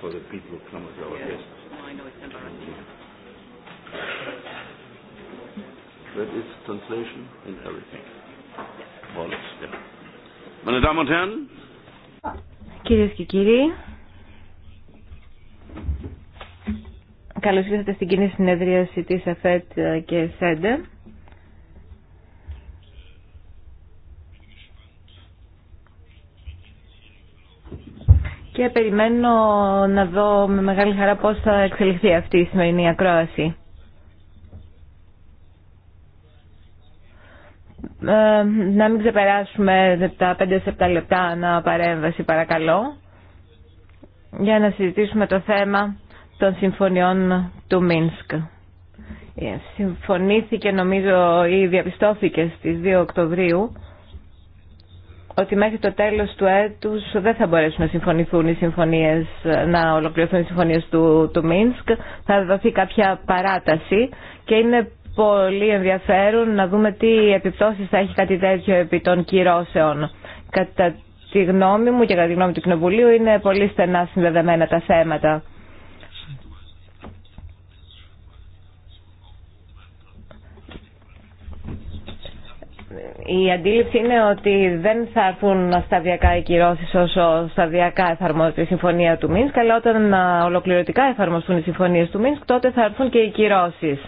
for the people who come as our yeah. guests. I know it's embarrassing. That is translation and everything. All yeah. Meine Damen und Herren. Κυρίες και κύριοι, καλώς ήρθατε στην κοινή συνεδρίαση της ΕΦΕΤ και ΣΕΝΤΕ. και περιμένω να δω με μεγάλη χαρά πώς θα εξελιχθεί αυτή η σημερινή ακρόαση. Ε, να μην ξεπεράσουμε τα 5-7 λεπτά ανά παρέμβαση παρακαλώ για να συζητήσουμε το θέμα των συμφωνιών του Μίνσκ. Ε, συμφωνήθηκε νομίζω ή διαπιστώθηκε στις 2 Οκτωβρίου ότι μέχρι το τέλος του έτους δεν θα μπορέσουν να συμφωνηθούν οι συμφωνίες, να ολοκληρωθούν οι συμφωνίες του, του Μίνσκ. Θα δοθεί κάποια παράταση και είναι πολύ ενδιαφέρον να δούμε τι επιπτώσεις θα έχει κάτι τέτοιο επί των κυρώσεων. Κατά τη γνώμη μου και κατά τη γνώμη του Κοινοβουλίου είναι πολύ στενά συνδεδεμένα τα θέματα. η αντίληψη είναι ότι δεν θα έρθουν σταδιακά οι κυρώσει όσο σταδιακά εφαρμόζεται η συμφωνία του Μίνσκ, αλλά όταν ολοκληρωτικά εφαρμοστούν οι συμφωνίε του Μίνσκ, τότε θα έρθουν και οι κυρώσει.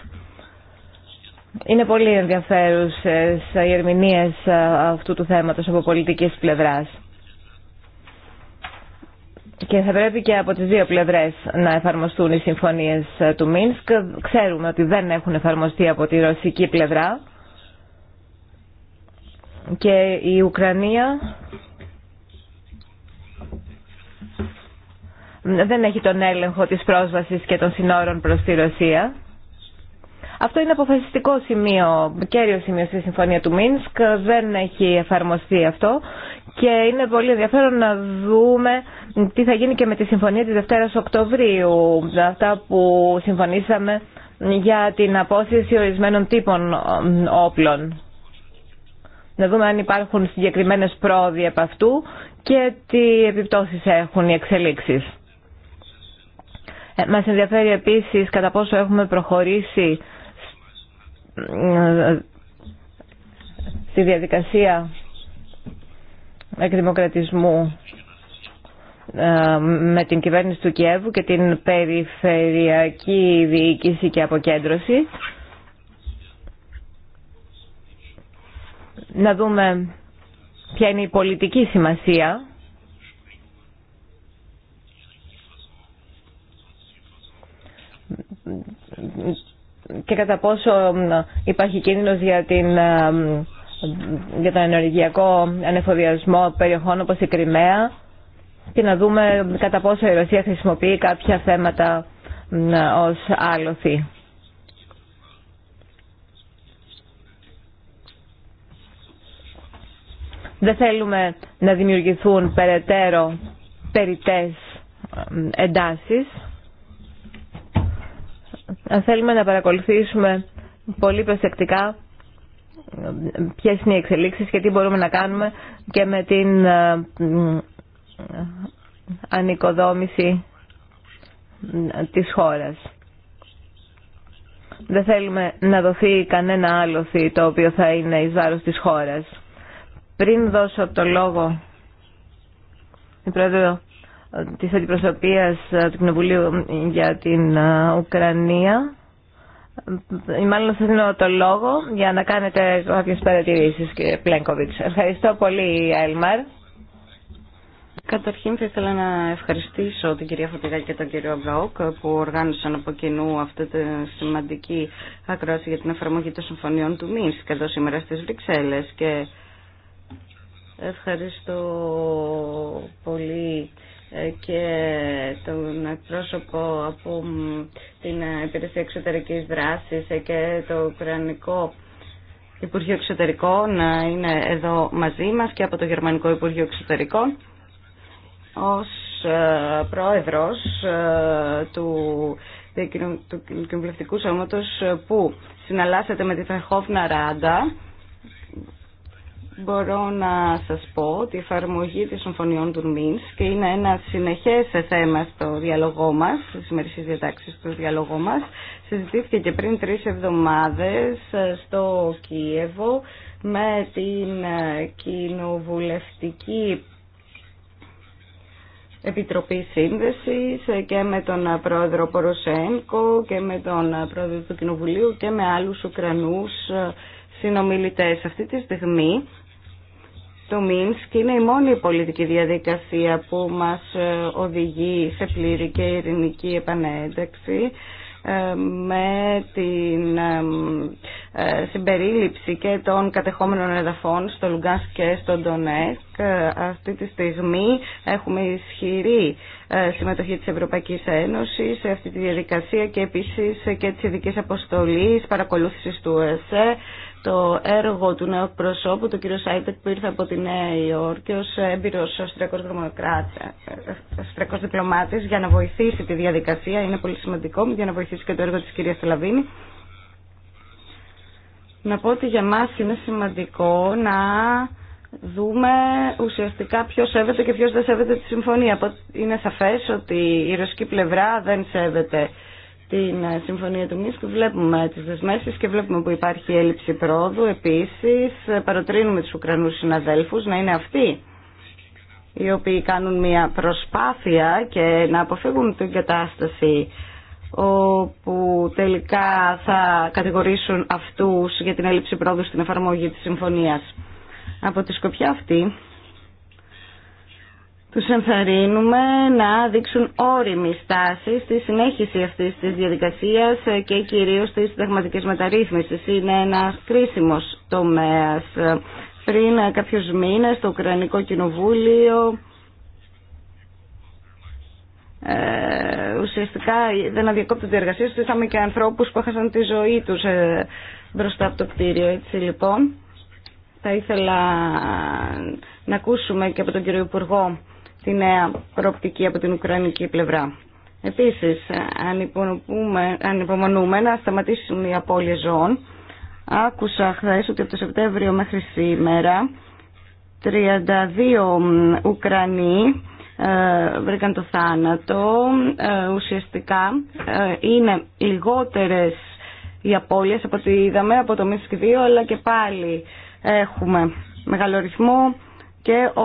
Είναι πολύ ενδιαφέρουσε οι ερμηνείε αυτού του θέματο από πολιτική πλευρά. Και θα πρέπει και από τις δύο πλευρές να εφαρμοστούν οι συμφωνίες του Μίνσκ. Ξέρουμε ότι δεν έχουν εφαρμοστεί από τη ρωσική πλευρά και η Ουκρανία δεν έχει τον έλεγχο της πρόσβασης και των συνόρων προς τη Ρωσία. Αυτό είναι αποφασιστικό σημείο, κέριο σημείο στη Συμφωνία του Μίνσκ. Δεν έχει εφαρμοστεί αυτό και είναι πολύ ενδιαφέρον να δούμε τι θα γίνει και με τη Συμφωνία της Δευτέρας Οκτωβρίου. Αυτά που συμφωνήσαμε για την απόσυρση ορισμένων τύπων ε, όπλων να δούμε αν υπάρχουν συγκεκριμένες πρόοδοι από αυτού και τι επιπτώσεις έχουν οι εξελίξεις. Ε, μας ενδιαφέρει επίσης κατά πόσο έχουμε προχωρήσει στη διαδικασία εκδημοκρατισμού ε, με την κυβέρνηση του Κιέβου και την περιφερειακή διοίκηση και αποκέντρωση να δούμε ποια είναι η πολιτική σημασία και κατά πόσο υπάρχει κίνδυνος για, την, για τον ενεργειακό ανεφοδιασμό περιοχών όπως η Κρυμαία και να δούμε κατά πόσο η Ρωσία χρησιμοποιεί κάποια θέματα ως άλοθη. Δεν θέλουμε να δημιουργηθούν περαιτέρω περιτές εντάσεις. Θέλουμε να παρακολουθήσουμε πολύ προσεκτικά ποιες είναι οι εξελίξεις και τι μπορούμε να κάνουμε και με την ανοικοδόμηση της χώρας. Δεν θέλουμε να δοθεί κανένα άλλο το οποίο θα είναι εις βάρος της χώρας. Πριν δώσω το λόγο η πρόεδρο της αντιπροσωπείας ε, του Κοινοβουλίου ε, για την ε, Ουκρανία, Μάλλον σας δίνω το λόγο για να κάνετε κάποιες παρατηρήσεις, κύριε Πλένκοβιτς. Ευχαριστώ πολύ, Έλμαρ. Καταρχήν θα ήθελα να ευχαριστήσω την κυρία Φωτηγά και τον κύριο Μπλοκ που οργάνωσαν από κοινού αυτή τη σημαντική ακρόαση για την εφαρμογή των συμφωνιών του Μίνσκ εδώ σήμερα στις Βρυξέλλες και Ευχαριστώ πολύ ε, και τον εκπρόσωπο από την ε, Υπηρεσία Εξωτερικής Δράσης ε, και το Ουκρανικό Υπουργείο Εξωτερικών είναι εδώ μαζί μας και από το Γερμανικό Υπουργείο Εξωτερικών. Ως πρόεδρος του του Κοινοβουλευτικού Σώματος που συναλλάσσεται με τη Φεχόφνα Ράντα μπορώ να σας πω ότι η εφαρμογή της συμφωνιών του Μίνς και είναι ένα συνεχές θέμα στο διάλογό μας, στις μερικέ διατάξει του διάλογό μας, συζητήθηκε και πριν τρεις εβδομάδες ε, στο Κίεβο με την ε, κοινοβουλευτική Επιτροπή Σύνδεσης ε, και με τον πρόεδρο Ποροσένκο και με τον πρόεδρο του Κοινοβουλίου και με άλλους Ουκρανούς συνομιλητές. Αυτή τη στιγμή του Μίνσκ είναι η μόνη πολιτική διαδικασία που μας ε, οδηγεί σε πλήρη και ειρηνική επανένταξη ε, με την ε, συμπερίληψη και των κατεχόμενων εδαφών στο Λουγκάνσκ και στο Ντονέσκ. Αυτή τη στιγμή έχουμε ισχυρή συμμετοχή της Ευρωπαϊκής Ένωσης σε αυτή τη διαδικασία και επίσης και της ειδικής αποστολής παρακολούθησης του ΕΣΕ το έργο του νέου προσώπου, του κ. Σάιντεκ που ήρθε από τη Νέα Υόρκη ως έμπειρος αυστριακός διπλωμάτης για να βοηθήσει τη διαδικασία, είναι πολύ σημαντικό, για να βοηθήσει και το έργο της κυρίας Σελαβίνη. Να πω ότι για μας είναι σημαντικό να δούμε ουσιαστικά ποιος σέβεται και ποιος δεν σέβεται τη συμφωνία. Είναι σαφές ότι η ρωσική πλευρά δεν σέβεται την ε, Συμφωνία του Μίσκου βλέπουμε τις δεσμεύσεις και βλέπουμε που υπάρχει έλλειψη πρόοδου. Επίσης, ε, παροτρύνουμε τους Ουκρανούς συναδέλφους να είναι αυτοί οι οποίοι κάνουν μια προσπάθεια και να αποφύγουν την κατάσταση όπου τελικά θα κατηγορήσουν αυτούς για την έλλειψη πρόοδου στην εφαρμογή της συμφωνίας. Από τη σκοπιά αυτή τους ενθαρρύνουμε να δείξουν όριμη στάση στη συνέχιση αυτής της διαδικασίας και κυρίως της συνταγματικής μεταρρύθμισης. Είναι ένα κρίσιμος τομέα. Πριν κάποιους μήνες το Ουκρανικό Κοινοβούλιο ε, ουσιαστικά δεν αδιακόπτουν τη εργασία τους. Είχαμε και ανθρώπους που έχασαν τη ζωή τους ε, μπροστά από το κτίριο. Έτσι λοιπόν θα ήθελα να ακούσουμε και από τον κύριο Υπουργό τη νέα προοπτική από την Ουκρανική πλευρά. Επίσης, ανυπομονούμε να σταματήσουν οι απώλειες ζώων. Άκουσα χθε ότι από το Σεπτέμβριο μέχρι σήμερα 32 Ουκρανοί ε, βρήκαν το θάνατο. Ε, ουσιαστικά ε, είναι λιγότερες οι απώλειες από ό,τι είδαμε από το Μίσκ αλλά και πάλι έχουμε μεγάλο ρυθμό και 8.000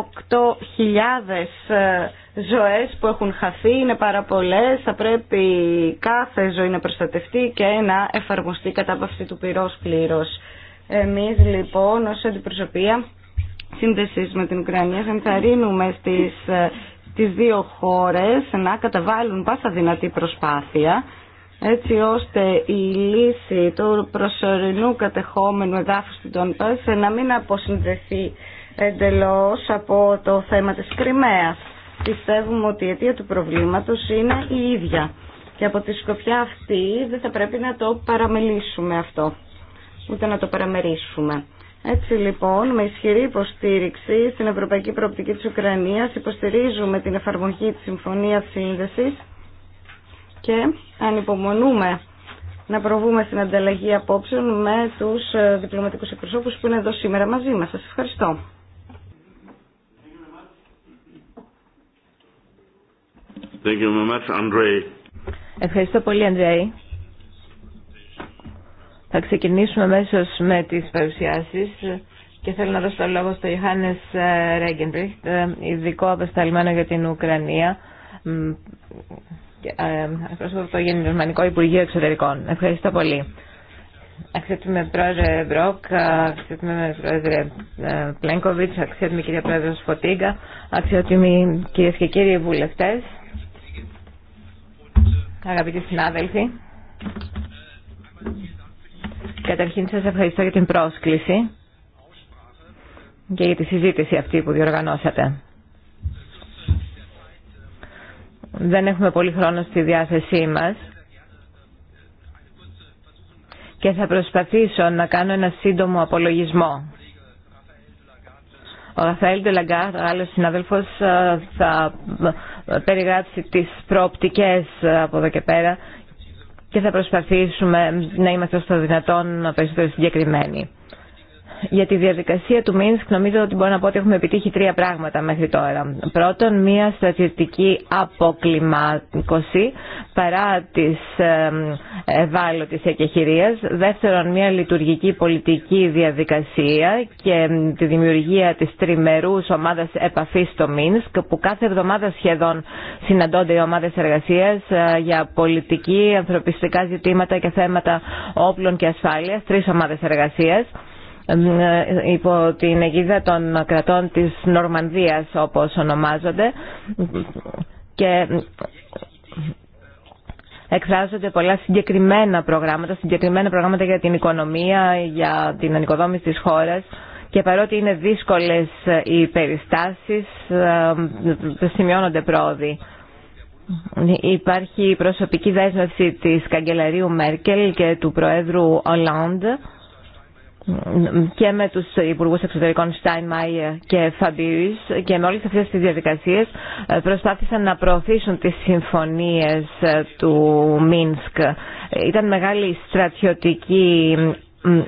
ε, ζωές που έχουν χαθεί, είναι πάρα πολλές, θα πρέπει κάθε ζωή να προστατευτεί και να εφαρμοστεί κατά βαυση του πυρός πλήρως. Εμείς λοιπόν ως αντιπροσωπεία σύνδεσης με την Ουκρανία θα ενθαρρύνουμε στις, στις ε, δύο χώρες να καταβάλουν πάσα δυνατή προσπάθεια έτσι ώστε η λύση του προσωρινού κατεχόμενου εδάφους του Τόνπας να μην αποσυνδεθεί εντελώς από το θέμα της Κρυμαίας. Πιστεύουμε ότι η αιτία του προβλήματος είναι η ίδια. Και από τη σκοπιά αυτή δεν θα πρέπει να το παραμελήσουμε αυτό, ούτε να το παραμερίσουμε. Έτσι λοιπόν, με ισχυρή υποστήριξη στην Ευρωπαϊκή Προοπτική της Ουκρανίας, υποστηρίζουμε την εφαρμογή της Συμφωνίας Σύνδεσης και ανυπομονούμε να προβούμε στην ανταλλαγή απόψεων με τους διπλωματικούς εκπροσώπους που είναι εδώ σήμερα μαζί μας. Σας ευχαριστώ. Thank you very much, Ευχαριστώ πολύ, Αντρέη. Θα ξεκινήσουμε αμέσω με τι παρουσιάσει και θέλω να δώσω το λόγο στο Ιωάννη Ρέγκενριχτ, ε, ειδικό απεσταλμένο για την Ουκρανία ε, πρόσωπο από το Γερμανικό Υπουργείο Εξωτερικών. Ευχαριστώ πολύ. Αξιότιμε πρόεδρε Μπροκ, αξιότιμε πρόεδρε ε, Πλένκοβιτ, αξιότιμη κυρία πρόεδρο Φωτίγκα, αξιότιμοι κυρίε και κύριοι βουλευτέ αγαπητοί συνάδελφοι. Καταρχήν σας ευχαριστώ για την πρόσκληση και για τη συζήτηση αυτή που διοργανώσατε. Δεν έχουμε πολύ χρόνο στη διάθεσή μας και θα προσπαθήσω να κάνω ένα σύντομο απολογισμό ο Ραφαέλ Ντελαγκάρ, άλλο συνάδελφο, ε, θα ε, περιγράψει τις προοπτικέ ε, από εδώ και πέρα και θα προσπαθήσουμε να είμαστε όσο το δυνατόν περισσότερο συγκεκριμένοι για τη διαδικασία του Μίνσκ νομίζω ότι μπορώ να πω ότι έχουμε επιτύχει τρία πράγματα μέχρι τώρα. Πρώτον, μία στρατιωτική αποκλιμάκωση παρά της ευάλωτη εκεχηρίας. Δεύτερον, μία λειτουργική πολιτική διαδικασία και τη δημιουργία της τριμερούς ομάδας επαφής στο Μίνσκ που κάθε εβδομάδα σχεδόν συναντώνται οι ομάδες εργασίας ε, για πολιτική, ανθρωπιστικά ζητήματα και θέματα όπλων και ασφάλειας, τρεις ομάδες εργασίας. Ε, υπό την αιγίδα των κρατών της Νορμανδίας όπως ονομάζονται και εκφράζονται πολλά συγκεκριμένα προγράμματα, συγκεκριμένα προγράμματα για την οικονομία, για την ανοικοδόμηση της χώρας και παρότι είναι δύσκολες ε, οι περιστάσεις, ε, σημειώνονται πρόοδοι. Υπάρχει η προσωπική δέσμευση της καγκελαρίου Μέρκελ και του Προέδρου Ολάντ και με τους Υπουργούς Εξωτερικών Μάιε και Φαμπίρις και με όλες αυτές τις διαδικασίες ε, προσπάθησαν να προωθήσουν τις συμφωνίες ε, του Μίνσκ. Ε, ήταν μεγάλη στρατιωτική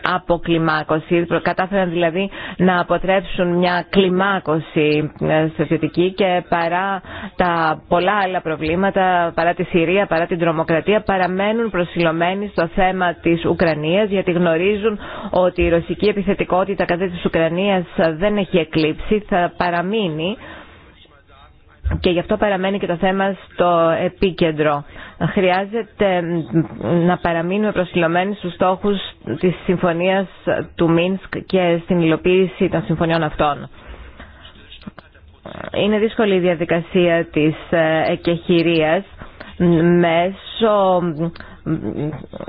αποκλιμάκωση. Κατάφεραν δηλαδή να αποτρέψουν μια κλιμάκωση ε, στρατιωτική και παρά τα πολλά άλλα προβλήματα, παρά τη Συρία, παρά την τρομοκρατία, παραμένουν προσιλωμένοι στο θέμα της Ουκρανίας γιατί γνωρίζουν ότι η ρωσική επιθετικότητα κατά της Ουκρανίας δεν έχει εκλείψει, θα παραμείνει και γι' αυτό παραμένει και το θέμα στο επίκεντρο. Χρειάζεται να παραμείνουμε προσιλωμένοι στους στόχους της συμφωνίας του Μίνσκ και στην υλοποίηση των συμφωνιών αυτών. Είναι δύσκολη η διαδικασία της ε, εκεχηρίας μέσω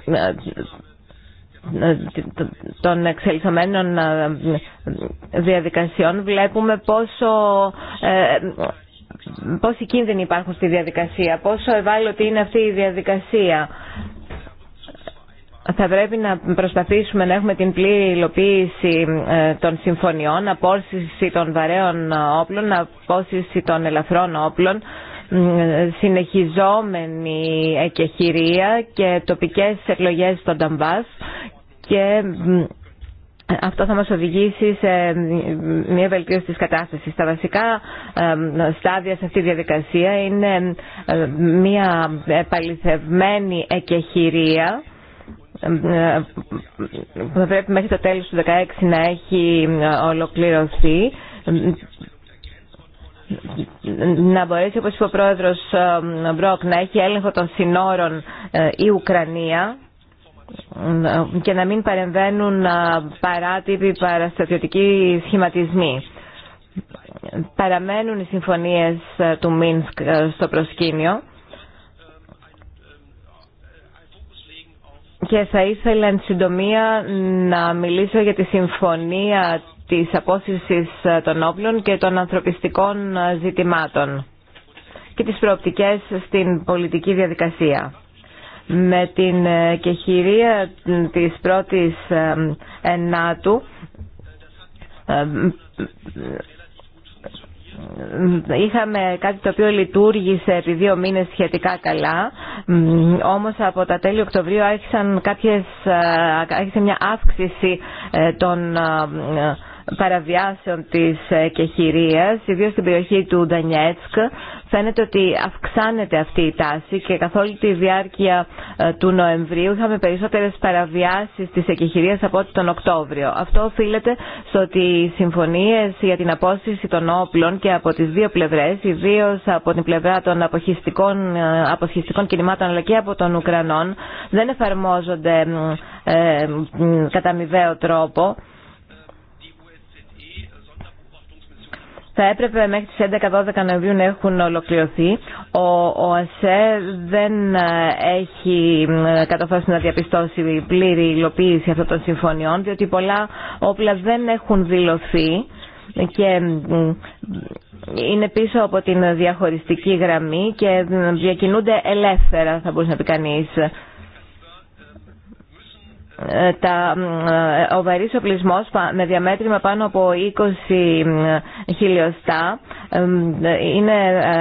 ε, των εξελισσομένων ε, διαδικασιών βλέπουμε πόσο πόσοι κίνδυνοι υπάρχουν στη διαδικασία, πόσο ευάλωτη είναι αυτή η διαδικασία. Θα πρέπει να προσπαθήσουμε να έχουμε την πλήρη υλοποίηση ε, των συμφωνιών, απόρριση των βαρέων ε, όπλων, απόρριση των ελαφρών όπλων, συνεχιζόμενη εκεχηρία και τοπικές εκλογές στον Ταμπάς και αυτό θα μας οδηγήσει σε ε, μια βελτίωση της κατάστασης. Τα βασικά ε, στάδια σε αυτή τη διαδικασία είναι ε, μια επαληθευμένη εκεχηρία που θα πρέπει μέχρι το τέλος του 2016 να έχει ολοκληρωθεί να μπορέσει, όπως είπε ο πρόεδρος Μπρόκ, να έχει έλεγχο των συνόρων η Ουκρανία και να μην παρεμβαίνουν παράτυποι παραστατιωτικοί σχηματισμοί. Παραμένουν οι συμφωνίες του Μίνσκ στο προσκήνιο και θα ήθελα εν συντομία να μιλήσω για τη συμφωνία της απόσυρσης των όπλων και των ανθρωπιστικών ζητημάτων και τις προοπτικές στην πολιτική διαδικασία με την ε, κεχηρία της πρώτης ε, ενάτου ε, είχαμε κάτι το οποίο λειτουργήσε επί δύο μήνες σχετικά καλά όμως από τα τέλη Οκτωβρίου άρχισαν κάποιες, άρχισε μια αύξηση των παραβιάσεων της ε, κεχηρίας, ιδίω στην περιοχή του Ντανιέτσκ, φαίνεται ότι αυξάνεται αυτή η τάση και καθ' όλη τη διάρκεια ε, του Νοεμβρίου είχαμε περισσότερες παραβιάσεις της εκεχηρίας από ό,τι τον Οκτώβριο. Αυτό οφείλεται στο ότι οι συμφωνίες για την απόσυρση των όπλων και από τις δύο πλευρές, ιδίω από την πλευρά των αποχιστικών, ε, κινημάτων αλλά και από των Ουκρανών, δεν εφαρμόζονται ε, κατά τρόπο θα έπρεπε μέχρι τις 11-12 Νοεμβρίου να έχουν ολοκληρωθεί. Ο ΑΣΕ δεν ε, έχει ε, καταφέρει να διαπιστώσει πλήρη υλοποίηση αυτών των συμφωνιών, διότι πολλά όπλα δεν έχουν δηλωθεί και ε, είναι πίσω από την διαχωριστική γραμμή και διακινούνται ελεύθερα, θα μπορούσε να πει κανείς τα, ε, ο βαρύς οπλισμός με διαμέτρημα πάνω από 20 χιλιοστά ε, ε, είναι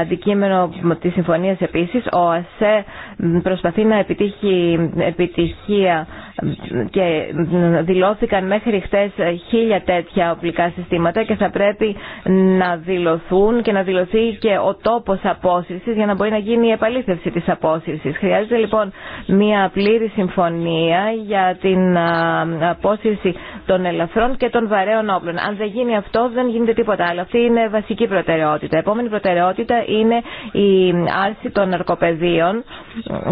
αντικείμενο της συμφωνίας επίσης. Ο ΑΣΕ προσπαθεί να επιτύχει επιτυχία και δηλώθηκαν μέχρι χθε χίλια τέτοια οπλικά συστήματα και θα πρέπει να δηλωθούν και να δηλωθεί και ο τόπο απόσυρση για να μπορεί να γίνει η επαλήθευση τη απόσυρση. Χρειάζεται λοιπόν μια πλήρη συμφωνία για την απόσυρση των ελαφρών και των βαρέων όπλων. Αν δεν γίνει αυτό δεν γίνεται τίποτα άλλο. Αυτή είναι βασική προτεραιότητα. Επόμενη προτεραιότητα είναι η άρση των ναρκοπεδίων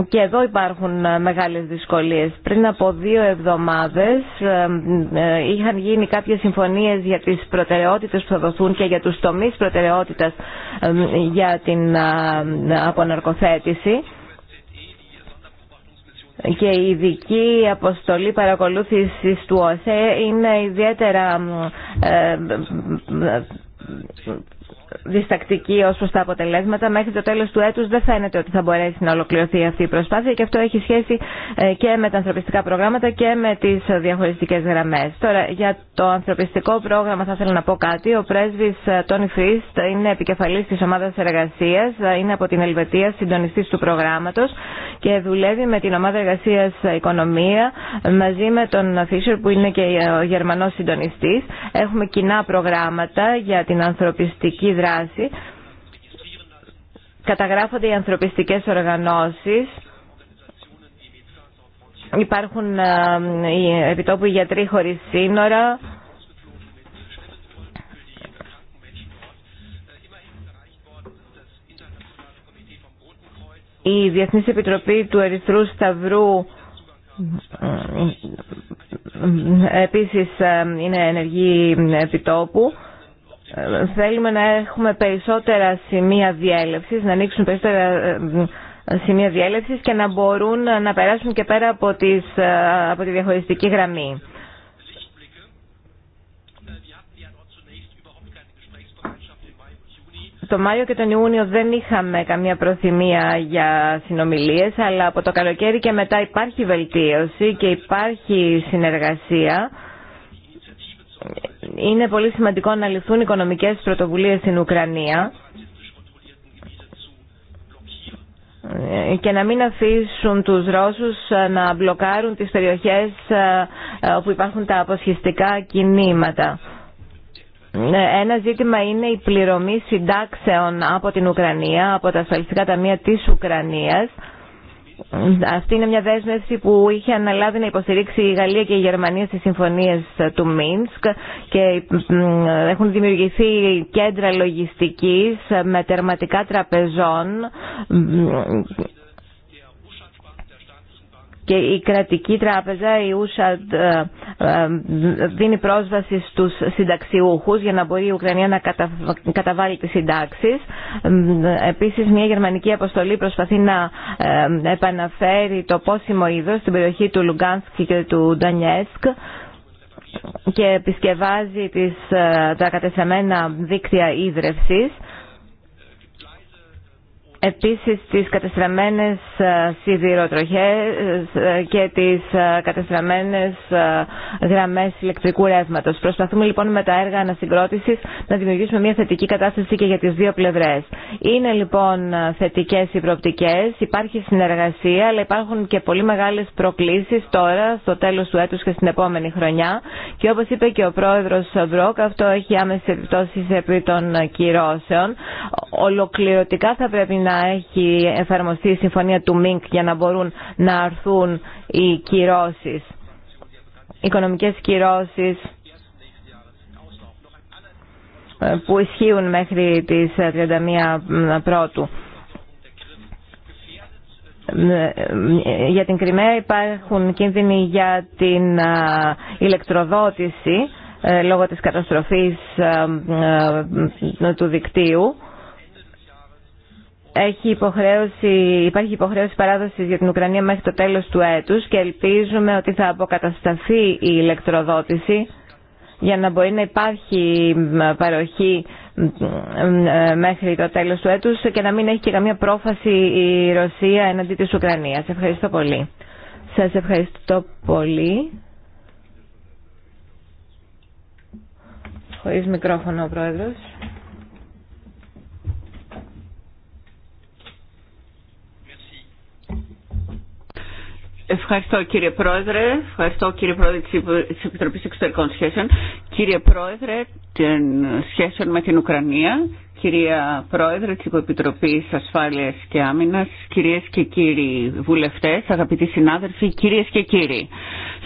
και εδώ υπάρχουν ε, μεγάλες δυσκολίες. Πριν από δύο εβδομάδες ε, ε, είχαν γίνει κάποιες συμφωνίες για τις προτεραιότητες που θα δοθούν και για τους τομείς προτεραιότητας για την αποναρκοθέτηση και η ειδική αποστολή παρακολούθησης του ΟΣΕ είναι ιδιαίτερα διστακτική ως προς τα αποτελέσματα. Μέχρι το τέλος του έτους δεν φαίνεται ότι θα μπορέσει να ολοκληρωθεί αυτή η προσπάθεια και αυτό έχει σχέση ε, και με τα ανθρωπιστικά προγράμματα και με τις διαχωριστικές γραμμές. Τώρα για το ανθρωπιστικό πρόγραμμα θα ήθελα να πω κάτι. Ο πρέσβης Τόνι ε, Φρίστ είναι επικεφαλής της ομάδας εργασίας, ε, είναι από την Ελβετία συντονιστής του προγράμματος και δουλεύει με την ομάδα εργασίας Οικονομία μαζί με τον Φίσερ που είναι και ο Γερμανός συντονιστής. Έχουμε κοινά προγράμματα για την ανθρωπιστική δράση. Καταγράφονται οι ανθρωπιστικές οργανώσεις. Υπάρχουν οι επιτόπου γιατροί χωρίς σύνορα. Η Διεθνής Επιτροπή του Ερυθρού Σταυρού επίσης είναι ενεργή επιτόπου. Θέλουμε να έχουμε περισσότερα σημεία διέλευσης, να ανοίξουν περισσότερα ε, σημεία διέλευσης και να μπορούν να περάσουν και πέρα από, ε, από τη διαχωριστική γραμμή. Το Μάιο και τον Ιούνιο δεν είχαμε καμία προθυμία για συνομιλίες, αλλά από το καλοκαίρι και μετά υπάρχει βελτίωση και υπάρχει συνεργασία είναι πολύ σημαντικό να ληφθούν οικονομικές πρωτοβουλίες στην Ουκρανία και να μην αφήσουν τους Ρώσους ε, να μπλοκάρουν τις περιοχές ε, ε, όπου υπάρχουν τα αποσχιστικά κινήματα. Ένα ζήτημα είναι η πληρωμή συντάξεων από την Ουκρανία, από τα ασφαλιστικά ταμεία της Ουκρανίας, αυτή είναι μια δέσμευση που είχε αναλάβει να υποστηρίξει η Γαλλία και η Γερμανία στις συμφωνίες ε, του Μίνσκ και έχουν δημιουργηθεί κέντρα λογιστικής ε, με τερματικά τραπεζών και η κρατική τράπεζα, η USAID, ε, ε, δίνει πρόσβαση στους συνταξιούχους για να μπορεί η Ουκρανία να καταβάλει τις συντάξεις. Ε, επίσης, μια γερμανική αποστολή προσπαθεί να επαναφέρει το πόσιμο είδος στην περιοχή του Λουγκάνσκ και του Ντανιέσκ και επισκευάζει τις, τα κατεσταμένα δίκτυα ίδρευσης Επίσης τις κατεστραμμένες ε, σιδηροτροχές ε, και τις ε, κατεστραμμένες γραμμές ηλεκτρικού ρεύματος. Προσπαθούμε λοιπόν με τα έργα ανασυγκρότησης να δημιουργήσουμε μια θετική κατάσταση και για τις δύο πλευρές. Είναι λοιπόν θετικές οι προοπτικές, υπάρχει συνεργασία, αλλά υπάρχουν και πολύ μεγάλες προκλήσεις τώρα στο τέλος του έτους και στην επόμενη χρονιά. Και όπως είπε και ο πρόεδρος Βρόκ, αυτό έχει άμεση επιπτώσεις επί των κυρώσεων. Ολοκληρωτικά θα πρέπει να έχει εφαρμοστεί η συμφωνία του ΜΙΝΚ για να μπορούν να αρθούν οι κυρώσεις, οικονομικές κυρώσεις ε, που ισχύουν μέχρι τις 31 ε, ε, πρώτου. Για την Κρυμαία υπάρχουν κίνδυνοι για την ηλεκτροδότηση λόγω της καταστροφής του δικτύου έχει υποχρέωση, υπάρχει υποχρέωση παράδοσης για την Ουκρανία μέχρι το τέλος του έτους και ελπίζουμε ότι θα αποκατασταθεί η ηλεκτροδότηση για να μπορεί να υπάρχει παροχή μέχρι το τέλος του έτους και να μην έχει και καμία πρόφαση η Ρωσία εναντί της Ουκρανίας. Ευχαριστώ πολύ. Σας ευχαριστώ πολύ. Χωρίς μικρόφωνο ο Πρόεδρος. Ευχαριστώ κύριε Πρόεδρε, ευχαριστώ κύριε Πρόεδρε της Επιτροπής Εξωτερικών Σχέσεων, κύριε Πρόεδρε των σχέσεων με την Ουκρανία, κυρία Πρόεδρε της Επιτροπής Ασφάλειας και Άμυνας, κυρίες και κύριοι βουλευτές, αγαπητοί συνάδελφοι, κυρίες και κύριοι.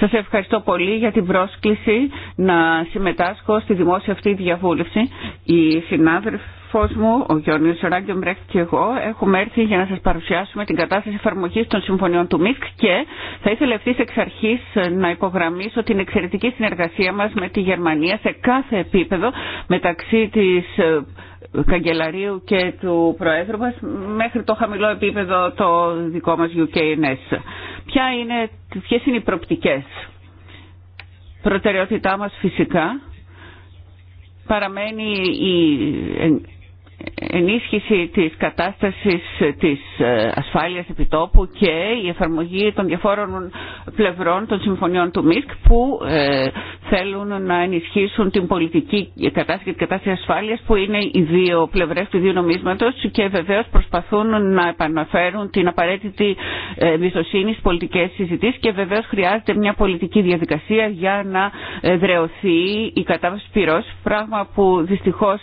Σας ευχαριστώ πολύ για την πρόσκληση να συμμετάσχω στη δημόσια αυτή διαβούλευση. Οι συνάδελφοι μου, ο Γιώργος Ράγκιο Μπρέχτ και εγώ, έχουμε έρθει για να σας παρουσιάσουμε την κατάσταση εφαρμογή των συμφωνιών του ΜΙΚ και θα ήθελα ευθύ εξ αρχή να υπογραμμίσω την εξαιρετική συνεργασία μας με τη Γερμανία σε κάθε επίπεδο μεταξύ της ε, Καγκελαρίου και του Προέδρου μας μέχρι το χαμηλό επίπεδο το δικό μας UKNS. Ποια είναι, ποιες είναι οι προπτικές. Προτεραιότητά μας φυσικά παραμένει η ενίσχυση της κατάστασης της ε, ασφάλειας επιτόπου και η εφαρμογή των διαφόρων πλευρών των συμφωνιών του ΜΙΣΚ που ε, θέλουν να ενισχύσουν την πολιτική κατάσταση και την κατάσταση ασφάλειας που είναι οι δύο πλευρές του δύο νομίσματος και βεβαίως προσπαθούν να επαναφέρουν την απαραίτητη ε, εμπιστοσύνη στις πολιτικές συζητήσεις και βεβαίως χρειάζεται μια πολιτική διαδικασία για να δρεωθεί η κατάσταση πυρός, πράγμα που δυστυχώς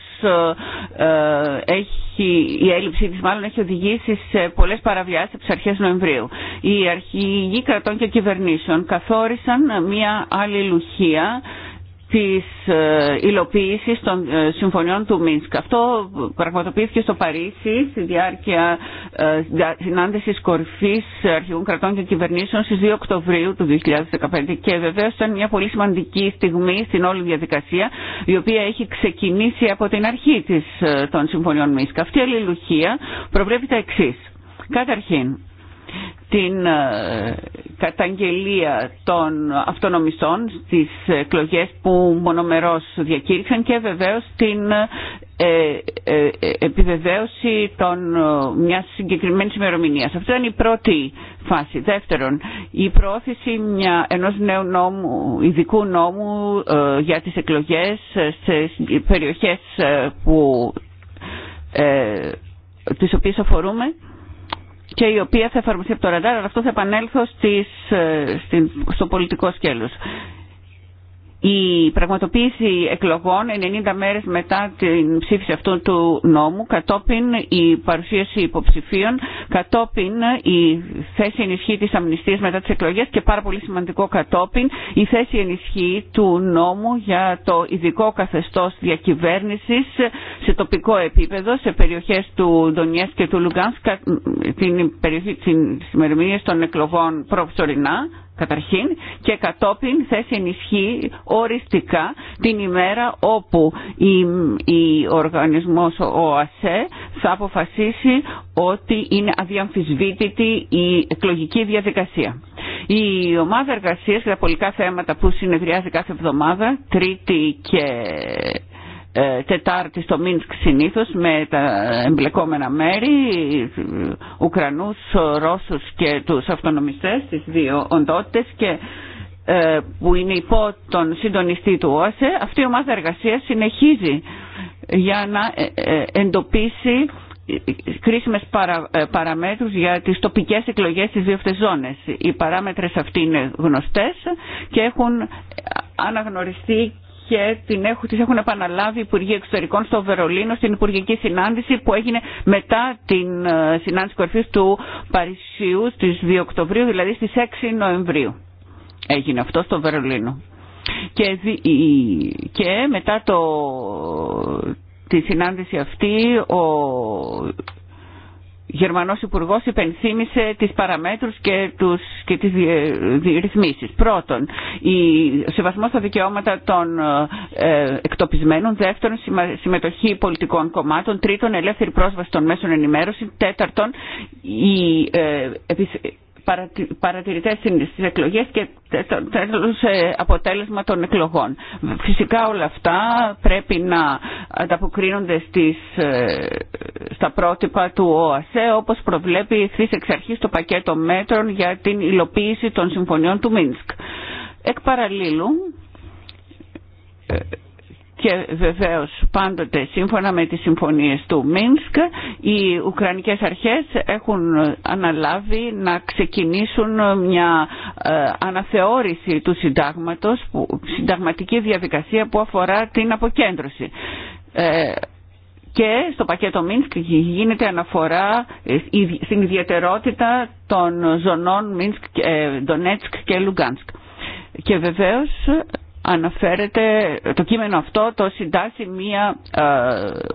έχει, η έλλειψή της μάλλον έχει οδηγήσει σε πολλές παραβιάσεις από τις αρχές Νοεμβρίου. Οι αρχηγοί κρατών και κυβερνήσεων καθόρισαν μια αλληλουχία της ε, υλοποίησης των ε, συμφωνιών του Μίνσκ. Αυτό πραγματοποιήθηκε στο Παρίσι στη διάρκεια ε, συνάντησης κορυφής αρχηγών κρατών και κυβερνήσεων στις 2 Οκτωβρίου του 2015 και βεβαίως ήταν μια πολύ σημαντική στιγμή στην όλη διαδικασία η οποία έχει ξεκινήσει από την αρχή της, των συμφωνιών Μίνσκ. Αυτή η αλληλουχία προβλέπει τα εξή. Καταρχήν, την ε, καταγγελία των αυτονομιστών στις εκλογές που μονομερώς διακήρυξαν και βεβαίως την ε, ε, επιβεβαίωση των, μιας συγκεκριμένης ημερομηνία. Αυτή είναι η πρώτη φάση. Δεύτερον, η προώθηση μια, ενός νέου νόμου, ειδικού νόμου για τις εκλογές σε περιοχές που, τις οποίες αφορούμε και η οποία θα εφαρμοστεί από το ραντάρ, αλλά αυτό θα επανέλθω στις, ε, στην, στο πολιτικό σκέλος η πραγματοποίηση εκλογών 90 μέρες μετά την ψήφιση αυτού του νόμου, κατόπιν η παρουσίαση υποψηφίων, κατόπιν η θέση ενισχύ της αμνηστίας μετά τις εκλογές και πάρα πολύ σημαντικό κατόπιν η θέση ενισχύ του νόμου για το ειδικό καθεστώς διακυβέρνησης σε τοπικό επίπεδο, σε περιοχές του Ντονιές και του Λουγκάνς, την περιοχή της των εκλογών προψωρινά καταρχήν και κατόπιν θέση ενισχύ οριστικά την ημέρα όπου η, η οργανισμός ο ΑΣΕ θα αποφασίσει ότι είναι αδιαμφισβήτητη η εκλογική διαδικασία. Η ομάδα εργασίας για τα πολιτικά θέματα που συνεδριάζει κάθε εβδομάδα, Τρίτη και ε, Τετάρτη στο Μίνσκ συνήθως με τα εμπλεκόμενα μέρη, Ουκρανούς, Ρώσους και τους αυτονομιστές, τις δύο οντότητες και ε, που είναι υπό τον συντονιστή του ΟΑΣΕ, αυτή η ομάδα εργασία συνεχίζει για να ε, εντοπίσει κρίσιμες παρα, παραμέτρους για τις τοπικές εκλογές στις δύο αυτές ζώνες. Οι παράμετρες αυτοί είναι γνωστές και έχουν αναγνωριστεί και την έχουν, τις έχουν επαναλάβει οι Υπουργοί Εξωτερικών στο Βερολίνο στην Υπουργική Συνάντηση που έγινε μετά την ε, συνάντηση κορφής του Παρισιού στις 2 Οκτωβρίου, δηλαδή στις 6 Νοεμβρίου. Έγινε αυτό στο Βερολίνο. Και, και μετά το, τη συνάντηση αυτή ο Γερμανός Υπουργός υπενθύμησε τις παραμέτρους και, τους, και τις ρυθμίσεις. Πρώτον, η σεβασμό στα δικαιώματα των ε, εκτοπισμένων. Δεύτερον, συμμετοχή πολιτικών κομμάτων. Τρίτον, ελεύθερη πρόσβαση των μέσων ενημέρωση. Τέταρτον, η, ε, Παρατηρητέ στις εκλογές και τέλος ε, αποτέλεσμα των εκλογών. Φυσικά όλα αυτά πρέπει να ανταποκρίνονται στις, ε, στα πρότυπα του ΟΑΣΕ όπως προβλέπει ευθύς εξ αρχή το πακέτο μέτρων για την υλοποίηση των συμφωνιών του Μίνσκ. Εκ παραλίλου ε, και βεβαίως πάντοτε σύμφωνα με τις συμφωνίες του Μίνσκ οι Ουκρανικές αρχές έχουν αναλάβει να ξεκινήσουν μια ε, αναθεώρηση του συντάγματος, συνταγματική διαδικασία που αφορά την αποκέντρωση. Ε, και στο πακέτο Μίνσκ γίνεται αναφορά ε, στην ιδιαιτερότητα των ζωνών Μίνσκ, Ντονέτσκ και Λουγκάνσκ. Και βεβαίως αναφέρεται, το κείμενο αυτό το συντάσσει μια ε,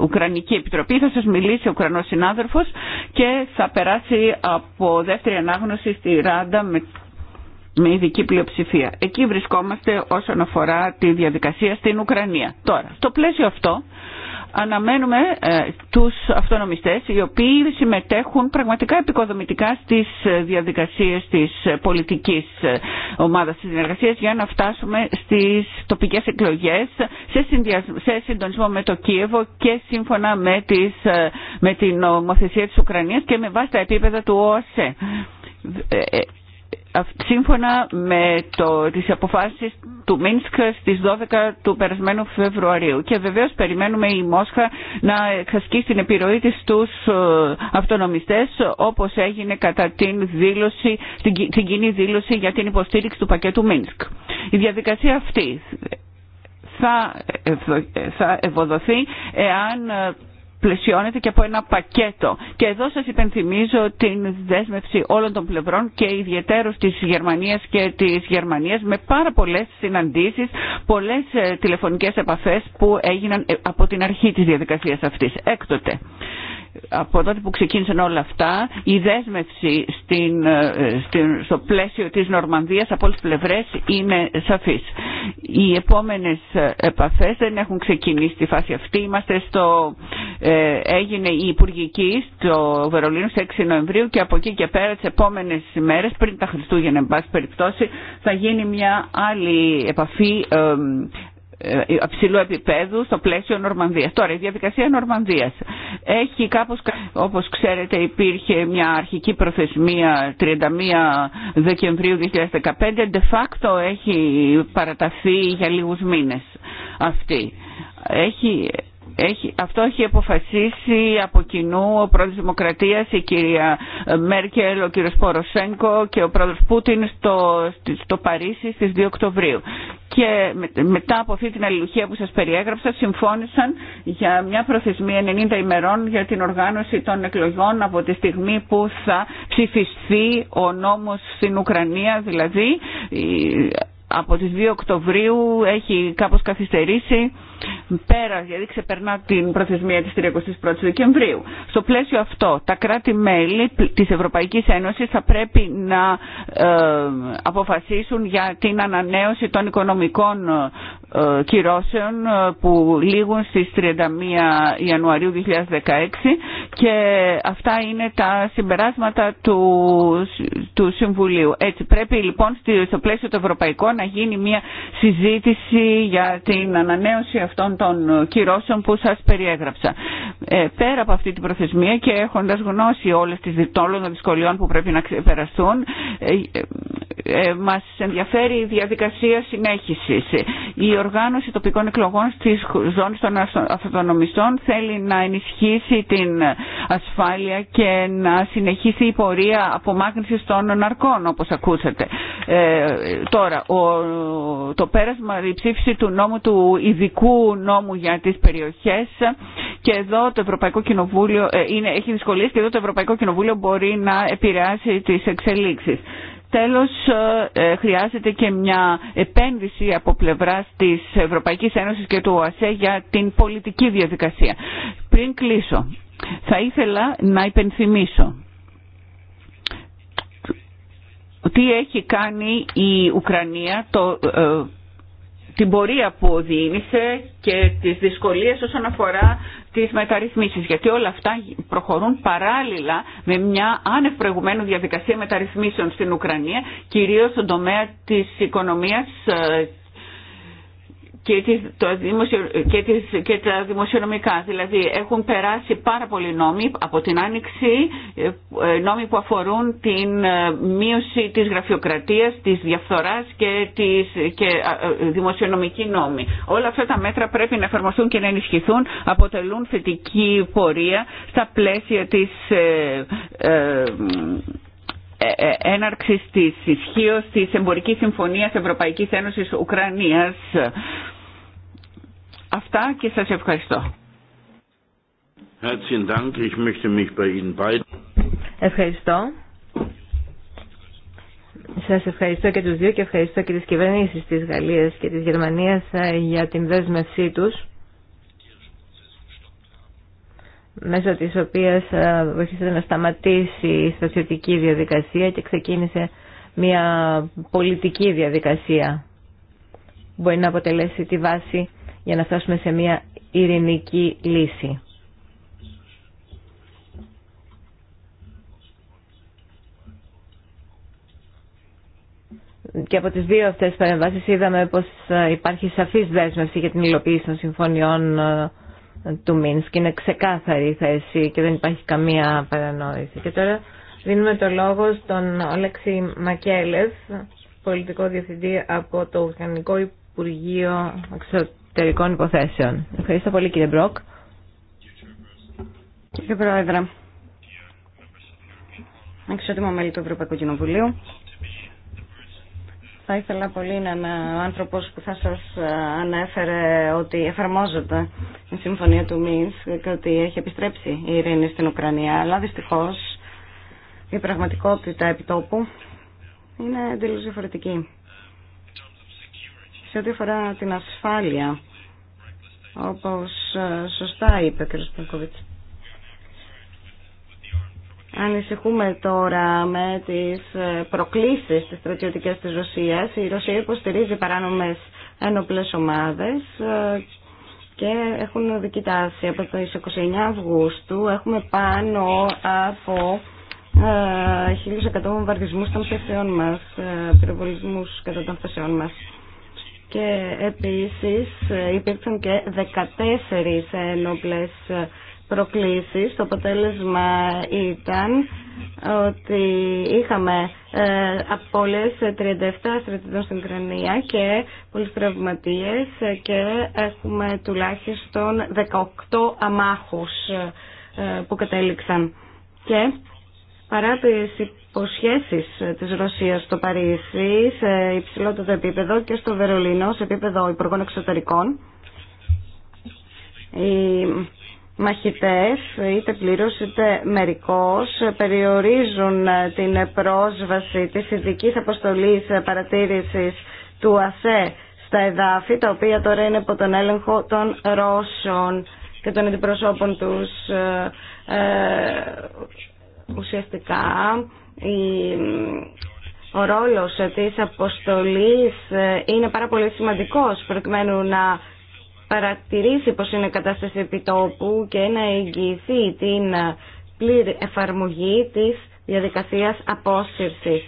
Ουκρανική Επιτροπή. Θα σας μιλήσει ο Ουκρανός συνάδελφος και θα περάσει από δεύτερη ανάγνωση στη Ράντα με, με ειδική πλειοψηφία. Εκεί βρισκόμαστε όσον αφορά τη διαδικασία στην Ουκρανία. Τώρα, στο πλαίσιο αυτό αναμένουμε ε, τους αυτονομιστές οι οποίοι συμμετέχουν πραγματικά επικοδομητικά στις ε, διαδικασίες της ε, πολιτικής ομάδας της συνεργασίας για να φτάσουμε στις τοπικές εκλογές σε, συντονισμό με το Κίεβο και σύμφωνα με, τις, με την νομοθεσία της Ουκρανίας και με βάση τα επίπεδα του ΟΑΣΕ σύμφωνα με το, τις αποφάσεις του Μίνσκ στις 12 του περασμένου Φεβρουαρίου. Και βεβαίως περιμένουμε η Μόσχα να εξασκεί την επιρροή της στους ε, αυτονομιστές όπως έγινε κατά την, δήλωση, την, την κοινή δήλωση για την υποστήριξη του πακέτου Μίνσκ. Η διαδικασία αυτή θα, θα ευοδοθεί εάν ε, πλαισιώνεται και από ένα πακέτο. Και εδώ σας υπενθυμίζω την δέσμευση όλων των πλευρών και ιδιαίτερως της Γερμανίας και της Γερμανίας με πάρα πολλές συναντήσεις, πολλές ε, τηλεφωνικές επαφές που έγιναν ε, από την αρχή της διαδικασίας αυτής. Έκτοτε από τότε που ξεκίνησαν όλα αυτά, η δέσμευση ε, στο πλαίσιο της Νορμανδίας από όλες τις πλευρές είναι σαφής. Οι επόμενες ε, επαφές δεν έχουν ξεκινήσει στη φάση αυτή. Είμαστε στο, ε, έγινε η Υπουργική στο Βερολίνο στις 6 Νοεμβρίου και από εκεί και πέρα τις επόμενες ημέρες, πριν τα Χριστούγεννα εν πάση περιπτώσει, θα γίνει μια άλλη επαφή ε, υψηλού επίπεδου στο πλαίσιο Νορμανδίας. Τώρα η διαδικασία Νορμανδίας έχει κάπως, όπως ξέρετε υπήρχε μια αρχική προθεσμία 31 Δεκεμβρίου 2015, de facto έχει παραταθεί για λίγους μήνες αυτή. Έχει έχει, αυτό έχει αποφασίσει από κοινού ο πρόεδρος Δημοκρατίας, η κυρία Μέρκελ, ο κύριος Ποροσέγκο και ο πρόεδρος Πούτιν στο, στο Παρίσι στις 2 Οκτωβρίου. Και μετά από αυτή την αλληλουχία που σας περιέγραψα συμφώνησαν για μια προθεσμία 90 ημερών για την οργάνωση των εκλογών από τη στιγμή που θα ψηφιστεί ο νόμος στην Ουκρανία, δηλαδή από τις 2 Οκτωβρίου έχει κάπως καθυστερήσει πέρα, δηλαδή ξεπερνά την προθεσμία της 31 η Δεκεμβρίου. Στο πλαίσιο αυτό, τα κράτη-μέλη της Ευρωπαϊκής Ένωσης θα πρέπει να ε, αποφασίσουν για την ανανέωση των οικονομικών ε, ε, κυρώσεων ε, που λήγουν στις 31 Ιανουαρίου 2016 και αυτά είναι τα συμπεράσματα του, του Συμβουλίου. Έτσι πρέπει λοιπόν στο πλαίσιο το ευρωπαϊκό να γίνει μια συζήτηση για την ανανέωση αυτών των κυρώσεων που σας περιέγραψα. Ε, πέρα από αυτή την προθεσμία και έχοντας γνώση όλες τις όλων των δυσκολιών που πρέπει να ξεπεραστούν ε, μας ενδιαφέρει η διαδικασία συνέχισης οργάνωση τοπικών εκλογών στις ζώνες των αυτονομιστών θέλει να ενισχύσει την ασφάλεια και να συνεχίσει η πορεία απομάκρυνσης των ναρκών όπως ακούσατε. Ε, τώρα, το πέρασμα, η ψήφιση του νόμου του ειδικού νόμου για τις περιοχές και εδώ το Ευρωπαϊκό Κοινοβούλιο ε, είναι, έχει δυσκολίες και εδώ το Ευρωπαϊκό Κοινοβούλιο μπορεί να επηρεάσει τις εξελίξεις. Τέλος, ε, ε, χρειάζεται και μια επένδυση από πλευράς της Ευρωπαϊκής Ένωσης και του ΟΑΣΕ για την πολιτική διαδικασία. Πριν κλείσω, θα ήθελα να υπενθυμίσω τι έχει κάνει η Ουκρανία το ε, την πορεία που οδήγησε και τις δυσκολίες όσον αφορά τις μεταρρυθμίσεις. Γιατί όλα αυτά προχωρούν παράλληλα με μια άνευ προηγουμένου διαδικασία μεταρρυθμίσεων στην Ουκρανία, κυρίως στον τομέα της οικονομίας ε, και, τις, το και, τις, τα δημοσιονομικά. Δηλαδή έχουν περάσει πάρα πολλοί νόμοι από την Άνοιξη, ε, ε, νόμοι που αφορούν την ε, μείωση της γραφειοκρατίας, της διαφθοράς και, της, και δημοσιονομική νόμη. Όλα αυτά τα μέτρα πρέπει να εφαρμοστούν και να ενισχυθούν, αποτελούν θετική πορεία στα πλαίσια της... Ε, ε, έναρξης της ισχύω της Εμπορικής Συμφωνίας Ευρωπαϊκής Ένωσης Ουκρανίας Αυτά και σας ευχαριστώ. Ευχαριστώ. Σας ευχαριστώ και τους δύο και ευχαριστώ και τις κυβερνήσεις της Γαλλίας και της Γερμανίας ε, για την δέσμευσή τους μέσω της οποίας ε, βοηθήσατε να σταματήσει η στρατιωτική διαδικασία και ξεκίνησε μια πολιτική διαδικασία που μπορεί να αποτελέσει τη βάση για να φτάσουμε σε μια ειρηνική λύση. Και από τις δύο αυτές παρεμβάσεις είδαμε πως ε, υπάρχει σαφής δέσμευση για την υλοποίηση των συμφωνιών ε, του Μίνσκ. Είναι ξεκάθαρη η θέση και δεν υπάρχει καμία παρανόηση. Και τώρα δίνουμε το λόγο στον Όλεξη Μακέλεφ, πολιτικό διευθυντή από το Ουκρανικό Υπουργείο Εξωτερικών Εξωτερικών Υποθέσεων. Ευχαριστώ πολύ κύριε Μπροκ. Κύριε Πρόεδρε, εξωτήμα μέλη του Ευρωπαϊκού Κοινοβουλίου, θα ήθελα πολύ να είναι ο άνθρωπος που θα σας ε, ανέφερε ότι εφαρμόζεται η Συμφωνία του Μίνσκ και ότι έχει επιστρέψει η ειρήνη στην Ουκρανία, αλλά δυστυχώς η πραγματικότητα επιτόπου είναι εντελώς διαφορετική. Σε ό,τι αφορά την ασφάλεια, όπως ε, σωστά είπε ο κ. Σπανκοβίτς, Ανησυχούμε τώρα με τις ε, προκλήσεις της στρατιωτικής της Ρωσίας. Η Ρωσία υποστηρίζει παράνομες ένοπλες ομάδες ε, και έχουν δική τάση. Από το 29 Αυγούστου έχουμε πάνω από 1.100 βομβαρδισμούς των θεσεών μας, πυροβολισμούς κατά των θεσεών μας και επίσης υπήρξαν και 14 ενόπλες προκλήσεις. Το αποτέλεσμα ήταν ότι είχαμε ε, 37 στρατιωτών στην Ουκρανία και πολλούς τραυματίες και έχουμε τουλάχιστον 18 αμάχους ε, που κατέληξαν. Και παρά τις υποσχέσεις της Ρωσίας στο Παρίσι σε υψηλότερο επίπεδο και στο Βερολίνο σε επίπεδο υπουργών εξωτερικών οι μαχητές είτε πλήρως είτε μερικώς περιορίζουν την πρόσβαση της ειδική αποστολής παρατήρησης του ΑΣΕ στα εδάφη τα οποία τώρα είναι από τον έλεγχο των Ρώσων και των αντιπροσώπων τους ε, ε, ουσιαστικά ο ρόλος της αποστολής ε, είναι πάρα πολύ σημαντικός προκειμένου να παρατηρήσει πως είναι κατάσταση επιτόπου και να εγγυηθεί την πλήρη εφαρμογή της διαδικασίας απόσυρσης.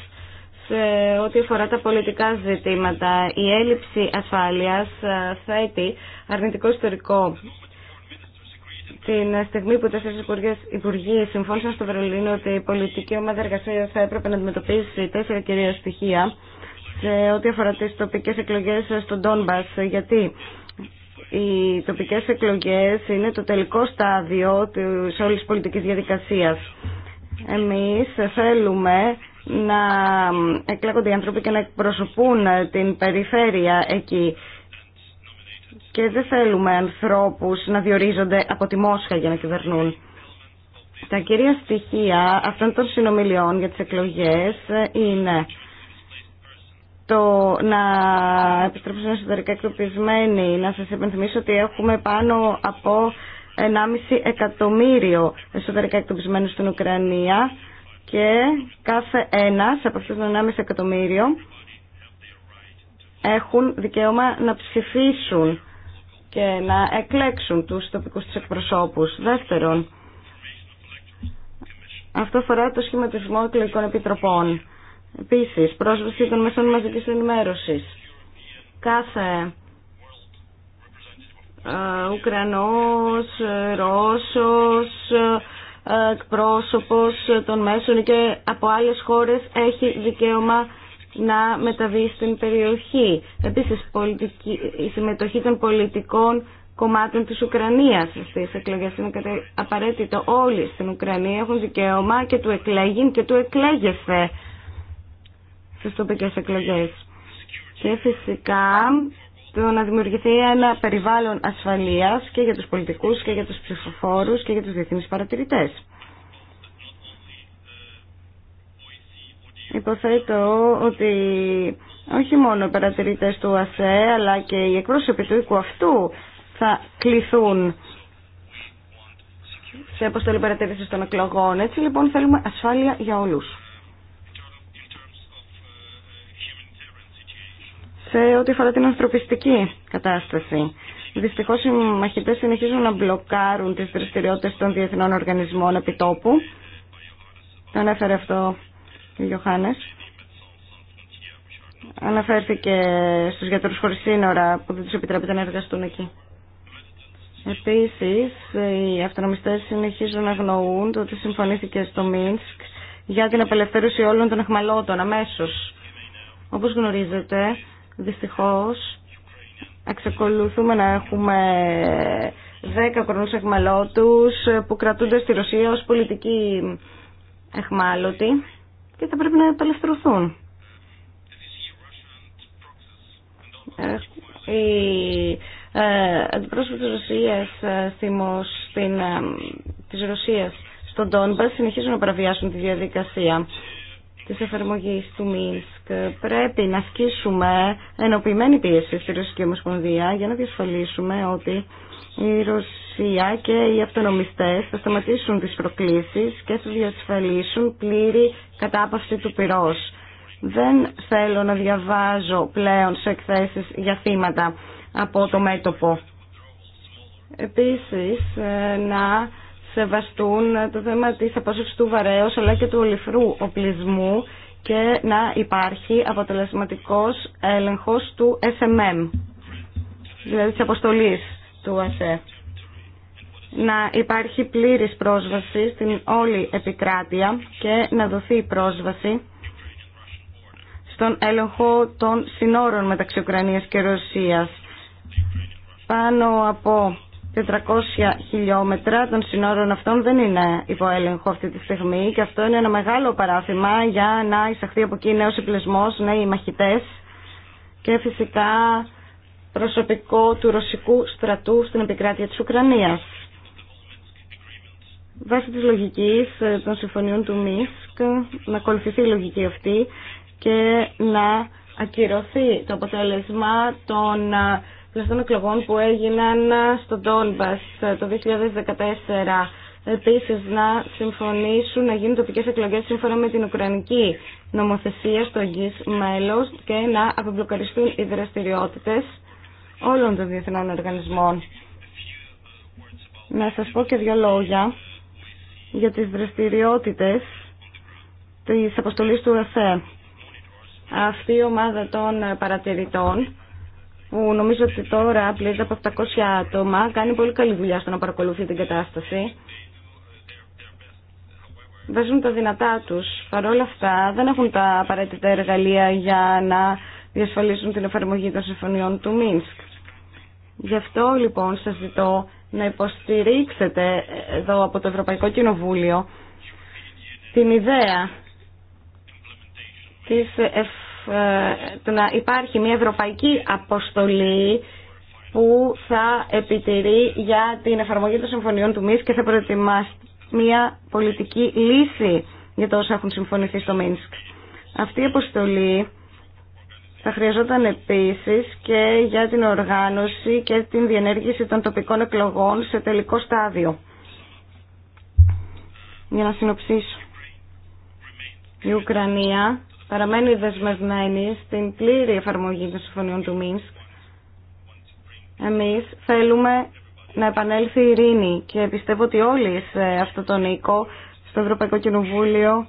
Σε ό,τι αφορά τα πολιτικά ζητήματα, η έλλειψη ασφάλειας ε, θέτει αρνητικό ιστορικό την στιγμή που τέσσερι υπουργοί συμφώνησαν στο Βερολίνο ότι η πολιτική ομάδα εργασία θα έπρεπε να αντιμετωπίσει τέσσερα κυρία στοιχεία σε ό,τι αφορά τι τοπικέ εκλογέ στον Ντόνμπα. Γιατί οι τοπικέ εκλογέ είναι το τελικό στάδιο τη όλη πολιτική διαδικασία. Εμεί θέλουμε να εκλέγονται οι άνθρωποι και να εκπροσωπούν την περιφέρεια εκεί και δεν θέλουμε ανθρώπους να διορίζονται από τη Μόσχα για να κυβερνούν. Τα κυρία στοιχεία αυτών των συνομιλιών για τις εκλογές είναι το να επιστρέψουν εσωτερικά εκτοπισμένοι. Να σας υπενθυμίσω ότι έχουμε πάνω από 1,5 εκατομμύριο εσωτερικά εκτοπισμένους στην Ουκρανία και κάθε ένας από αυτούς των 1,5 εκατομμύριο έχουν δικαίωμα να ψηφίσουν και να εκλέξουν τους τοπικούς τους εκπροσώπους. Δεύτερον, αυτό αφορά το σχηματισμό εκλογικών επιτροπών. Επίσης, πρόσβαση των μέσων μαζικής ενημέρωσης. Κάθε ε, Ουκρανός, ε, Ρώσος, ε, εκπρόσωπος των μέσων και από άλλες χώρες έχει δικαίωμα να μεταβεί στην περιοχή. Επίσης, η συμμετοχή των πολιτικών κομμάτων της Ουκρανίας στις εκλογές είναι απαραίτητο. Όλοι στην Ουκρανία έχουν δικαίωμα και του εκλέγει και του εκλέγεσθε στις τοπικές εκλογές. Και φυσικά το να δημιουργηθεί ένα περιβάλλον ασφαλείας και για τους πολιτικούς και για τους ψηφοφόρους και για τους διεθνείς παρατηρητές. Υποθέτω ότι όχι μόνο οι παρατηρητές του ΑΣΕ αλλά και οι εκπρόσωποι του οίκου αυτού θα κληθούν σε αποστολή παρατήρηση των εκλογών. Έτσι λοιπόν θέλουμε ασφάλεια για όλους. Σε ό,τι αφορά την ανθρωπιστική κατάσταση. Δυστυχώ οι μαχητέ συνεχίζουν να μπλοκάρουν τι δραστηριότητε των διεθνών οργανισμών επιτόπου. Το ανέφερε αυτό και αναφέρθηκε στους γιατρούς χωρίς σύνορα που δεν τους επιτρέπεται να εργαστούν εκεί. Επίσης, οι αυτονομιστές συνεχίζουν να γνωρούν το ότι συμφωνήθηκε στο Μίνσκ για την απελευθέρωση όλων των αχμαλώτων αμέσως. Όπως γνωρίζετε, δυστυχώς, εξακολουθούμε να έχουμε δέκα κρονούς αχμαλώτους που κρατούνται στη Ρωσία ως πολιτικοί αχμάλωτοι και θα πρέπει να απελευθερωθούν. Οι ε, ε, αντιπρόσωποι της Ρωσίας ε, θυμός της Ρωσίας στον Τόνμπα συνεχίζουν να παραβιάσουν τη διαδικασία της εφαρμογής του Μίνσκ. Πρέπει να ασκήσουμε ενοποιημένη πίεση στη Ρωσική Ομοσπονδία για να διασφαλίσουμε ότι η Ρωσία και οι αυτονομιστές θα σταματήσουν τις προκλήσεις και θα διασφαλίσουν πλήρη κατάπαυση του πυρός. Δεν θέλω να διαβάζω πλέον σε εκθέσεις για θύματα από το μέτωπο. Επίσης, ε, να σεβαστούν το θέμα της απόσυξης του βαρέως αλλά και του ολιφρού οπλισμού και να υπάρχει αποτελεσματικός έλεγχος του SMM, δηλαδή της αποστολής του ΑΣΕ. Να υπάρχει πλήρης πρόσβαση στην όλη επικράτεια και να δοθεί πρόσβαση στον έλεγχο των συνόρων μεταξύ Ουκρανίας και Ρωσίας. Πάνω από 400 χιλιόμετρα των συνόρων αυτών δεν είναι υποέλεγχο αυτή τη στιγμή και αυτό είναι ένα μεγάλο παράθυμα για να εισαχθεί από εκεί νέος επιλεσμός, νέοι μαχητές και φυσικά προσωπικό του ρωσικού στρατού στην επικράτεια της Ουκρανίας. Βάσει της λογικής των συμφωνιών του ΜΙΣΚ να ακολουθηθεί η λογική αυτή και να ακυρωθεί το αποτέλεσμα των των εκλογών που έγιναν στον Τόνμπας το 2014. Επίσης να συμφωνήσουν να γίνουν τοπικέ εκλογές σύμφωνα με την Ουκρανική νομοθεσία στο εγγύ μέλος και να απεμπλοκαριστούν οι δραστηριότητες όλων των διεθνών οργανισμών. Να σας πω και δύο λόγια για τις δραστηριότητες της αποστολής του ΕΦΕ. Αυτή η ομάδα των παρατηρητών που νομίζω ότι τώρα πλέον από 700 άτομα, κάνει πολύ καλή δουλειά στο να παρακολουθεί την κατάσταση. Βάζουν τα δυνατά τους. Παρ' όλα αυτά δεν έχουν τα απαραίτητα εργαλεία για να διασφαλίσουν την εφαρμογή των συμφωνιών του Μίνσκ. Γι' αυτό λοιπόν σας ζητώ να υποστηρίξετε εδώ από το Ευρωπαϊκό Κοινοβούλιο την ιδέα της εφαρμογής ε, το να υπάρχει μια ευρωπαϊκή αποστολή που θα επιτηρεί για την εφαρμογή των συμφωνιών του ΜΙΣ και θα προετοιμάσει μια πολιτική λύση για το όσα έχουν συμφωνηθεί στο Μίνσκ. Αυτή η αποστολή θα χρειαζόταν επίσης και για την οργάνωση και την διενέργηση των τοπικών εκλογών σε τελικό στάδιο. Για να συνοψίσω. Η Ουκρανία παραμένει δεσμευμένη στην πλήρη εφαρμογή των συμφωνιών του Μίνσκ. Εμείς θέλουμε να επανέλθει η ειρήνη και πιστεύω ότι όλοι σε αυτό τον νοίκο στο Ευρωπαϊκό Κοινοβούλιο,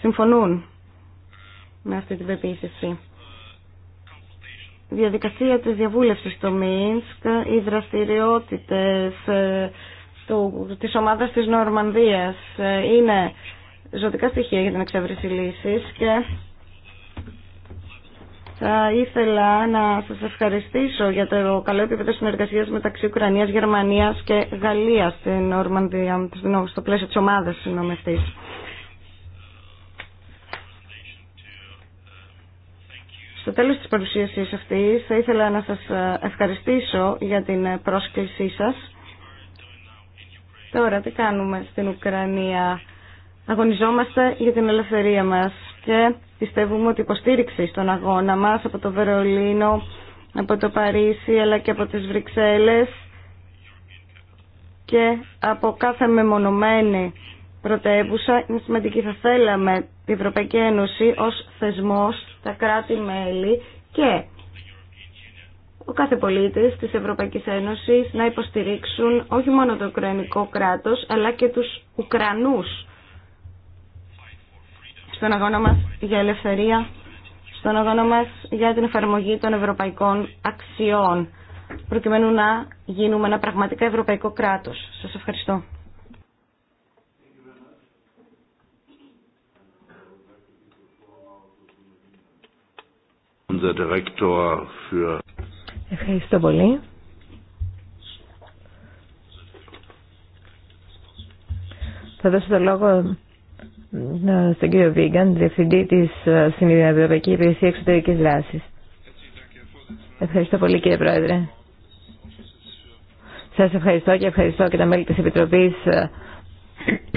συμφωνούν με αυτή την πεποίθηση. διαδικασία της διαβούλευσης στο Μίνσκ, οι δραστηριότητες ε, του, της ομάδας της Νορμανδίας ε, είναι ζωτικά στοιχεία για την εξέβριση λύσης και θα ήθελα να σας ευχαριστήσω για το καλό επίπεδο συνεργασίας μεταξύ Ουκρανίας, Γερμανίας και Γαλλίας στην Ορμανδία, στο πλαίσιο της ομάδας συνομευτής. Στο τέλος της παρουσίασης αυτής θα ήθελα να σας ευχαριστήσω για την πρόσκλησή σας. Τώρα τι κάνουμε στην Ουκρανία αγωνιζόμαστε για την ελευθερία μας και πιστεύουμε ότι υποστήριξη στον αγώνα μας από το Βερολίνο, από το Παρίσι αλλά και από τις Βρυξέλλες και από κάθε μεμονωμένη πρωτεύουσα είναι σημαντική. Θα θέλαμε την Ευρωπαϊκή Ένωση ως θεσμός, τα κράτη-μέλη και ο κάθε πολίτης της Ευρωπαϊκής Ένωσης να υποστηρίξουν όχι μόνο το Ουκρανικό κράτος αλλά και τους Ουκρανούς στον αγώνα μας για ελευθερία, στον αγώνα μας για την εφαρμογή των ευρωπαϊκών αξιών, προκειμένου να γίνουμε ένα πραγματικά ευρωπαϊκό κράτος. Σας ευχαριστώ. Ευχαριστώ πολύ. Θα δώσω το λόγο στον κύριο Βίγκαν, διευθυντή τη ε, στην Ευρωπαϊκή Υπηρεσία Εξωτερική Δράση. Ευχαριστώ πολύ κύριε Πρόεδρε. Σα ευχαριστώ και ευχαριστώ και τα μέλη τη Επιτροπή ε,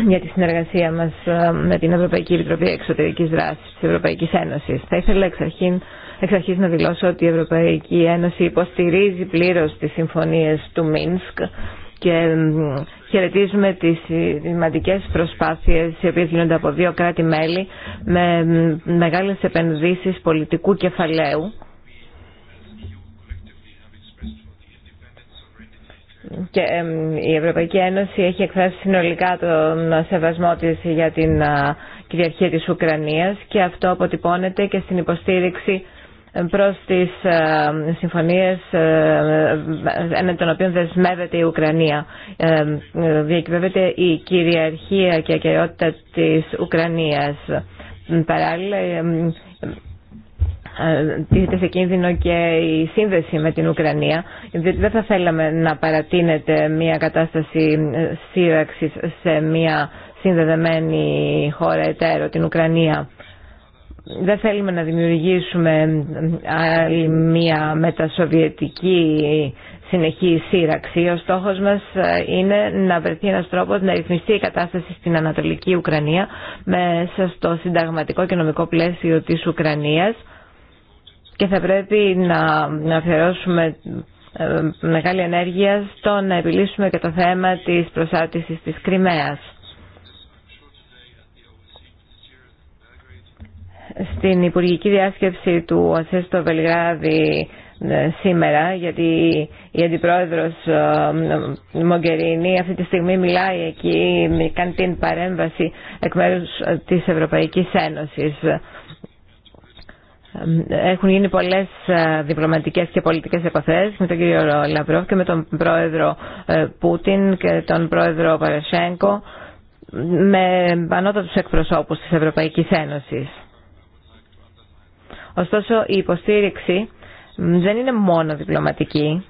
για τη συνεργασία μα ε, με την Ευρωπαϊκή Επιτροπή Εξωτερική δράση τη Ευρωπαϊκή Ένωση. Θα ήθελα εξ αρχή αρχής να δηλώσω ότι η Ευρωπαϊκή Ένωση υποστηρίζει πλήρως τις συμφωνίες του Μίνσκ Χαιρετίζουμε τις σημαντικέ προσπάθειες οι οποίες γίνονται από δύο κράτη-μέλη με μεγάλες επενδύσεις πολιτικού κεφαλαίου και η Ευρωπαϊκή Ένωση έχει εκφράσει συνολικά τον σεβασμό της για την κυριαρχία της Ουκρανίας και αυτό αποτυπώνεται και στην υποστήριξη προς τις ε, συμφωνίες με των οποίων δεσμεύεται η Ουκρανία. Ε, ε, διακυβεύεται η κυριαρχία και η ακαιρεότητα της Ουκρανίας. Παράλληλα, τίθεται σε κίνδυνο και η σύνδεση με την Ουκρανία, διότι δεν θα θέλαμε να παρατείνεται μια κατάσταση σύραξης σε μια συνδεδεμένη χώρα εταίρο, την Ουκρανία δεν θέλουμε να δημιουργήσουμε ε, άλλη μία μετασοβιετική συνεχή σύραξη. Ο στόχος μας ε, είναι να βρεθεί ένας τρόπος να ρυθμιστεί η κατάσταση στην Ανατολική Ουκρανία μέσα στο συνταγματικό και νομικό πλαίσιο της Ουκρανίας και θα πρέπει να αφιερώσουμε ε, μεγάλη ενέργεια στο να επιλύσουμε και το θέμα της προσάρτησης της Κρυμαίας. στην Υπουργική Διάσκεψη του ΟΣΕ στο Βελγράδι ε, σήμερα, γιατί η Αντιπρόεδρος ε, Μογκερίνη αυτή τη στιγμή μιλάει εκεί, κάνει την παρέμβαση εκ μέρους της Ευρωπαϊκής Ένωσης. Έχουν γίνει πολλές ε, διπλωματικές και πολιτικές επαφές με τον κύριο Λαμπρόφ και με τον πρόεδρο Πούτιν και τον πρόεδρο Παρασέγκο με πανότατους εκπροσώπους της Ευρωπαϊκής Ένωσης. Ωστόσο, η υποστήριξη δεν είναι μόνο διπλωματική.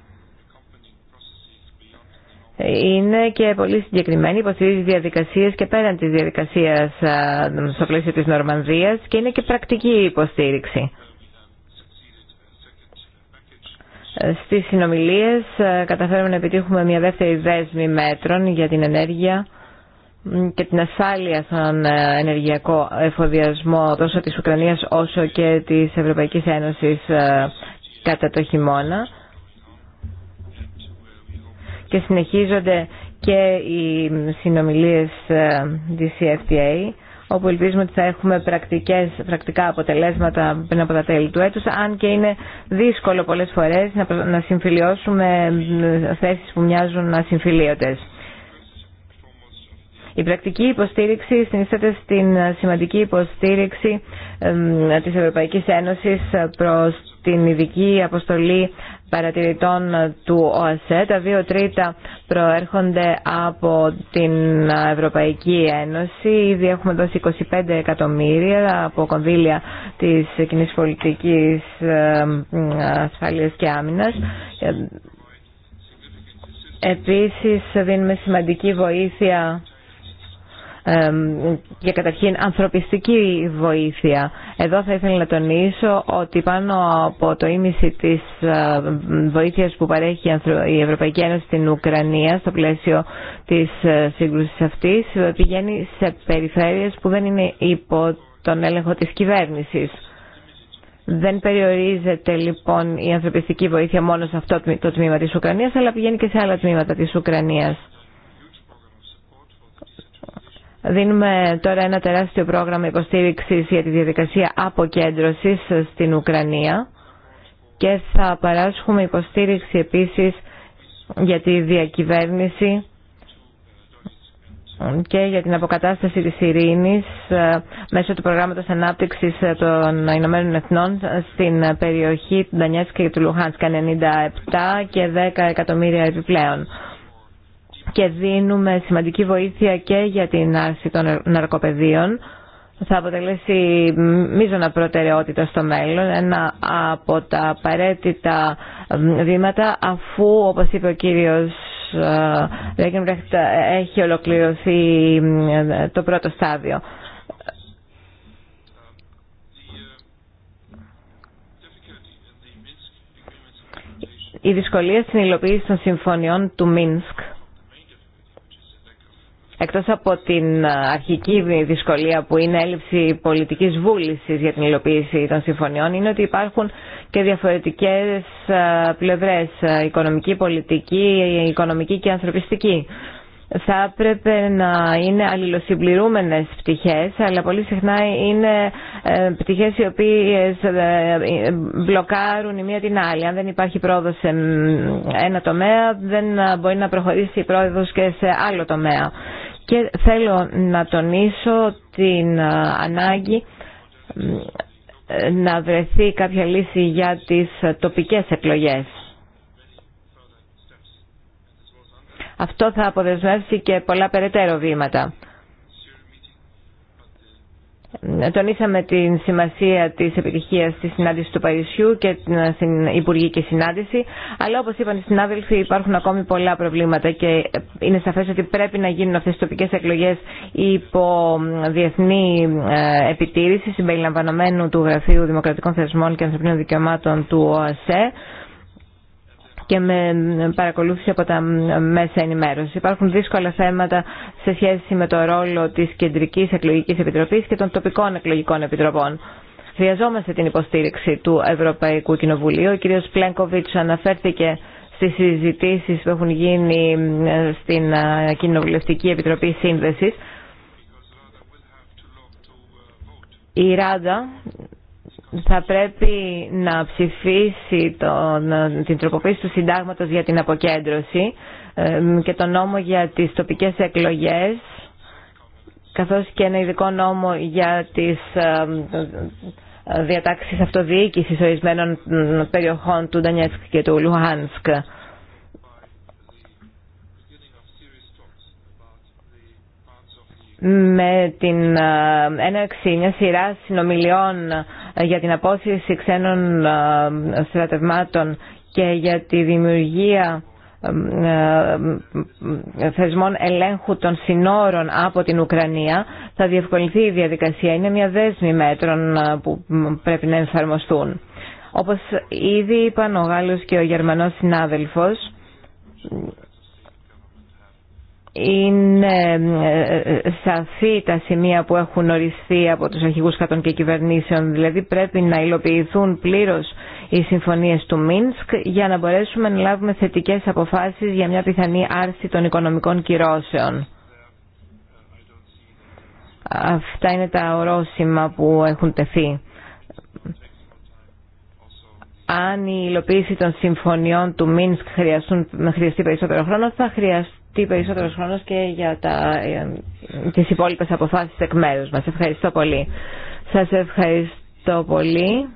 Είναι και πολύ συγκεκριμένη, υποστηρίζει διαδικασίες και πέραν της διαδικασίας στο πλαίσιο της Νορμανδίας και είναι και πρακτική υποστήριξη. Στις συνομιλίες καταφέρουμε να επιτύχουμε μια δεύτερη δέσμη μέτρων για την ενέργεια και την ασφάλεια στον ε, ενεργειακό εφοδιασμό τόσο της Ουκρανίας όσο και της Ευρωπαϊκής Ένωσης ε, κατά το χειμώνα και συνεχίζονται και οι συνομιλίες ε, της CFTA όπου ελπίζουμε ότι θα έχουμε πρακτικές, πρακτικά αποτελέσματα πριν από τα τέλη του έτους, αν και είναι δύσκολο πολλές φορές να συμφιλιώσουμε θέσεις που μοιάζουν ασυμφιλίωτες. Η πρακτική υποστήριξη συνίσταται στην σημαντική υποστήριξη της Ευρωπαϊκής Ένωσης προς την ειδική αποστολή παρατηρητών του ΟΑΣΕ. Τα δύο τρίτα προέρχονται από την Ευρωπαϊκή Ένωση. Ήδη έχουμε δώσει 25 εκατομμύρια από κονδύλια της κοινή πολιτικής ασφάλειας και άμυνας. Επίσης δίνουμε σημαντική βοήθεια για καταρχήν ανθρωπιστική βοήθεια. Εδώ θα ήθελα να τονίσω ότι πάνω από το ίμιση της ε, βοήθειας που παρέχει η Ευρωπαϊκή Ένωση στην Ουκρανία στο πλαίσιο της ε, σύγκρουσης αυτής ε, πηγαίνει σε περιφέρειες που δεν είναι υπό τον έλεγχο της κυβέρνησης. Δεν περιορίζεται λοιπόν η ανθρωπιστική βοήθεια μόνο σε αυτό το τμήμα της Ουκρανίας αλλά πηγαίνει και σε άλλα τμήματα της Ουκρανίας. Δίνουμε τώρα ένα τεράστιο πρόγραμμα υποστήριξη για τη διαδικασία αποκέντρωση στην Ουκρανία και θα παράσχουμε υποστήριξη επίση για τη διακυβέρνηση και για την αποκατάσταση της ειρήνης ε, μέσω του προγράμματος ανάπτυξης ε, των Ηνωμένων Εθνών στην περιοχή του Ντανιέσκη και του Λουχάνσκα 97 και 10 εκατομμύρια επιπλέον και δίνουμε σημαντική βοήθεια και για την άρση των ναρκοπαιδείων. Θα αποτελέσει μίζωνα προτεραιότητα στο μέλλον, ένα από τα απαραίτητα βήματα, αφού, όπως είπε ο κύριος Ρέγκενμπρεχτ, έχει ολοκληρωθεί το πρώτο στάδιο. Η δυσκολία στην υλοποίηση των συμφωνιών του Μίνσκ Εκτός από την ε, αρχική δυσκολία που είναι έλλειψη πολιτικής βούλησης για την υλοποίηση των συμφωνιών είναι ότι υπάρχουν και διαφορετικές ε, πλευρές, ε, οικονομική, πολιτική, οικονομική και ανθρωπιστική. Θα έπρεπε να είναι αλληλοσυμπληρούμενες πτυχές, αλλά πολύ συχνά είναι πτυχές οι οποίες μπλοκάρουν η μία την άλλη. Αν δεν υπάρχει πρόοδος σε ένα τομέα, δεν μπορεί να προχωρήσει η πρόοδος και σε άλλο τομέα. Και θέλω να τονίσω την ε, ανάγκη ε, να βρεθεί κάποια λύση για τις ε, τοπικές εκλογές. Αυτό θα αποδεσμεύσει και πολλά περαιτέρω βήματα. Τονίσαμε την σημασία της επιτυχίας της συνάντησης του Παρισιού και την ε, Υπουργική Συνάντηση, αλλά όπως είπαν οι συνάδελφοι υπάρχουν ακόμη πολλά προβλήματα και είναι σαφές ότι πρέπει να γίνουν αυτές τις τοπικές εκλογές υπό διεθνή ε, επιτήρηση συμπεριλαμβανομένου του Γραφείου Δημοκρατικών Θεσμών και Ανθρωπίνων Δικαιωμάτων του ΟΑΣΕ και με παρακολούθηση από τα μέσα ενημέρωση. Υπάρχουν δύσκολα θέματα σε σχέση με το ρόλο τη Κεντρικής εκλογική Επιτροπής και των τοπικών εκλογικών επιτροπών. Χρειαζόμαστε την υποστήριξη του Ευρωπαϊκού Κοινοβουλίου. Ο κ. Πλένκοβιτ αναφέρθηκε στις συζητήσεις που έχουν γίνει ε, στην ε, Κοινοβουλευτική Επιτροπή Σύνδεση. Η Ράντα θα πρέπει να ψηφίσει τον, την τροποποίηση του συντάγματος για την αποκέντρωση ε, και τον νόμο για τις τοπικές εκλογές καθώς και ένα ειδικό νόμο για τις ε, ε, διατάξεις αυτοδιοίκησης ορισμένων περιοχών του Ντανιέτσκ και του Λουχάνσκ. με την ε, έναρξη μια σειρά συνομιλιών ε, για την απόσυρση ξένων ε, στρατευμάτων και για τη δημιουργία θεσμών ελέγχου των συνόρων από την Ουκρανία θα διευκολυνθεί η διαδικασία. Είναι μια δέσμη μέτρων που πρέπει να εφαρμοστούν. Όπως ήδη είπαν ο Γάλλος και ο Γερμανός συνάδελφος, είναι ε, ε, σαφή τα σημεία που έχουν οριστεί από τους αρχηγούς κατών και κυβερνήσεων δηλαδή πρέπει να υλοποιηθούν πλήρως οι συμφωνίες του Μίνσκ για να μπορέσουμε να λάβουμε θετικές αποφάσεις για μια πιθανή άρση των οικονομικών κυρώσεων Αυτά είναι τα ορόσημα που έχουν τεθεί αν η υλοποίηση των συμφωνιών του Μίνσκ χρειαστεί περισσότερο χρόνο θα χρειαστεί τι περισσότερο χρόνο και για τα, ε, τις υπόλοιπες αποφάσεις εκ μέρου μα. Ευχαριστώ πολύ. Σα ευχαριστώ πολύ.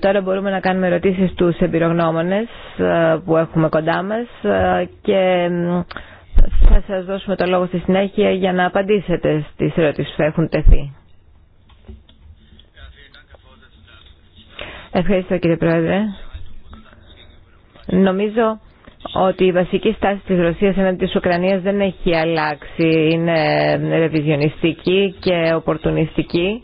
Τώρα μπορούμε να κάνουμε ερωτήσεις στους εμπειρογνώμονες ε, που έχουμε κοντά μας ε, και θα σας δώσουμε το λόγο στη συνέχεια για να απαντήσετε στις ερωτήσεις που έχουν τεθεί. Ευχαριστώ κύριε Πρόεδρε. Νομίζω ότι η βασική στάση της Ρωσίας ενάντια της Ουκρανίας δεν έχει αλλάξει. Είναι ρεβιζιονιστική και οπορτουνιστική.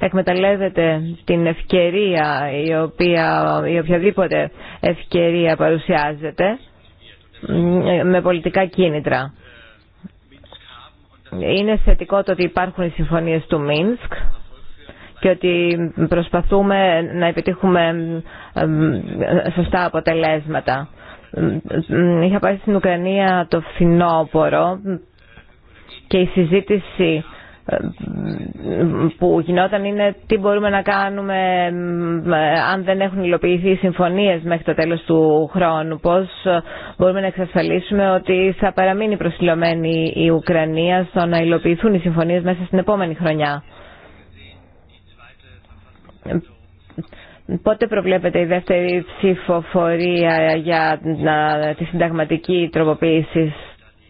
Εκμεταλλεύεται την ευκαιρία η, οποία, η οποιαδήποτε ευκαιρία παρουσιάζεται με πολιτικά κίνητρα. Είναι θετικό το ότι υπάρχουν οι συμφωνίες του Μίνσκ και ότι προσπαθούμε να επιτύχουμε σωστά αποτελέσματα. Είχα πάει στην Ουκρανία το φθινόπωρο και η συζήτηση που γινόταν είναι τι μπορούμε να κάνουμε αν δεν έχουν υλοποιηθεί οι συμφωνίες μέχρι το τέλος του χρόνου. Πώς μπορούμε να εξασφαλίσουμε ότι θα παραμείνει προσιλωμένη η Ουκρανία στο να υλοποιηθούν οι συμφωνίες μέσα στην επόμενη χρονιά. Πότε προβλέπεται η δεύτερη ψηφοφορία για τη συνταγματική τροποποίηση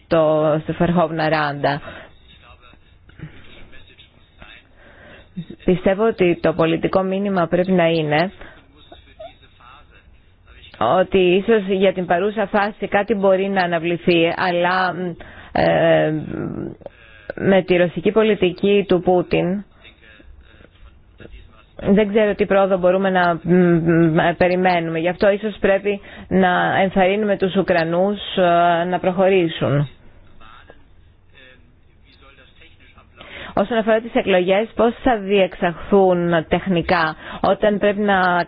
στο, Φερχόβνα Ράντα. Πιστεύω ότι το πολιτικό μήνυμα πρέπει να είναι ότι ίσως για την παρούσα φάση κάτι μπορεί να αναβληθεί, αλλά ε, με τη ρωσική πολιτική του Πούτιν δεν ξέρω τι πρόοδο μπορούμε να περιμένουμε. Γι' αυτό ίσως πρέπει να ενθαρρύνουμε τους Ουκρανούς ε, να προχωρήσουν. Όσον αφορά τις εκλογές, πώς θα διεξαχθούν τεχνικά όταν πρέπει να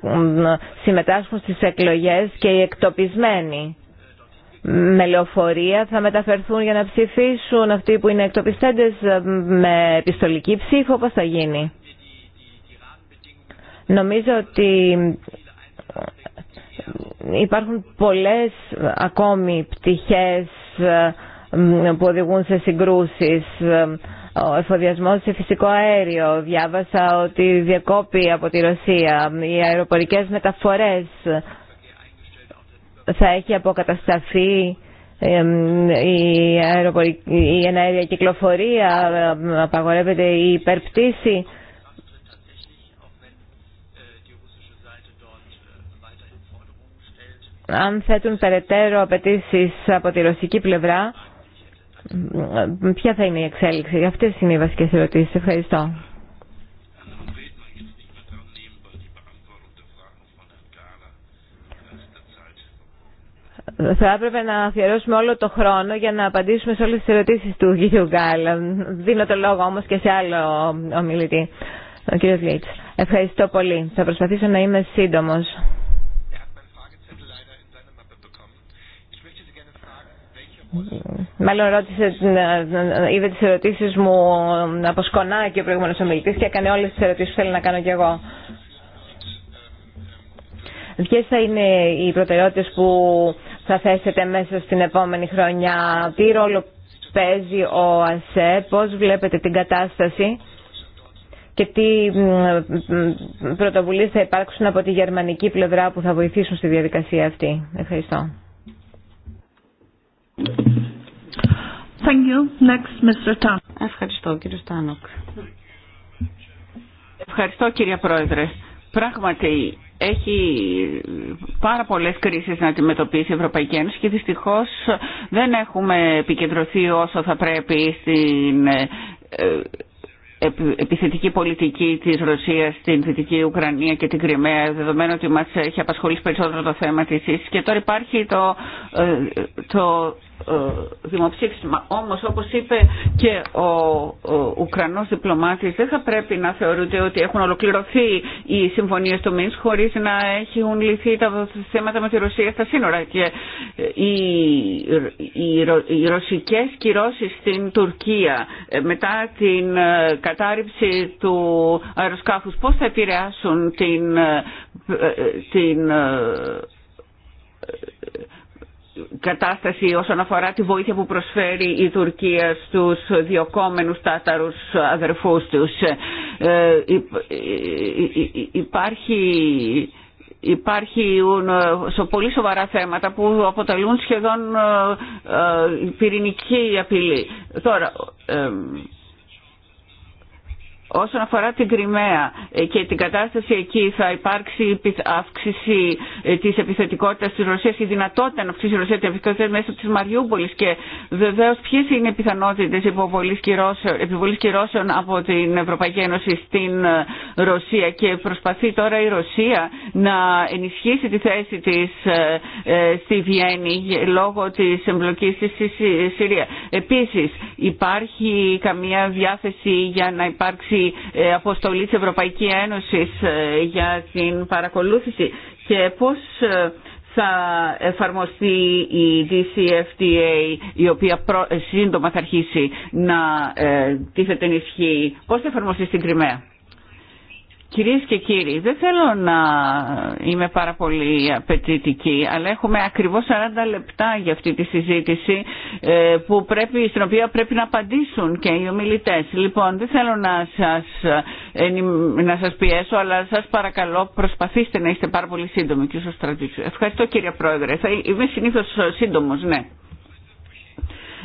συμμετάσχουν στις εκλογές και οι εκτοπισμένοι με λεωφορεία θα μεταφερθούν για να ψηφίσουν αυτοί που είναι εκτοπιστέντες ε, με επιστολική ψήφο, πώς θα γίνει. Νομίζω ότι ε, υπάρχουν πολλές ακόμη πτυχές ε, που οδηγούν σε συγκρούσεις. Ε, ο εφοδιασμός σε φυσικό αέριο, διάβασα ότι διακόπη από τη Ρωσία, οι αεροπορικές μεταφορές θα έχει αποκατασταθεί η, αεροπορική, η εναέρια κυκλοφορία, απαγορεύεται η υπερπτήση. αν θέτουν περαιτέρω απαιτήσει από τη ρωσική πλευρά, ποια θα είναι η εξέλιξη. Αυτές είναι οι βασικέ ερωτήσει. Ευχαριστώ. Θα έπρεπε να αφιερώσουμε όλο το χρόνο για να απαντήσουμε σε όλες τις ερωτήσεις του κ. Γκάλα. Δίνω το λόγο όμως και σε άλλο ομιλητή, ο κύριος Λίτς. Ευχαριστώ πολύ. Θα προσπαθήσω να είμαι σύντομος. Μάλλον ρώτησε, είδε τι ερωτήσει μου ε, από και ο προηγούμενο ομιλητή και έκανε όλες τι ερωτήσει που θέλω να κάνω κι εγώ. Ποιε θα είναι οι προτεραιότητε που θα θέσετε μέσα στην επόμενη χρονιά, τι ρόλο παίζει ο ΑΣΕ, πώς βλέπετε την κατάσταση και τι πρωτοβουλίες θα υπάρξουν από τη γερμανική πλευρά που θα βοηθήσουν στη διαδικασία αυτή. Ευχαριστώ. Thank you. Next, Mr. Tan. Ευχαριστώ κύριε Πρόεδρε. Πράγματι έχει πάρα πολλές κρίσεις να αντιμετωπίσει η Ευρωπαϊκή Ένωση και δυστυχώς δεν έχουμε επικεντρωθεί όσο θα πρέπει στην ε, ε, επιθετική πολιτική της Ρωσίας στην Δυτική Ουκρανία και την Κρυμαία δεδομένου ότι μας έχει απασχολήσει περισσότερο το θέμα της και τώρα υπάρχει το, ε, το ε, δημοψήφισμα. Όμως όπως είπε και ο, ο Ουκρανός διπλωμάτης δεν θα πρέπει να θεωρούνται ότι έχουν ολοκληρωθεί οι συμφωνίες του Μίνσκ χωρίς να έχουν λυθεί τα θέματα με τη Ρωσία στα σύνορα και ε, οι, οι, οι ρωσικές κυρώσεις στην Τουρκία ε, μετά την κατάρριψη του αεροσκάφους πώς θα επηρεάσουν την, την κατάσταση όσον αφορά τη βοήθεια που προσφέρει η Τουρκία στους διοκόμενους τάταρους αδερφούς τους. Ε, υπάρχει υπάρχουν ε, πολύ σοβαρά θέματα που αποτελούν σχεδόν ε, πυρηνική απειλή. Τώρα, Όσον αφορά την Κρυμαία ε, και την κατάσταση εκεί θα υπάρξει αύξηση ε, της επιθετικότητας της Ρωσίας, η δυνατότητα να αυξήσει η Ρωσία την επιθετικότητα μέσω τη Μαριούπολης και βεβαίως ποιες είναι οι πιθανότητες επιβολής κυρώσεων από την Ευρωπαϊκή Ένωση στην ε, Ρωσία και προσπαθεί τώρα η Ρωσία να ενισχύσει τη θέση της στη Βιέννη λόγω της εμπλοκής της στη Συρία. Επίσης υπάρχει καμία διάθεση για να υπάρξει η ε, αποστολή της Ευρωπαϊκής Ένωσης ε, για την παρακολούθηση και πώς ε, θα εφαρμοστεί η DCFTA η οποία σύντομα θα αρχίσει να τίθεται ενισχύει. Πώς θα εφαρμοστεί στην Κρυμαία. Κυρίες και κύριοι, δεν θέλω να είμαι πάρα πολύ απαιτητική, αλλά έχουμε ακριβώς 40 λεπτά για αυτή τη συζήτηση ε, που πρέπει, στην οποία πρέπει να απαντήσουν και οι ομιλητές. Λοιπόν, δεν θέλω να σας, ε, να σας πιέσω, αλλά σας παρακαλώ προσπαθήστε να είστε πάρα πολύ σύντομοι, κύριε Ευχαριστώ κύριε Πρόεδρε. Θα είμαι συνήθως σύντομος, ναι.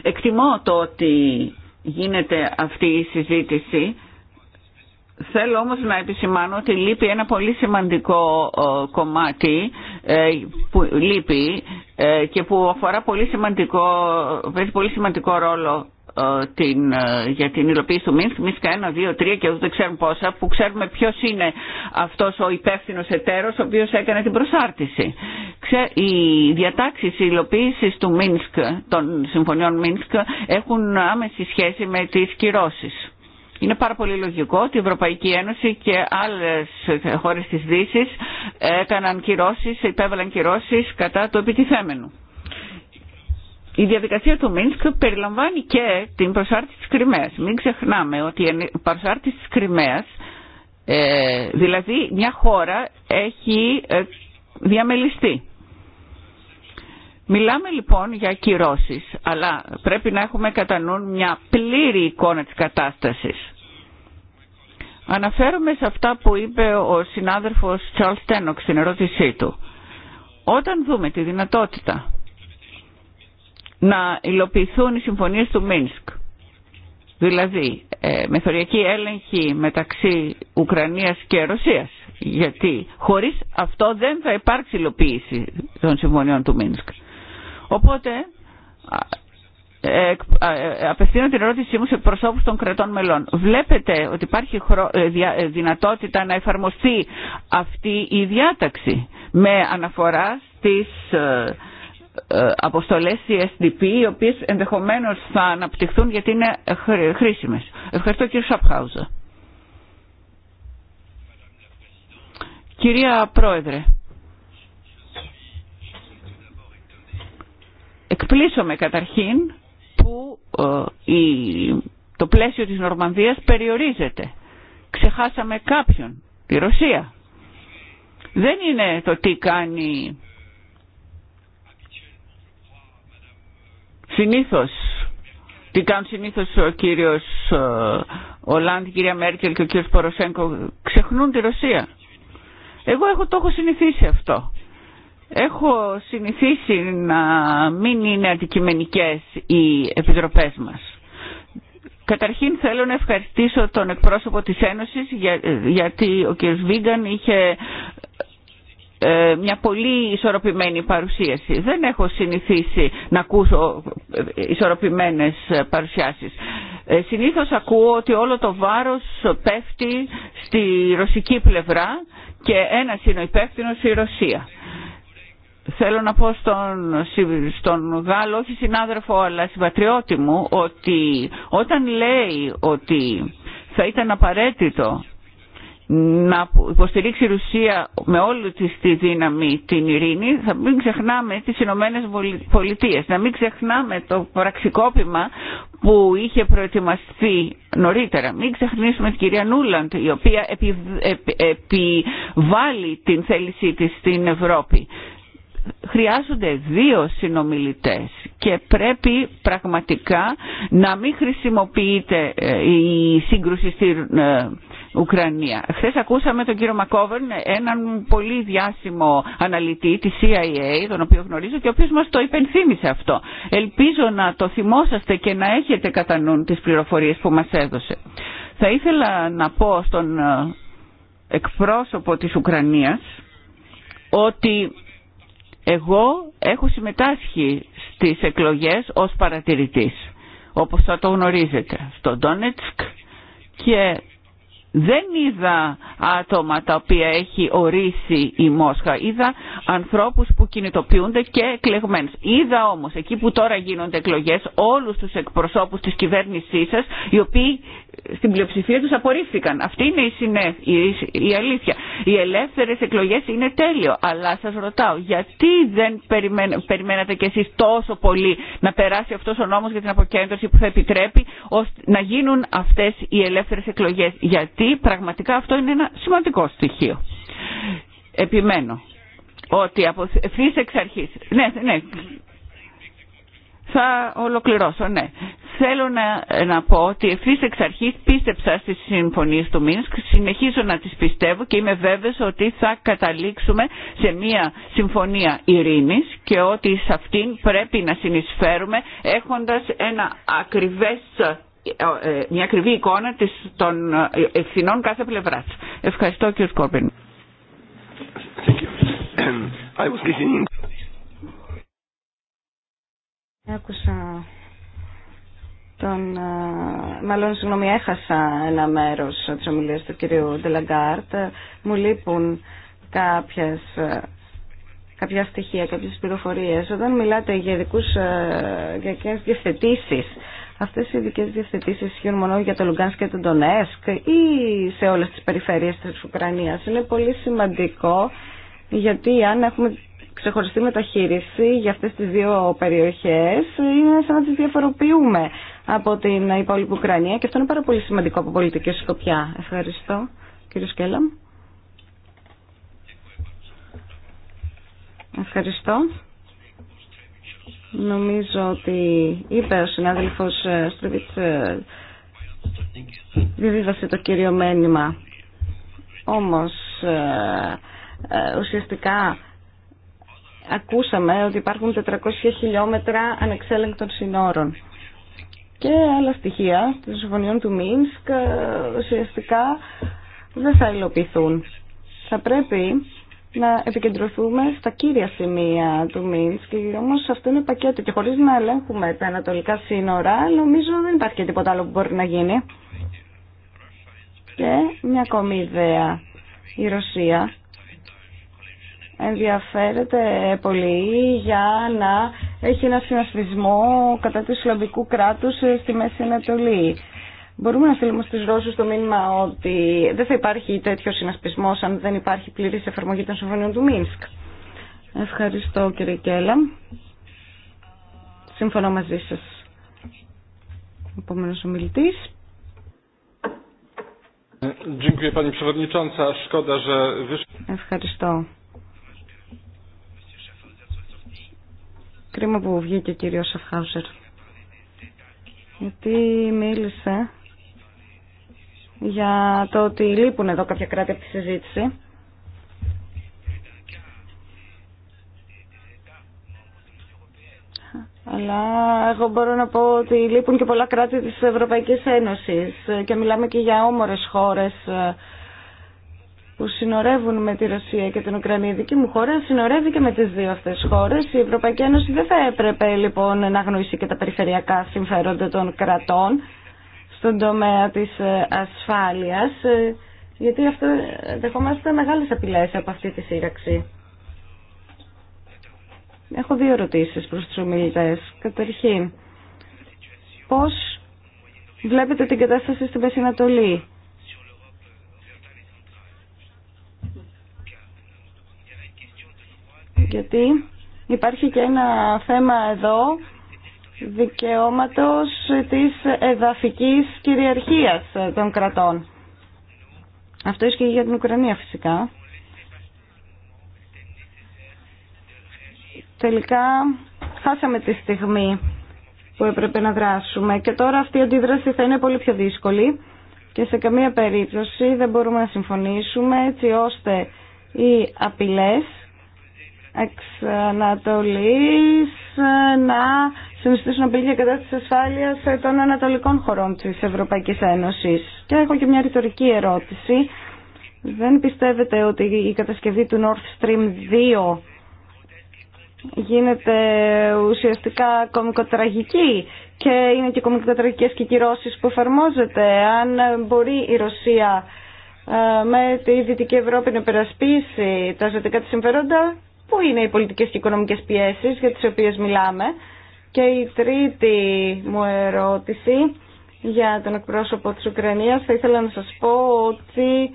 Εκτιμώ το ότι γίνεται αυτή η συζήτηση Θέλω όμως να επισημάνω ότι λείπει ένα πολύ σημαντικό ε, κομμάτι ε, που λείπει ε, και που αφορά πολύ σημαντικό, παίζει πολύ σημαντικό ρόλο την, για την υλοποίηση του Μίνσκ, Μίνσκ 1, 2, 3 και δεν ξέρουμε πόσα, που ξέρουμε ποιο είναι αυτός ο υπεύθυνο εταίρος ο οποίος έκανε την προσάρτηση. Ξέ, οι διατάξει υλοποίηση του Μίνσκ, των συμφωνιών Μίνσκ, έχουν άμεση σχέση με τι κυρώσει. Είναι πάρα πολύ λογικό ότι η Ευρωπαϊκή Ένωση και άλλες χώρες της Δύση έκαναν ε, κυρώσει έκαναν κυρώσεις, υπέβαλαν κυρώσεις κατά το επιτιθέμενου. Η διαδικασία του Μίνσκ περιλαμβάνει και την προσάρτηση της Κρυμαίας. Μην ξεχνάμε ότι η προσάρτηση της Κρυμαίας, ε, δηλαδή μια χώρα έχει ε, διαμελιστεί. Μιλάμε λοιπόν για κυρώσει, αλλά πρέπει να έχουμε κατά νου μια πλήρη εικόνα της κατάστασης. Αναφέρομαι σε αυτά που είπε ο συνάδελφος Charles Τένοξ στην ερώτησή του. Όταν δούμε τη δυνατότητα να υλοποιηθούν οι συμφωνίες του Μίνσκ, δηλαδή ε, μεθοριακή έλεγχη μεταξύ Ουκρανίας και Ρωσίας, γιατί χωρίς αυτό δεν θα υπάρξει υλοποίηση των συμφωνιών του Μίνσκ. Οπότε ε, ε, απευθύνω την ερώτησή μου σε προσώπους των κρατών μελών. Βλέπετε ότι υπάρχει ε, δυνατότητα να εφαρμοστεί αυτή η διάταξη με αναφορά στις αποστολές CSDP οι οποίες ενδεχομένως θα αναπτυχθούν γιατί είναι χρήσιμες. Ευχαριστώ κύριε Σαπχάουζα. Κυρία Πρόεδρε, με καταρχήν που ε, η, το πλαίσιο της Νορμανδίας περιορίζεται. Ξεχάσαμε κάποιον, τη Ρωσία. Δεν είναι το τι κάνει συνήθως, τι κάνουν συνήθως ο κύριος Ολάντ, ε, η κυρία Μέρκελ και ο κύριος Ποροσέγκο, ξεχνούν τη Ρωσία. Εγώ έχω, το έχω συνηθίσει αυτό. Έχω συνηθίσει να μην είναι αντικειμενικές οι επιτροπές μας. Καταρχήν θέλω να ευχαριστήσω τον εκπρόσωπο της Ένωσης γιατί ο κ. Βίγκαν είχε ε, μια πολύ ισορροπημένη παρουσίαση. Δεν έχω συνηθίσει να ακούσω ισορροπημένες παρουσιάσεις. Ε, συνήθως ακούω ότι όλο το βάρος πέφτει στη ρωσική πλευρά και ένας είναι ο υπεύθυνος η Ρωσία θέλω να πω στον, στον Γάλλο, όχι συνάδελφο αλλά συμπατριώτη μου, ότι όταν λέει ότι θα ήταν απαραίτητο να υποστηρίξει η Ρουσία με όλη της τη δύναμη την ειρήνη, θα μην ξεχνάμε τις Ηνωμένε Πολιτείε, να μην ξεχνάμε το πραξικόπημα που είχε προετοιμαστεί νωρίτερα. Μην ξεχνήσουμε την κυρία Νούλαντ, η οποία επιβάλλει την θέλησή της στην Ευρώπη χρειάζονται δύο συνομιλητές και πρέπει πραγματικά να μην χρησιμοποιείται ε, η σύγκρουση στην ε, Ουκρανία. Χθε ακούσαμε τον κύριο Μακόβεν, έναν πολύ διάσημο αναλυτή της CIA, τον οποίο γνωρίζω και ο οποίος μας το υπενθύμησε αυτό. Ελπίζω να το θυμόσαστε και να έχετε κατά νου τις πληροφορίες που μας έδωσε. Θα ήθελα να πω στον ε, εκπρόσωπο της Ουκρανίας ότι εγώ έχω συμμετάσχει στις εκλογές ως παρατηρητής, όπως θα το γνωρίζετε, στο Ντόνετσκ και δεν είδα άτομα τα οποία έχει ορίσει η Μόσχα. Είδα ανθρώπους που κινητοποιούνται και εκλεγμένους. Είδα όμως εκεί που τώρα γίνονται εκλογές όλους τους εκπροσώπους της κυβέρνησής σας οι οποίοι στην πλειοψηφία τους απορρίφθηκαν. Αυτή είναι η, η, αλήθεια. Οι ελεύθερες εκλογές είναι τέλειο. Αλλά σας ρωτάω, γιατί δεν περιμένατε κι εσείς τόσο πολύ να περάσει αυτός ο νόμος για την αποκέντρωση που θα επιτρέπει ώστε να γίνουν αυτές οι ελεύθερες εκλογές. Γιατί πραγματικά αυτό είναι ένα σημαντικό στοιχείο. Επιμένω ότι από εξ αρχής. Ναι, ναι, θα ολοκληρώσω, ναι. Θέλω να, να πω ότι ευθύ εξ αρχή πίστεψα στι συμφωνίε του Μίνσκ, συνεχίζω να τι πιστεύω και είμαι βέβαιο ότι θα καταλήξουμε σε μια συμφωνία ειρήνη και ότι σε αυτήν πρέπει να συνεισφέρουμε έχοντα ένα ε, ε, μια ακριβή εικόνα της, των ε, ευθυνών κάθε πλευράς. Ευχαριστώ κύριε Σκόπιν. Άκουσα τον, ε, μάλλον συγγνώμη έχασα ένα μέρος της ομιλίας του κυρίου Ντελαγκάρτ. Μου λείπουν κάποιες, ε, κάποια στοιχεία, κάποιες πληροφορίες. Όταν μιλάτε για ειδικούς ε, για διευθετήσεις, αυτές οι ειδικές διευθετήσεις ισχύουν μόνο για το Λουγκάνσκ και τον Ντονέσκ ή σε όλες τις περιφέρειες της Ουκρανίας. Είναι πολύ σημαντικό γιατί αν έχουμε ξεχωριστή μεταχείριση για αυτές τις δύο περιοχές είναι σαν να τις διαφοροποιούμε από την υπόλοιπη Ουκρανία και αυτό είναι πάρα πολύ σημαντικό από πολιτική σκοπιά. Ευχαριστώ. Κύριο Σκέλαμ. Ευχαριστώ. Νομίζω ότι είπε ο συνάδελφος ε, Στρίβιτς διδίδασε ε, το κύριο μένυμα Όμως ε, ουσιαστικά ακούσαμε ότι υπάρχουν 400 χιλιόμετρα ανεξέλεγκτων συνόρων. Και άλλα στοιχεία των συμφωνιών του Μίνσκ ε, ουσιαστικά δεν θα υλοποιηθούν. Θα πρέπει να επικεντρωθούμε στα κύρια σημεία του Μίνσκ. Όμως αυτό είναι πακέτο και χωρίς να ελέγχουμε τα ανατολικά σύνορα νομίζω δεν υπάρχει και τίποτα άλλο που μπορεί να γίνει. Και μια ακόμη ιδέα. Η Ρωσία ενδιαφέρεται πολύ για να έχει ένα συνασπισμό κατά του Ισλαμικού κράτου ε, στη Μέση Ανατολή. Μπορούμε να στείλουμε στους Ρώσους το μήνυμα ότι δεν θα υπάρχει τέτοιο συνασπισμό αν δεν υπάρχει πληρή εφαρμογή των συμφωνίων του Μίνσκ. Ευχαριστώ κύριε Κέλλα. Συμφωνώ μαζί σας. Επόμενος ομιλητής. Ε, Ευχαριστώ. Κρίμα που βγήκε ο κύριος Σαφχάουσερ. Γιατί μίλησε για το ότι λείπουν εδώ κάποια κράτη από τη συζήτηση. Αλλά εγώ μπορώ να πω ότι λείπουν και πολλά κράτη της Ευρωπαϊκής Ένωσης και μιλάμε και για όμορες χώρες που συνορεύουν με τη Ρωσία και την Ουκρανία. Η δική μου χώρα συνορεύει και με τις δύο αυτές χώρες. Η Ευρωπαϊκή Ένωση δεν θα έπρεπε λοιπόν να γνωρίσει και τα περιφερειακά συμφέροντα των κρατών στον τομέα της ε, ασφάλειας, ε, γιατί αυτό ε, δεχόμαστε μεγάλες απειλές από αυτή τη σύραξη. Έχω δύο ερωτήσει προς τους ομιλητέ. Καταρχήν, Πώ βλέπετε την κατάσταση στην Πεσσινατολή γιατί υπάρχει και ένα θέμα εδώ δικαιώματος της εδαφικής κυριαρχίας των κρατών. Αυτό ισχύει για την Ουκρανία φυσικά. Τελικά χάσαμε τη στιγμή που έπρεπε να δράσουμε και τώρα αυτή η αντίδραση θα είναι πολύ πιο δύσκολη και σε καμία περίπτωση δεν μπορούμε να συμφωνήσουμε έτσι ώστε οι απειλές εξ Ανατολής ε, να συνιστήσουν απειλή κατά κατάσταση ασφάλειας ε, των ανατολικών χωρών της Ευρωπαϊκής Ένωσης. Και έχω και μια ρητορική ερώτηση. Δεν πιστεύετε ότι η κατασκευή του North Stream 2 γίνεται ουσιαστικά κομικοτραγική και είναι και κομικοτραγικές και κυρώσεις που εφαρμόζεται. Αν μπορεί η Ρωσία ε, με τη Δυτική Ευρώπη να περασπίσει τα ζωτικά της συμφέροντα, Πού είναι οι πολιτικές και οικονομικές πιέσεις για τις οποίες μιλάμε. Και η τρίτη μου ερώτηση για τον εκπρόσωπο της Ουκρανίας θα ήθελα να σας πω ότι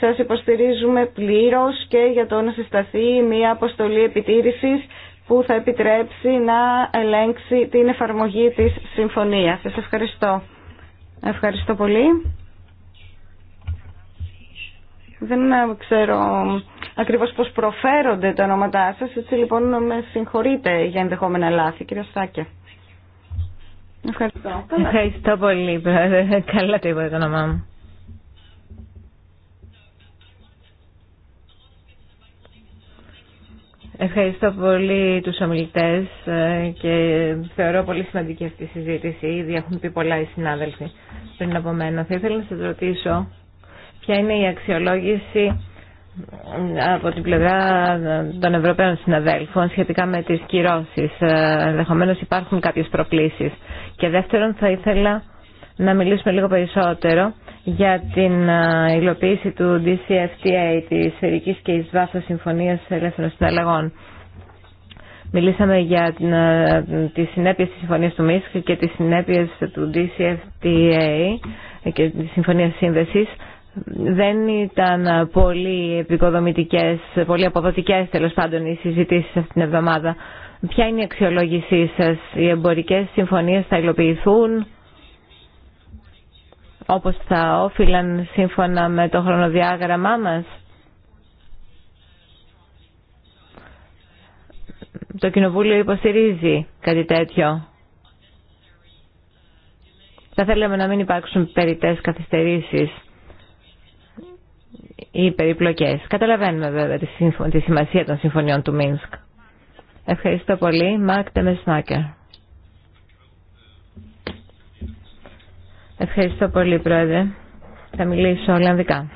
σας υποστηρίζουμε πλήρως και για το να συσταθεί μια αποστολή επιτήρησης που θα επιτρέψει να ελέγξει την εφαρμογή της συμφωνίας. Σας ευχαριστώ. Ευχαριστώ πολύ. Δεν ξέρω ακριβώς πώς προφέρονται τα ονόματά σας. Έτσι λοιπόν με συγχωρείτε για ενδεχόμενα λάθη. Κύριε Στάκια. Ευχαριστώ. Ευχαριστώ πολύ. Καλά το είπα το όνομά μου. Ευχαριστώ πολύ τους ομιλητές ε, και θεωρώ πολύ σημαντική αυτή η συζήτηση. Ήδη έχουν πει πολλά οι συνάδελφοι πριν από μένα. Θα ήθελα να σας ρωτήσω ποια είναι η αξιολόγηση από την πλευρά των Ευρωπαίων συναδέλφων σχετικά με τις κυρώσεις. Ε, Ενδεχομένω υπάρχουν κάποιες προκλήσεις. Και δεύτερον θα ήθελα να μιλήσουμε λίγο περισσότερο για την ε, υλοποίηση του DCFTA, της Ειρικής και Ισβάθος Συμφωνίας Ελεύθερων Συναλλαγών. Μιλήσαμε για ε, τις συνέπειες της Συμφωνίας του ΜΙΣΚ και τις συνέπειες του DCFTA και της Συμφωνίας Σύνδεσης δεν ήταν πολύ επικοδομητικές, πολύ αποδοτικές τέλο πάντων οι συζητήσεις αυτήν την εβδομάδα. Ποια είναι η αξιολόγησή σας, οι εμπορικές συμφωνίες θα υλοποιηθούν όπως θα όφυλαν σύμφωνα με το χρονοδιάγραμμά μας. Το Κοινοβούλιο υποστηρίζει κάτι τέτοιο. Θα θέλαμε να μην υπάρξουν περιττές καθυστερήσεις οι περιπλοκές. Καταλαβαίνουμε βέβαια τη, σημασία των συμφωνιών του Μίνσκ. Ευχαριστώ πολύ. Μάρκ Ευχαριστώ πολύ, Πρόεδρε. Θα μιλήσω Ολλανδικά.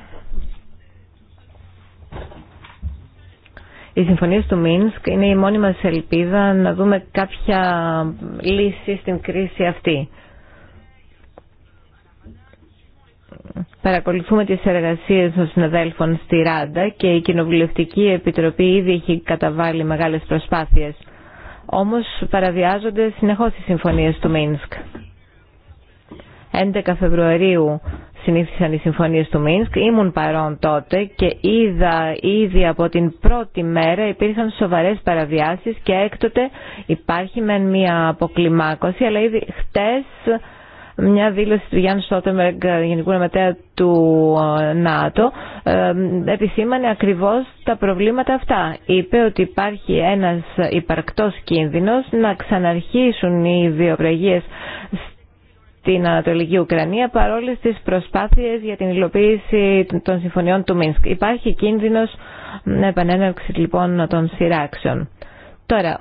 Οι συμφωνίε του Μίνσκ είναι η μόνη μας ελπίδα να δούμε κάποια λύση στην κρίση αυτή. παρακολουθούμε τις εργασίες των συναδέλφων στη Ράντα και η Κοινοβουλευτική Επιτροπή ήδη έχει καταβάλει μεγάλες προσπάθειες. Όμως παραβιάζονται συνεχώς οι συμφωνίες του Μίνσκ. 11 Φεβρουαρίου συνήθισαν οι συμφωνίες του Μίνσκ, ήμουν παρόν τότε και είδα ήδη από την πρώτη μέρα υπήρχαν σοβαρές παραβιάσεις και έκτοτε υπάρχει μεν μία αποκλιμάκωση, αλλά ήδη χτες μια δήλωση του Γιάννου Σότεμπεργκ, Γενικού Γραμματέα του ε, ΝΑΤΟ, ε, επισήμανε ακριβώς τα προβλήματα αυτά. Είπε ότι υπάρχει ένας υπαρκτός κίνδυνος να ξαναρχίσουν οι βιοπραγίες στην Ανατολική Ουκρανία παρόλε τι προσπάθειε για την υλοποίηση των συμφωνιών του Μίνσκ. Υπάρχει κίνδυνο επανέναρξη λοιπόν των σειράξεων. Τώρα,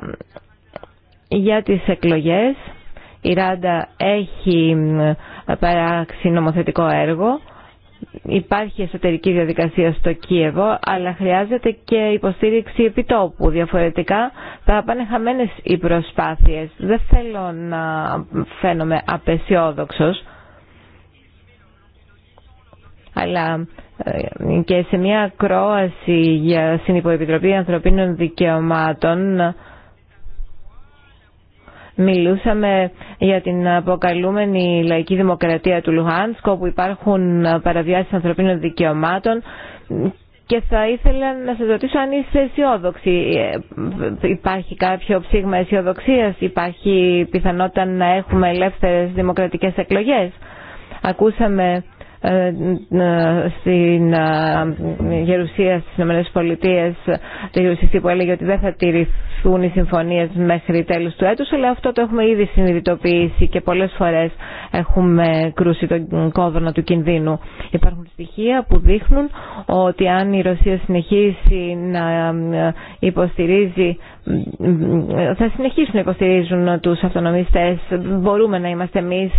για τι εκλογέ. Η Ράντα έχει παράξει νομοθετικό έργο. Υπάρχει εσωτερική διαδικασία στο Κίεβο, αλλά χρειάζεται και υποστήριξη επιτόπου. Διαφορετικά θα πάνε χαμένες οι προσπάθειες. Δεν θέλω να φαίνομαι απεσιόδοξος, αλλά ε, και σε μια ακρόαση για στην Υποεπιτροπή Ανθρωπίνων Δικαιωμάτων Μιλούσαμε για την αποκαλούμενη λαϊκή δημοκρατία του Λουχάνσκο όπου υπάρχουν παραβιάσεις ανθρωπίνων δικαιωμάτων και θα ήθελα να σας ρωτήσω αν είστε αισιόδοξοι. Ε, υπάρχει κάποιο ψήγμα αισιοδοξία, υπάρχει πιθανότητα να έχουμε ελεύθερες δημοκρατικές εκλογές. Ακούσαμε ε, ε, στην ε, γερουσία στις Ηνωμένες Πολιτείες το γερουσιστή που έλεγε ότι δεν θα τηρηθούν οι συμφωνίες μέχρι τέλους του έτους αλλά αυτό το έχουμε ήδη συνειδητοποιήσει και πολλές φορές έχουμε κρούσει τον κόδωνα του κινδύνου. Υπάρχουν στοιχεία που δείχνουν ότι αν η Ρωσία συνεχίσει να υποστηρίζει θα συνεχίσουν να υποστηρίζουν τους αυτονομιστές μπορούμε να είμαστε εμείς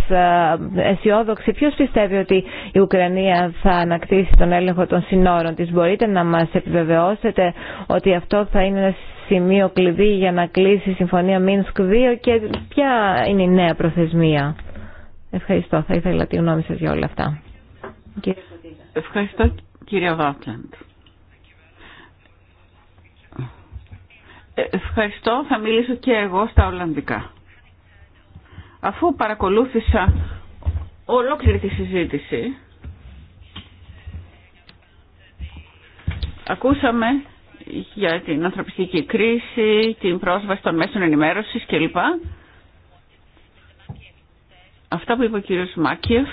αισιόδοξοι ποιος πιστεύει ότι η Ουκρανία θα ανακτήσει τον έλεγχο των συνόρων της. Μπορείτε να μας επιβεβαιώσετε ότι αυτό θα είναι ένα σημείο κλειδί για να κλείσει η Συμφωνία Μίνσκ 2 και ποια είναι η νέα προθεσμία. Ευχαριστώ. Θα ήθελα τη γνώμη σας για όλα αυτά. Ευχαριστώ κύριε Βάτλαντ. Ε, ευχαριστώ. Θα μιλήσω και εγώ στα Ολλανδικά. Αφού παρακολούθησα ολόκληρη τη συζήτηση Ακούσαμε για την ανθρωπιστική κρίση, την πρόσβαση των μέσων ενημέρωσης κλπ. Αυτά που είπε ο κύριος Μάκιεφ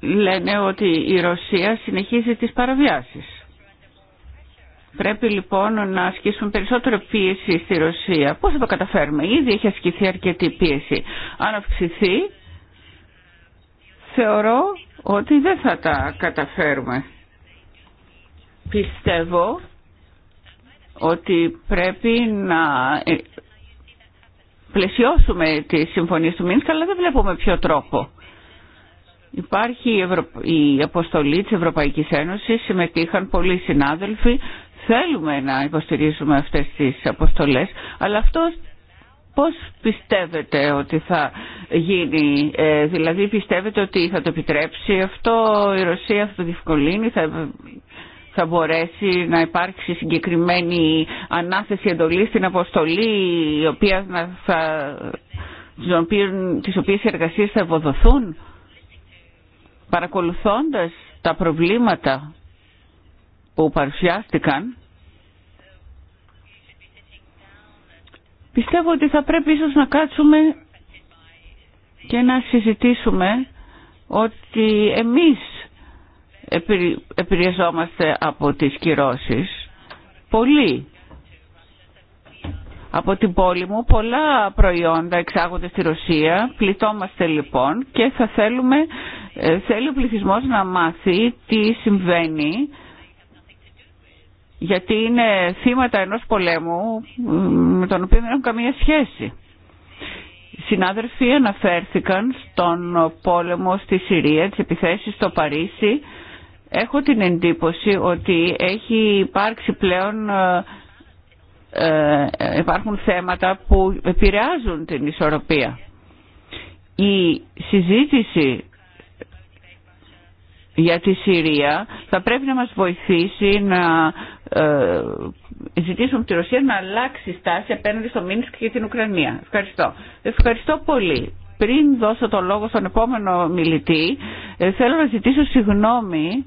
λένε ότι η Ρωσία συνεχίζει τις παραβιάσεις. Πρέπει λοιπόν να ασκήσουμε περισσότερο πίεση στη Ρωσία. Πώς θα το καταφέρουμε. Ήδη έχει ασκηθεί αρκετή πίεση. Αν αυξηθεί, θεωρώ ότι δεν θα τα καταφέρουμε. Πιστεύω ότι πρέπει να ε, πλαισιώσουμε τη συμφωνία του Μίνσκα, αλλά δεν βλέπουμε ποιο τρόπο. Υπάρχει η, η αποστολή της Ευρωπαϊκής Ένωσης, συμμετείχαν πολλοί συνάδελφοι, θέλουμε να υποστηρίζουμε αυτές τις αποστολές, αλλά αυτό Πώς πιστεύετε ότι θα γίνει, ε, δηλαδή πιστεύετε ότι θα το επιτρέψει αυτό η Ρωσία, θα το διευκολύνει, θα, μπορέσει να υπάρξει συγκεκριμένη ανάθεση εντολή στην αποστολή η οποία να θα, τις οποίες οι εργασίες θα ευοδοθούν παρακολουθώντας τα προβλήματα που παρουσιάστηκαν Πιστεύω ότι θα πρέπει ίσως να κάτσουμε και να συζητήσουμε ότι εμείς επηρεαζόμαστε από τις κυρώσεις πολύ από την πόλη μου πολλά προϊόντα εξάγονται στη Ρωσία, πληττόμαστε λοιπόν και θα θέλουμε, ε, θέλει ο πληθυσμός να μάθει τι συμβαίνει γιατί είναι θύματα ενός πολέμου με τον οποίο δεν έχουν καμία σχέση. Οι συνάδελφοι αναφέρθηκαν στον πόλεμο στη Συρία, τις επιθέσεις στο Παρίσι. Έχω την εντύπωση ότι έχει υπάρξει πλέον ε, ε υπάρχουν θέματα που επηρεάζουν την ισορροπία. Η συζήτηση για τη Συρία θα πρέπει να μας βοηθήσει να ε, ζητήσουμε από τη Ρωσία να αλλάξει στάση απέναντι στο Μίνσκ και την Ουκρανία. Ευχαριστώ. Ευχαριστώ πολύ. Πριν δώσω το λόγο στον επόμενο μιλητή, ε, θέλω να ζητήσω συγγνώμη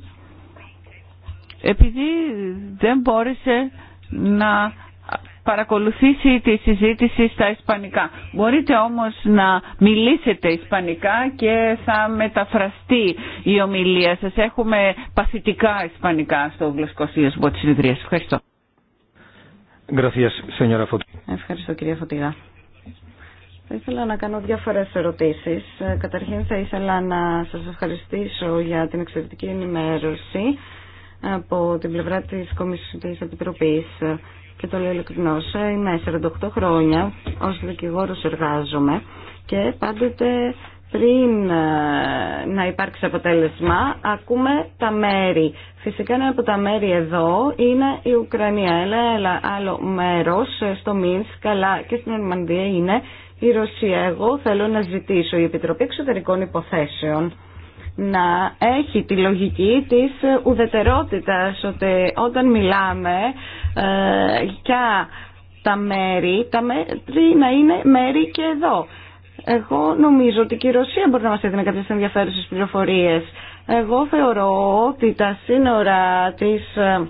επειδή δεν μπόρεσε να παρακολουθήσει τη συζήτηση στα Ισπανικά. Μπορείτε όμως να μιλήσετε Ισπανικά και θα μεταφραστεί η ομιλία σας. Έχουμε παθητικά Ισπανικά στο γλωσσικό σύμβο της Συνεδρίας. Ευχαριστώ. Ευχαριστώ κυρία Φωτήρα. Θα ήθελα να κάνω διάφορες ερωτήσεις. Καταρχήν θα ήθελα να σας ευχαριστήσω για την εξαιρετική ενημέρωση από την πλευρά της Επιτροπής και το λέω ειλικρινώς, είμαι 48 χρόνια ως δικηγόρος εργάζομαι και πάντοτε πριν ε, να υπάρξει αποτέλεσμα, ακούμε τα μέρη. Φυσικά ένα από τα μέρη εδώ είναι η Ουκρανία. Έλα, άλλο μέρος ε, στο Μίνσκ, καλά και στην Ορμανδία είναι η Ρωσία. Εγώ θέλω να ζητήσω η Επιτροπή Εξωτερικών Υποθέσεων να έχει τη λογική της ουδετερότητας ότι όταν μιλάμε ε, για τα μέρη, τα μέρη να είναι μέρη και εδώ. Εγώ νομίζω ότι και η Ρωσία μπορεί να μας έδινε κάποιες ενδιαφέρουσες πληροφορίες. Εγώ θεωρώ ότι τα σύνορα της ε,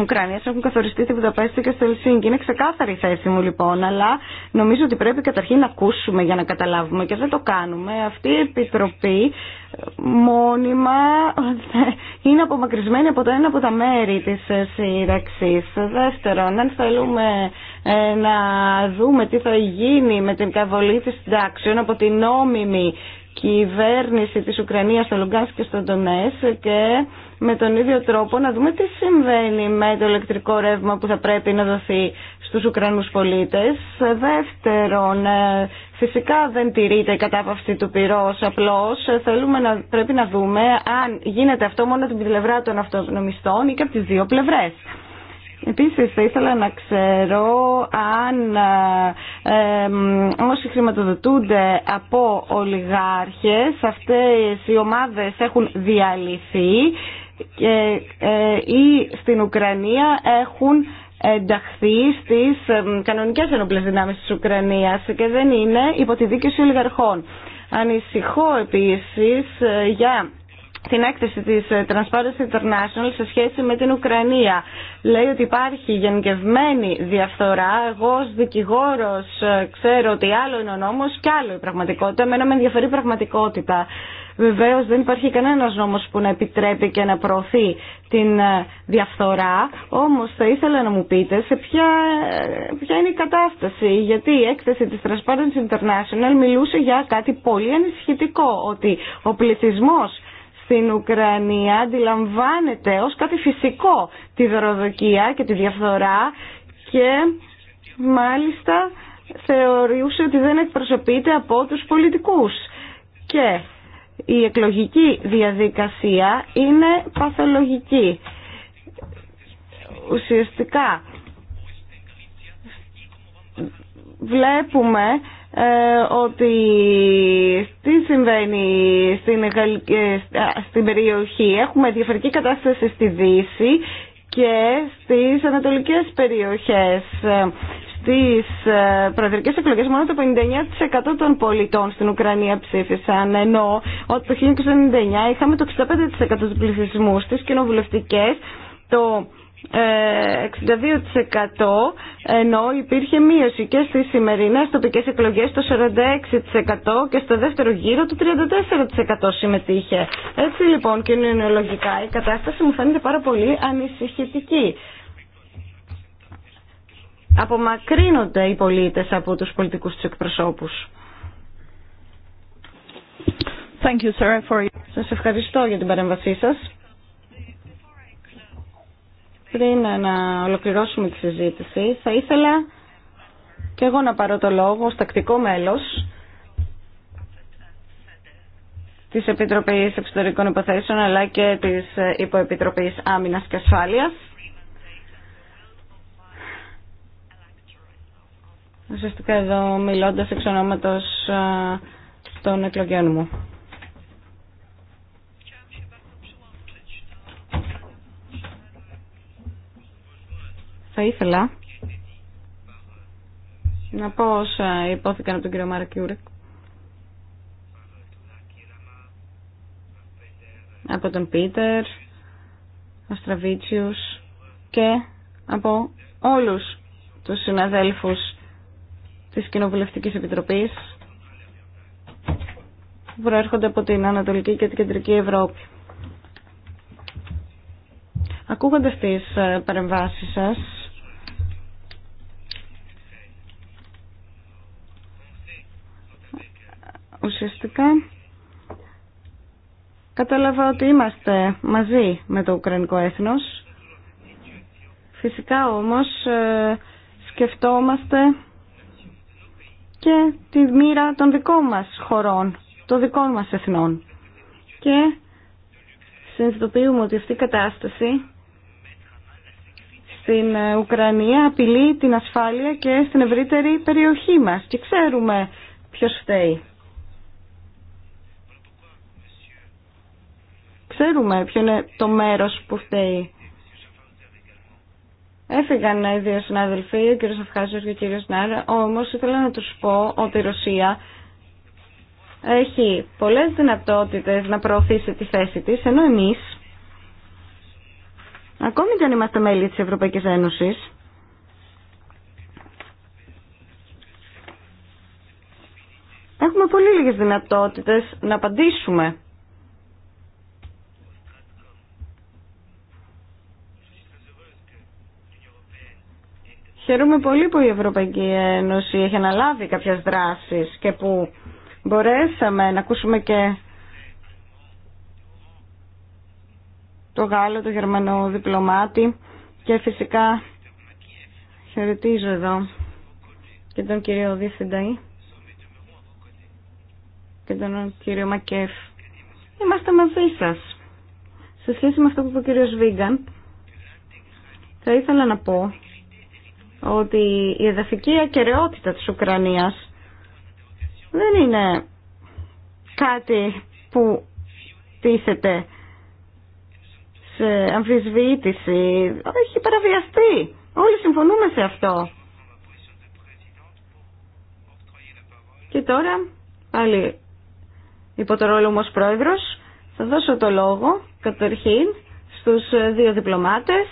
Ουκρανίας έχουν καθοριστεί στη Βουδαπέστη και στο Ελσίνκι. Είναι ξεκάθαρη η θέση μου λοιπόν, αλλά νομίζω ότι πρέπει καταρχήν να ακούσουμε για να καταλάβουμε και δεν το κάνουμε. Αυτή η Επιτροπή μόνιμα είναι απομακρυσμένη από το ένα από τα μέρη της σύραξης. Δεύτερον, αν θέλουμε ε, να δούμε τι θα γίνει με την καβολή της συντάξεων από την νόμιμη κυβέρνηση της Ουκρανίας στο Λουγκάς και στο Ντονές και με τον ίδιο τρόπο να δούμε τι συμβαίνει με το ηλεκτρικό ρεύμα που θα πρέπει να δοθεί στους Ουκρανούς πολίτες. Δεύτερον, ε, φυσικά δεν τηρείται η κατάπαυση του πυρός, απλώς θέλουμε να, πρέπει να δούμε αν γίνεται αυτό μόνο από την πλευρά των αυτονομιστών ή και από τις δύο πλευρές. Επίσης θα ήθελα να ξέρω αν όσοι χρηματοδοτούνται από ολιγάρχες αυτές οι ομάδες έχουν διαλυθεί και, ε, ή στην Ουκρανία έχουν ενταχθεί στις κανονικές ενόπλες δυνάμεις της Ουκρανίας και δεν είναι υπό τη δίκαιωση ολιγαρχών. Ανησυχώ επίσης ε, για στην έκθεση της ε, Transparency International σε σχέση με την Ουκρανία. Λέει ότι υπάρχει γενικευμένη διαφθορά. Εγώ ως δικηγόρος ε, ξέρω ότι άλλο είναι ο νόμος και άλλο η πραγματικότητα. Εμένα με ενδιαφέρει η πραγματικότητα. Βεβαίως δεν υπάρχει κανένας νόμος που να επιτρέπει και να προωθεί την ε, διαφθορά. Όμως θα ήθελα να μου πείτε σε ποια, ποια είναι η κατάσταση. Γιατί η έκθεση της Transparency International μιλούσε για κάτι πολύ ανησυχητικό. Ότι ο πληθυσμός στην Ουκρανία αντιλαμβάνεται ως κάτι φυσικό τη δωροδοκία και τη διαφθορά και μάλιστα θεωρούσε ότι δεν εκπροσωπείται από τους πολιτικούς. Και η εκλογική διαδικασία είναι παθολογική. Ουσιαστικά βλέπουμε ε, ότι τι συμβαίνει στην, στην περιοχή. Έχουμε διαφορετική κατάσταση στη Δύση και στις ανατολικές περιοχές. Στις ε, προεδρικές εκλογές μόνο το 59% των πολιτών στην Ουκρανία ψήφισαν, ενώ ότι το 1999 είχαμε το 65% του πληθυσμού στις κοινοβουλευτικές, το 62% ε, ενώ υπήρχε μείωση και στις σημερινές τοπικές εκλογές το 46% και στο δεύτερο γύρο το 34% συμμετείχε. Έτσι λοιπόν κοινωνιολογικά η κατάσταση μου φαίνεται πάρα πολύ ανησυχητική. Απομακρύνονται οι πολίτες από τους πολιτικούς τους εκπροσώπους. Thank you, for... Σας ευχαριστώ για την παρέμβασή σας. Πριν να ολοκληρώσουμε τη συζήτηση, θα ήθελα και εγώ να πάρω το λόγο ως τακτικό μέλος της Επιτροπής Εξωτερικών Υποθέσεων αλλά και της Υποεπιτροπής Άμυνας και Ασφάλειας. Ουσιαστικά εδώ μιλώντας εξ ονόματος των εκλογιών μου. Θα ήθελα να πω όσα υπόθηκαν από τον κύριο Μάρα Από τον Πίτερ, Αστραβίτσιους και από όλους τους συναδέλφους της Κοινοβουλευτικής Επιτροπής που προέρχονται από την Ανατολική και την Κεντρική Ευρώπη. Ακούγοντας τις παρεμβάσεις σας, Ουσιαστικά κατάλαβα ότι είμαστε μαζί με το Ουκρανικό έθνος. Φυσικά όμως ε, σκεφτόμαστε και τη μοίρα των δικών μας χωρών, των δικών μας εθνών. Και συνειδητοποιούμε ότι αυτή η κατάσταση στην Ουκρανία απειλεί την ασφάλεια και στην ευρύτερη περιοχή μας και ξέρουμε ποιος φταίει. ξέρουμε ποιο είναι το μέρος που φταίει. Έφυγαν οι δύο συνάδελφοι, ο κύριος Αφχάζος και ο Νάρα, όμως ήθελα να τους πω ότι η Ρωσία έχει πολλές δυνατότητες να προωθήσει τη θέση της, ενώ εμείς, ακόμη και αν είμαστε μέλη της Ευρωπαϊκής Ένωσης, έχουμε πολύ λίγες δυνατότητες να απαντήσουμε Χαίρομαι πολύ που η Ευρωπαϊκή Ένωση έχει αναλάβει κάποιες δράσεις και που μπορέσαμε να ακούσουμε και το Γάλλο, το Γερμανό διπλωμάτι και φυσικά χαιρετίζω εδώ και τον κύριο Διευθυνταή και τον κύριο Μακέφ. Είμαστε μαζί σας. Σε σχέση με αυτό που είπε ο κύριος Βίγκαν, θα ήθελα να πω ότι η εδαφική ακεραιότητα της Ουκρανίας δεν είναι κάτι που τίθεται σε αμφισβήτηση. Έχει παραβιαστεί. Όλοι συμφωνούμε σε αυτό. Και τώρα, πάλι υπό το ρόλο μου ως πρόεδρος, θα δώσω το λόγο καταρχήν στους δύο διπλωμάτες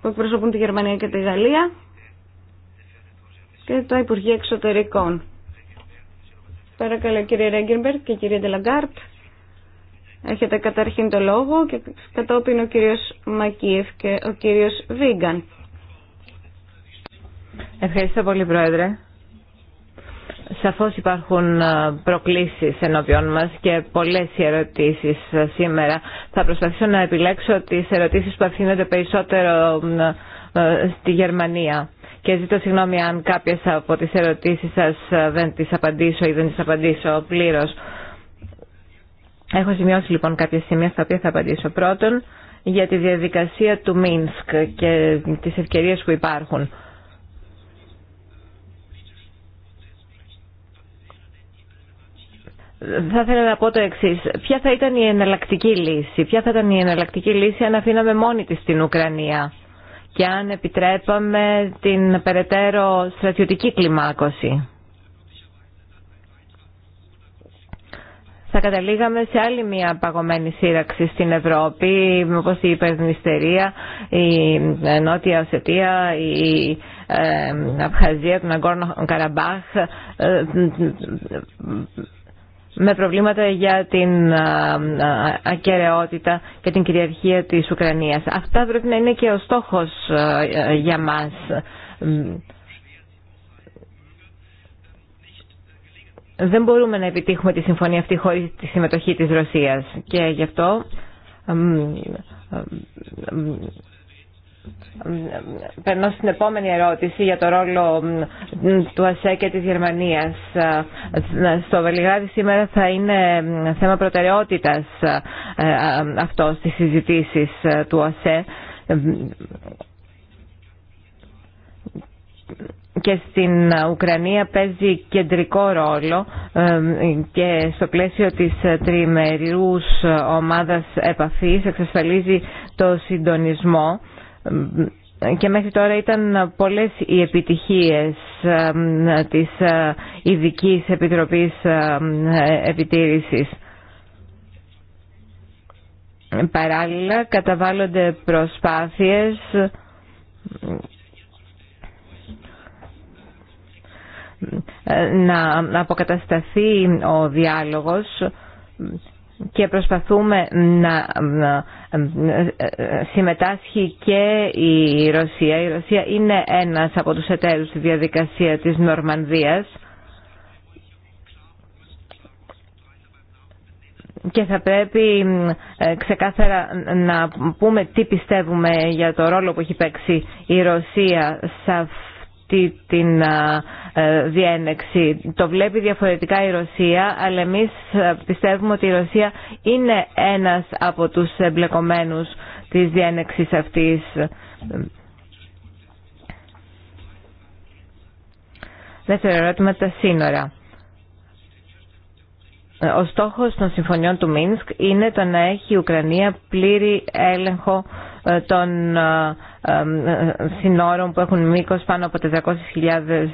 που εκπροσωπούν τη Γερμανία και τη Γαλλία και τα Υπουργεία Εξωτερικών. Παρακαλώ κύριε Ρέγκερμπερτ και κύριε Ντελαγκάρτ. Έχετε καταρχήν το λόγο και κατόπιν ο κύριος Μακίεφ και ο κύριος Βίγκαν. Ευχαριστώ πολύ Πρόεδρε. Σαφώς υπάρχουν ε, προκλήσεις ενώπιον μας και πολλές ερωτήσεις ε, σήμερα. Θα προσπαθήσω να επιλέξω τις ερωτήσεις που αφήνονται περισσότερο ε, στη Γερμανία. Και ζητώ συγγνώμη αν κάποιες από τις ερωτήσεις σας δεν τις απαντήσω ή δεν τις απαντήσω πλήρως. Έχω σημειώσει λοιπόν κάποια σημεία στα οποία θα απαντήσω. Πρώτον, για τη διαδικασία του Μίνσκ και τις ευκαιρίες που υπάρχουν. Θα ήθελα να πω το εξή. Ποια θα ήταν η εναλλακτική λύση, ποια θα ήταν η εναλλακτική λύση αν αφήναμε μόνη τη την Ουκρανία και αν επιτρέπαμε την περαιτέρω στρατιωτική κλιμάκωση. Θα καταλήγαμε σε άλλη μια παγωμένη σύραξη στην Ευρώπη, όπως η Υπερδνηστερία, η ε, Νότια Οσετία, η ε, Αφχαζία, τον Αγκόρνο Καραμπάχ, ε, με προβλήματα για την ακαιρεότητα και την κυριαρχία της Ουκρανίας. Αυτά πρέπει να είναι και ο στόχος για μας. Δεν μπορούμε να επιτύχουμε τη συμφωνία αυτή χωρίς τη συμμετοχή της Ρωσίας και γι' αυτό Περνώ στην επόμενη ερώτηση για το ρόλο του ΑΣΕ και της Γερμανίας. Στο Βελιγράδι σήμερα θα είναι θέμα προτεραιότητας ε, ε, αυτό στις συζητήσεις ε, του ΑΣΕ και στην Ουκρανία παίζει κεντρικό ρόλο και στο πλαίσιο της τριμερούς ομάδας επαφής εξασφαλίζει το συντονισμό και μέχρι τώρα ήταν πολλές οι επιτυχίες της ε, ειδική Επιτροπής Επιτήρησης. Παράλληλα καταβάλλονται προσπάθειες ε, να αποκατασταθεί ο διάλογος και προσπαθούμε να ε, ε, συμμετάσχει και η Ρωσία. Η Ρωσία είναι ένας από τους εταίρους στη διαδικασία της Νορμανδίας και θα πρέπει ε, ξεκάθαρα να πούμε τι πιστεύουμε για το ρόλο που έχει παίξει η Ρωσία σε την ε, διένεξη. Το βλέπει διαφορετικά η Ρωσία, αλλά εμείς ε, πιστεύουμε ότι η Ρωσία είναι ένας από τους εμπλεκομένους της διένεξης αυτής. Δεύτερο ερώτημα, τα σύνορα. Ο στόχος των συμφωνιών του Μίνσκ είναι το να έχει η Ουκρανία πλήρη έλεγχο ε, των ε, συνόρων που έχουν μήκος πάνω από 400,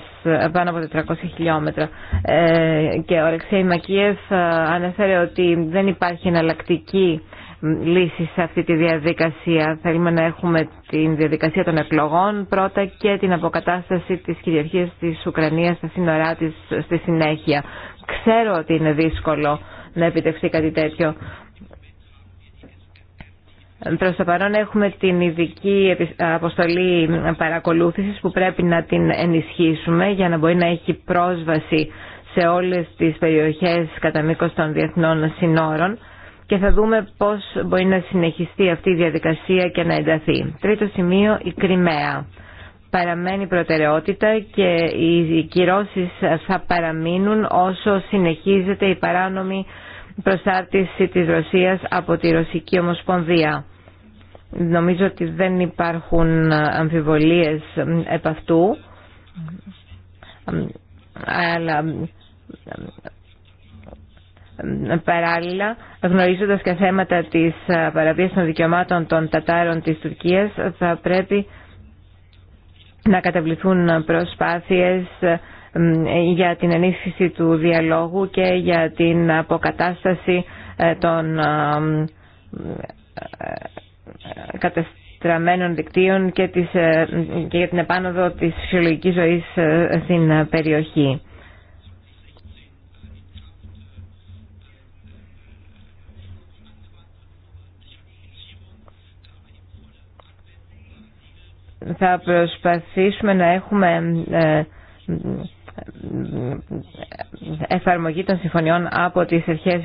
πάνω από 400 χιλιόμετρα. Ε, και ο Ρεξέη Μακίεφ ε, ανέφερε ότι δεν υπάρχει εναλλακτική λύση σε αυτή τη διαδικασία. Θέλουμε να έχουμε την διαδικασία των εκλογών πρώτα και την αποκατάσταση της κυριαρχίας της Ουκρανίας στα σύνορά της στη συνέχεια. Ξέρω ότι είναι δύσκολο να επιτευχθεί κάτι τέτοιο. Προς το παρόν έχουμε την ειδική αποστολή παρακολούθηση που πρέπει να την ενισχύσουμε για να μπορεί να έχει πρόσβαση σε όλες τις περιοχές κατά μήκος των διεθνών συνόρων και θα δούμε πώς μπορεί να συνεχιστεί αυτή η διαδικασία και να ενταθεί. Τρίτο σημείο, η Κρυμαία. Παραμένει προτεραιότητα και οι κυρώσει θα παραμείνουν όσο συνεχίζεται η παράνομη προσάρτηση της Ρωσίας από τη Ρωσική Ομοσπονδία. Νομίζω ότι δεν υπάρχουν αμφιβολίες επ' αυτού, αλλά παράλληλα γνωρίζοντας και θέματα της παραβίας των δικαιωμάτων των Τατάρων της Τουρκίας θα πρέπει να καταβληθούν προσπάθειες ε, για την ενίσχυση του διαλόγου και για την αποκατάσταση ε, των ε, κατεστραμμένων δικτύων και, της, και για την επάνωδο της φυσιολογικής ζωής στην περιοχή. Θα προσπαθήσουμε να έχουμε εφαρμογή των συμφωνιών από τις αρχές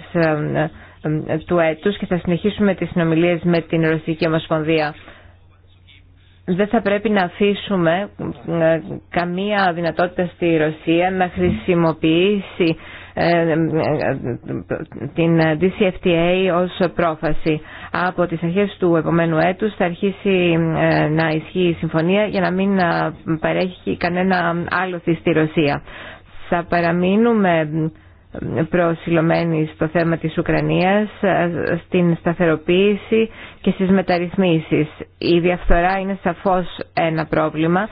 του έτους και θα συνεχίσουμε τις συνομιλίες με την Ρωσική Ομοσπονδία. Δεν θα πρέπει να αφήσουμε ε, καμία δυνατότητα στη Ρωσία να χρησιμοποιήσει ε, την DCFTA ως πρόφαση. Από τις αρχές του επομένου έτους θα αρχίσει ε, να ισχύει η συμφωνία για να μην ε, παρέχει κανένα άλλο στη Ρωσία. Θα παραμείνουμε προσυλλομένοι στο θέμα της Ουκρανίας, στην σταθεροποίηση και στις μεταρρυθμίσεις. Η διαφθορά είναι σαφώς ένα πρόβλημα.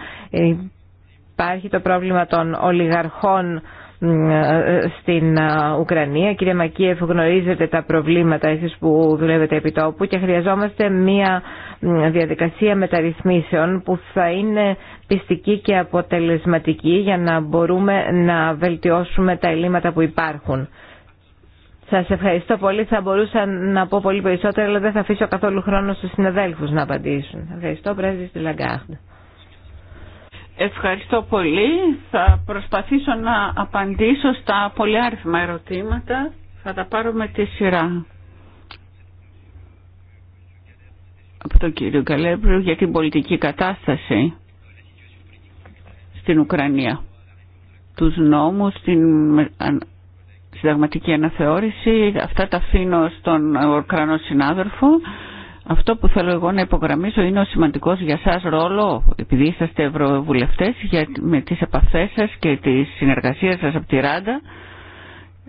Υπάρχει το πρόβλημα των ολιγαρχών στην ε, Ουκρανία. Κύριε Μακίεφ, γνωρίζετε τα προβλήματα εσείς που δουλεύετε επί τόπου και χρειαζόμαστε μια διαδικασία μεταρρυθμίσεων που θα είναι πιστική και αποτελεσματική για να μπορούμε να βελτιώσουμε τα ελλείμματα που υπάρχουν. Σας ευχαριστώ πολύ. Θα μπορούσα να πω πολύ περισσότερα, αλλά δεν θα αφήσω καθόλου χρόνο στους συναδέλφους να απαντήσουν. Ευχαριστώ, στη Ευχαριστώ πολύ. Θα προσπαθήσω να απαντήσω στα πολυάριθμα ερωτήματα. Θα τα πάρω με τη σειρά. Από τον κύριο Καλέμπριο για την πολιτική κατάσταση στην Ουκρανία. Τους νόμους, την συνταγματική αναθεώρηση, αυτά τα αφήνω στον Ουκρανό συνάδελφο. Αυτό που θέλω εγώ να υπογραμμίσω είναι ο σημαντικός για σας ρόλο, επειδή είσαστε ευρωβουλευτές, με τις επαφές σας και τη συνεργασία σας από τη Ράντα.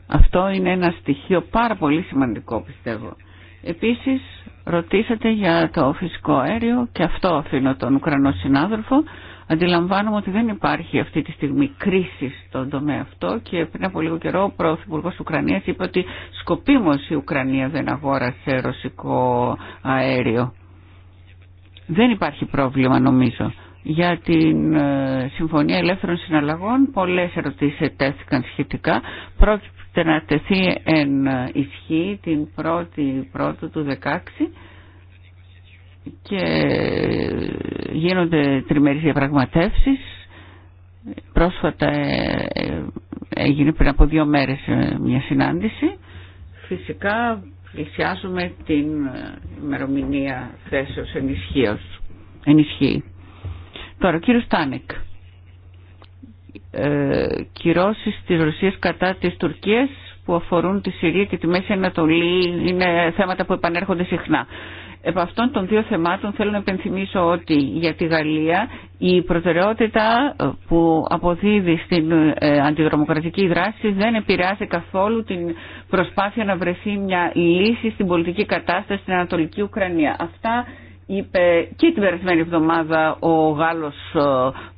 Αυτό είναι ένα στοιχείο πάρα πολύ σημαντικό πιστεύω. Επίσης ρωτήσατε για το φυσικό αέριο και αυτό αφήνω τον Ουκρανό συνάδελφο. Αντιλαμβάνομαι ότι δεν υπάρχει αυτή τη στιγμή κρίση στον τομέα αυτό και πριν από λίγο καιρό ο Πρωθυπουργός Ουκρανίας είπε ότι σκοπίμως η Ουκρανία δεν αγόρασε ρωσικό αέριο. Δεν υπάρχει πρόβλημα νομίζω. Για την ε, Συμφωνία Ελεύθερων Συναλλαγών πολλές ερωτήσεις ετέθηκαν σχετικά. Πρόκειται να τεθεί εν ε, ισχύ την 1η η του 2016 και γίνονται τριμερείς διαπραγματεύσεις. Πρόσφατα ε, ε, έγινε πριν από δύο μέρες ε, μια συνάντηση. Φυσικά πλησιάζουμε την ημερομηνία θέσεως ενισχύως. Ενισχύει. Τώρα, κύριο κύριος Ε, κυρώσεις της Ρωσίας κατά της Τουρκίας που αφορούν τη Συρία και τη Μέση Ανατολή είναι θέματα που επανέρχονται συχνά. Επ' αυτών των δύο θεμάτων θέλω να επενθυμίσω ότι για τη Γαλλία η προτεραιότητα ε, που αποδίδει στην ε, αντιδρομοκρατική δράση δεν επηρεάζει καθόλου την προσπάθεια να βρεθεί μια λύση στην πολιτική κατάσταση στην Ανατολική Ουκρανία. Αυτά είπε και την περασμένη εβδομάδα ο Γάλλος ε,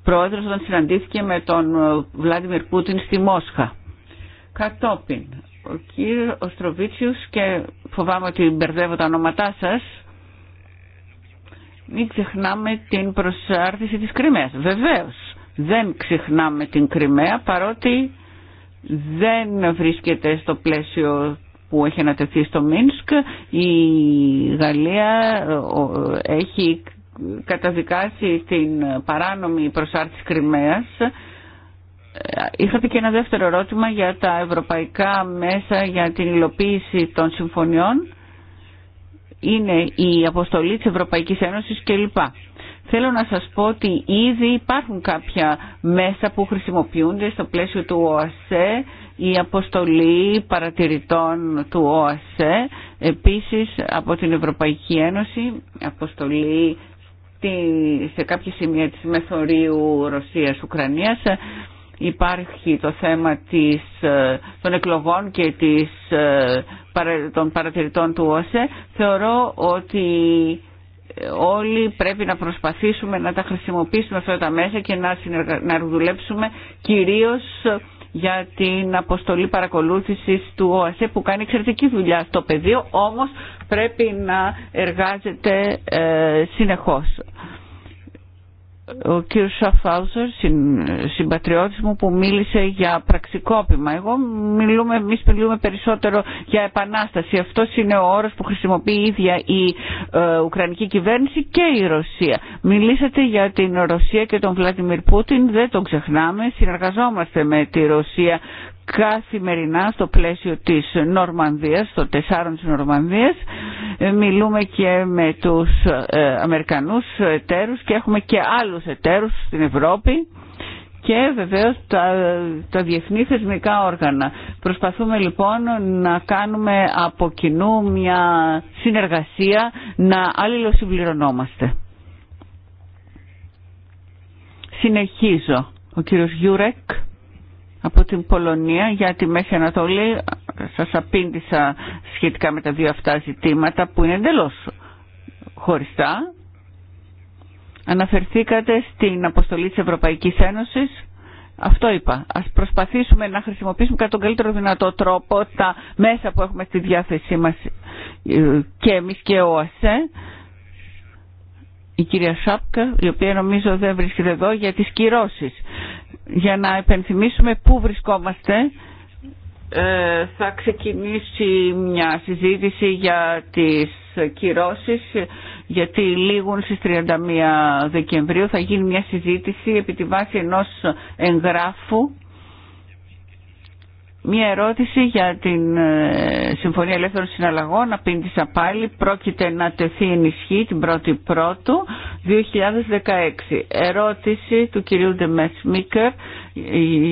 πρόεδρος όταν συναντήθηκε με τον Βλάντιμιρ Πούτιν στη Μόσχα. Κατόπιν, ο κύριος Οστροβίτσιους και φοβάμαι ότι μπερδεύω τα ονόματά σας, μην ξεχνάμε την προσάρτηση της Κρυμαίας. Βεβαίως δεν ξεχνάμε την Κρυμαία παρότι δεν βρίσκεται στο πλαίσιο που έχει ανατεθεί στο Μίνσκ. Η Γαλλία ε, έχει καταδικάσει την παράνομη προσάρτηση Κρυμαίας. Ε, είχατε και ένα δεύτερο ερώτημα για τα ευρωπαϊκά μέσα για την υλοποίηση των συμφωνιών είναι η αποστολή της Ευρωπαϊκής Ένωσης κλπ. Θέλω να σας πω ότι ήδη υπάρχουν κάποια μέσα που χρησιμοποιούνται στο πλαίσιο του ΟΑΣΕ, η αποστολή παρατηρητών του ΟΑΣΕ, επίσης από την Ευρωπαϊκή Ένωση, αποστολή σε κάποια σημεία της Μεθορίου Ρωσίας-Ουκρανίας, υπάρχει το θέμα ε, των εκλογών και της ε, των παρατηρητών του ΟΣΕ θεωρώ ότι όλοι πρέπει να προσπαθήσουμε να τα χρησιμοποιήσουμε αυτά τα μέσα και να, συνεργα... δουλέψουμε κυρίως για την αποστολή παρακολούθησης του ΟΑΣΕ που κάνει εξαιρετική δουλειά στο πεδίο όμως πρέπει να εργάζεται ε, συνεχώς ο κύριος Σαφάουζερ, συμπατριώτης μου που μίλησε για πραξικόπημα. Εγώ μιλούμε, εμείς μιλούμε περισσότερο για επανάσταση. Αυτό είναι ο όρος που χρησιμοποιεί η ίδια η ε, Ουκρανική κυβέρνηση και η Ρωσία. Μιλήσατε για την Ρωσία και τον Βλαντιμίρ Πούτιν, δεν τον ξεχνάμε. Συνεργαζόμαστε με τη Ρωσία καθημερινά στο πλαίσιο της Νορμανδίας, των τεσσάρων της Νορμανδίας. Ε, μιλούμε και με τους ε, Αμερικανούς εταίρους και έχουμε και άλλους εταίρους στην Ευρώπη και βεβαίως τα, διεθνή θεσμικά όργανα. Προσπαθούμε λοιπόν να κάνουμε από κοινού μια συνεργασία να αλληλοσυμπληρωνόμαστε. Συνεχίζω. Ο κύριος Γιούρεκ από την Πολωνία για τη Μέση Ανατολή. Σας απήντησα σχετικά με τα δύο αυτά ζητήματα που είναι εντελώ χωριστά. Αναφερθήκατε στην αποστολή της Ευρωπαϊκής Ένωσης. Αυτό είπα. Ας προσπαθήσουμε να χρησιμοποιήσουμε κατά τον καλύτερο δυνατό τρόπο τα μέσα που έχουμε στη διάθεσή μας και εμείς και ο ΑΣΕ. Η κυρία Σάπκα, η οποία νομίζω δεν βρίσκεται εδώ, για τις κυρώσεις για να επενθυμίσουμε πού βρισκόμαστε ε, θα ξεκινήσει μια συζήτηση για τις κυρώσεις γιατί λίγουν στις 31 Δεκεμβρίου θα γίνει μια συζήτηση επί τη βάση ενός εγγράφου Μία ερώτηση για την ε, Συμφωνία Ελεύθερων Συναλλαγών απήντησα πάλι, πρόκειται να τεθεί ισχύ την 1η Πρώτου 2016. Ερώτηση του κυρίου Μίκερ ε,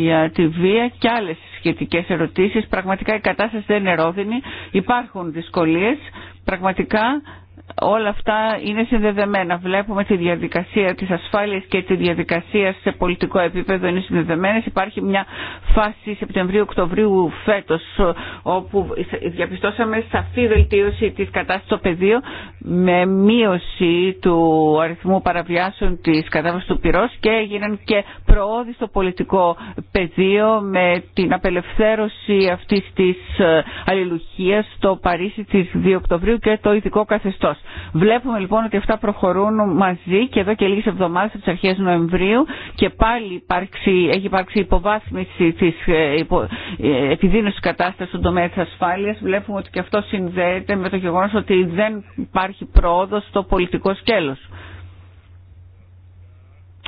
για τη βία και άλλες σχετικές ερωτήσεις. Πραγματικά η κατάσταση δεν είναι ρόδινη. Υπάρχουν δυσκολίες. Πραγματικά όλα αυτά είναι συνδεδεμένα. Βλέπουμε τη διαδικασία της ασφάλειας και τη διαδικασία σε πολιτικό επίπεδο είναι συνδεδεμένες. Υπάρχει μια φάση Σεπτεμβρίου-Οκτωβρίου φέτος όπου διαπιστώσαμε σαφή βελτίωση της κατάστασης στο πεδίο με μείωση του αριθμού παραβιάσεων της κατάστασης του πυρός και έγιναν και προόδοι στο πολιτικό πεδίο με την απελευθέρωση αυτής της ε, αλληλουχίας στο Παρίσι της 2 Οκτωβρίου και το ειδικό καθεστώς. Βλέπουμε λοιπόν ότι αυτά προχωρούν μαζί και εδώ και λίγες εβδομάδες από τις αρχές Νοεμβρίου και πάλι υπάρξει, έχει υπάρξει υποβάθμιση της ε, υπο, ε, επιδείνωσης κατάστασης στον τομέα της ασφάλειας. Βλέπουμε ότι και αυτό συνδέεται με το γεγονός ότι δεν υπάρχει πρόοδος στο πολιτικό σκέλος.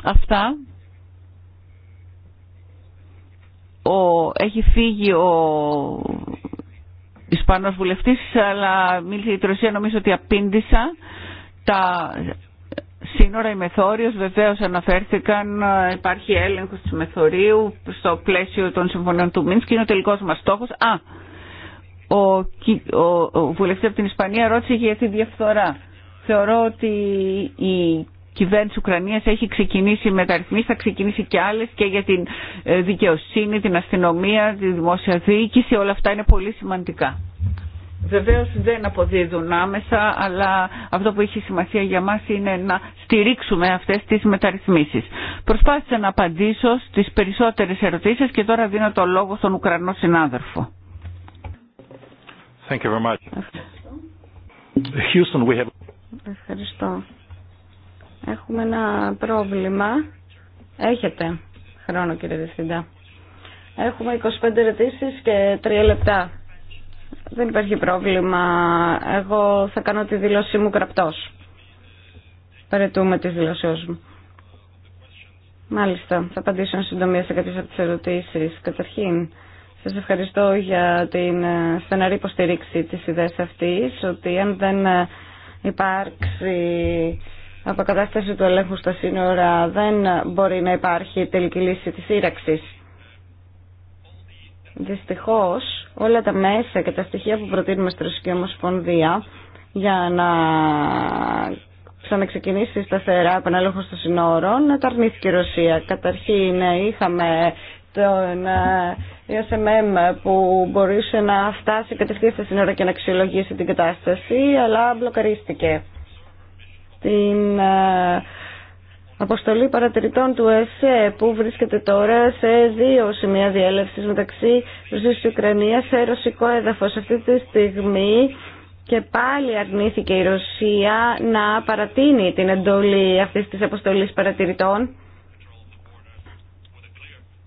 Αυτά ο, έχει φύγει ο Ισπανός βουλευτής, αλλά μίλησε η Τροσία, νομίζω ότι απήντησα. Τα σύνορα, οι μεθόριος βεβαίως αναφέρθηκαν, υπάρχει έλεγχος του μεθορίου στο πλαίσιο των συμφωνιών του Μίνσκ είναι ο τελικός μας στόχος. Α, ο, ο, ο βουλευτής από την Ισπανία ρώτησε για τη διαφθορά. Θεωρώ ότι η κυβέρνηση Ουκρανίας έχει ξεκινήσει μεταρρυθμίσει, θα ξεκινήσει και άλλε και για την ε, δικαιοσύνη, την αστυνομία, τη δημόσια διοίκηση, όλα αυτά είναι πολύ σημαντικά. Βεβαίω δεν αποδίδουν άμεσα, αλλά αυτό που έχει σημασία για μα είναι να στηρίξουμε αυτέ τι μεταρρυθμίσει. Προσπάθησα να απαντήσω στι περισσότερε ερωτήσει και τώρα δίνω το λόγο στον Ουκρανό συνάδελφο. Ευχαριστώ. Έχουμε ένα πρόβλημα. Έχετε χρόνο κύριε Διευθυντά. Έχουμε 25 ερωτήσει και 3 λεπτά. Δεν υπάρχει πρόβλημα. Εγώ θα κάνω τη δήλωσή μου κραπτός. Περαιτούμε τη δηλώσή μου. Μάλιστα, θα απαντήσω εν συντομία σε κάποιες από τις ερωτήσεις. Καταρχήν, σας ευχαριστώ για την ε, στεναρή υποστηρίξη της ιδέας αυτής, ότι αν δεν ε, υπάρξει κατάσταση του ελέγχου στα σύνορα δεν μπορεί να υπάρχει τελική λύση της σύραξης. Δυστυχώς όλα τα μέσα και τα στοιχεία που προτείνουμε στη Ρωσική Ομοσπονδία για να ξαναξεκινήσει σταθερά επανέλεγχο των συνόρων, τα αρνήθηκε η Ρωσία. Καταρχήν είχαμε τον SMM ε, που μπορούσε να φτάσει κατευθείαν στα σύνορα και να αξιολογήσει την κατάσταση, αλλά μπλοκαρίστηκε την ε, αποστολή παρατηρητών του ΕΣΕ που βρίσκεται τώρα σε δύο σημεία διέλευσης μεταξύ Ρωσίας και Ουκρανίας σε ρωσικό έδαφος. Αυτή τη στιγμή και πάλι αρνήθηκε η Ρωσία να παρατείνει την εντολή αυτής της αποστολής παρατηρητών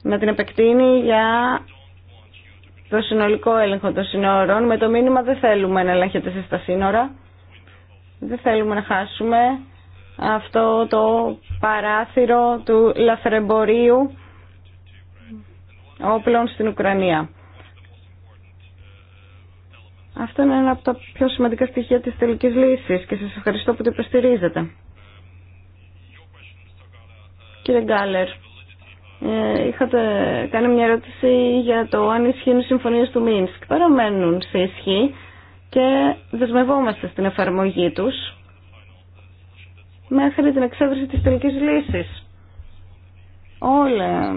να την επεκτείνει για το συνολικό έλεγχο των συνόρων με το μήνυμα δεν θέλουμε να ελέγχεται σύνορα δεν θέλουμε να χάσουμε αυτό το παράθυρο του λαθρεμπορίου όπλων στην Ουκρανία. Αυτό είναι ένα από τα πιο σημαντικά στοιχεία της τελικής λύσης και σας ευχαριστώ που το υποστηρίζετε. Κύριε Γκάλερ, ε, είχατε κάνει μια ερώτηση για το αν ισχύουν οι συμφωνίες του Μίνσκ. Παραμένουν σε ισχύ και δεσμευόμαστε στην εφαρμογή τους μέχρι την εξέβριση της τελικής λύσης. Όλα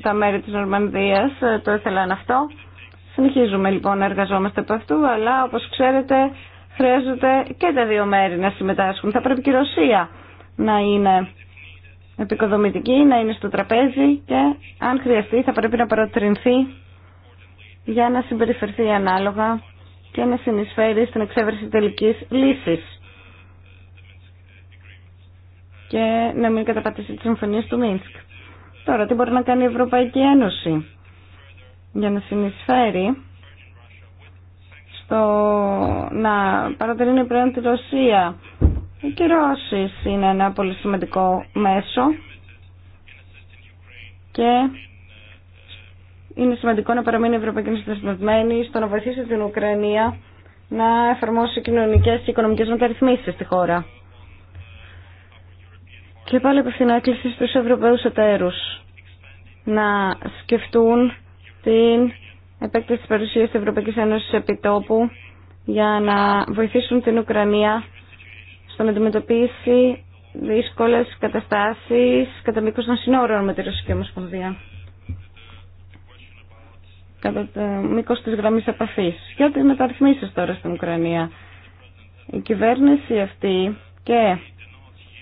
τα μέρη της Νορμανδίας ε, το ήθελαν αυτό. Συνεχίζουμε λοιπόν να εργαζόμαστε από αυτού, αλλά όπως ξέρετε χρειάζονται και τα δύο μέρη να συμμετάσχουν. Θα πρέπει και η Ρωσία να είναι επικοδομητική, να είναι στο τραπέζι και αν χρειαστεί θα πρέπει να παροτρινθεί για να συμπεριφερθεί ανάλογα και να συνεισφέρει στην εξέβρεση τελικής λύσης και να μην καταπατήσει τις συμφωνίες του Μίνσκ. Τώρα, τι μπορεί να κάνει η Ευρωπαϊκή Ένωση για να συνεισφέρει στο να παρατηρεί πλέον τη Ρωσία. Οι κυρώσεις είναι ένα πολύ σημαντικό μέσο και είναι σημαντικό να παραμείνει η Ευρωπαϊκή Ένωση δεσμευμένη στο να βοηθήσει την Ουκρανία να εφαρμόσει κοινωνικέ και οικονομικέ μεταρρυθμίσει στη χώρα. Και πάλι την άκληση στου Ευρωπαίους εταίρους να σκεφτούν την επέκταση τη παρουσίας της Ευρωπαϊκής Ένωσης επιτόπου για να βοηθήσουν την Ουκρανία στο να αντιμετωπίσει δύσκολε καταστάσει κατά μήκο των συνόρων με τη Ρωσική Ομοσπονδία κατά το μήκο τη γραμμή επαφή Για τις μεταρρυθμίσεις τώρα στην Ουκρανία. Η κυβέρνηση αυτή και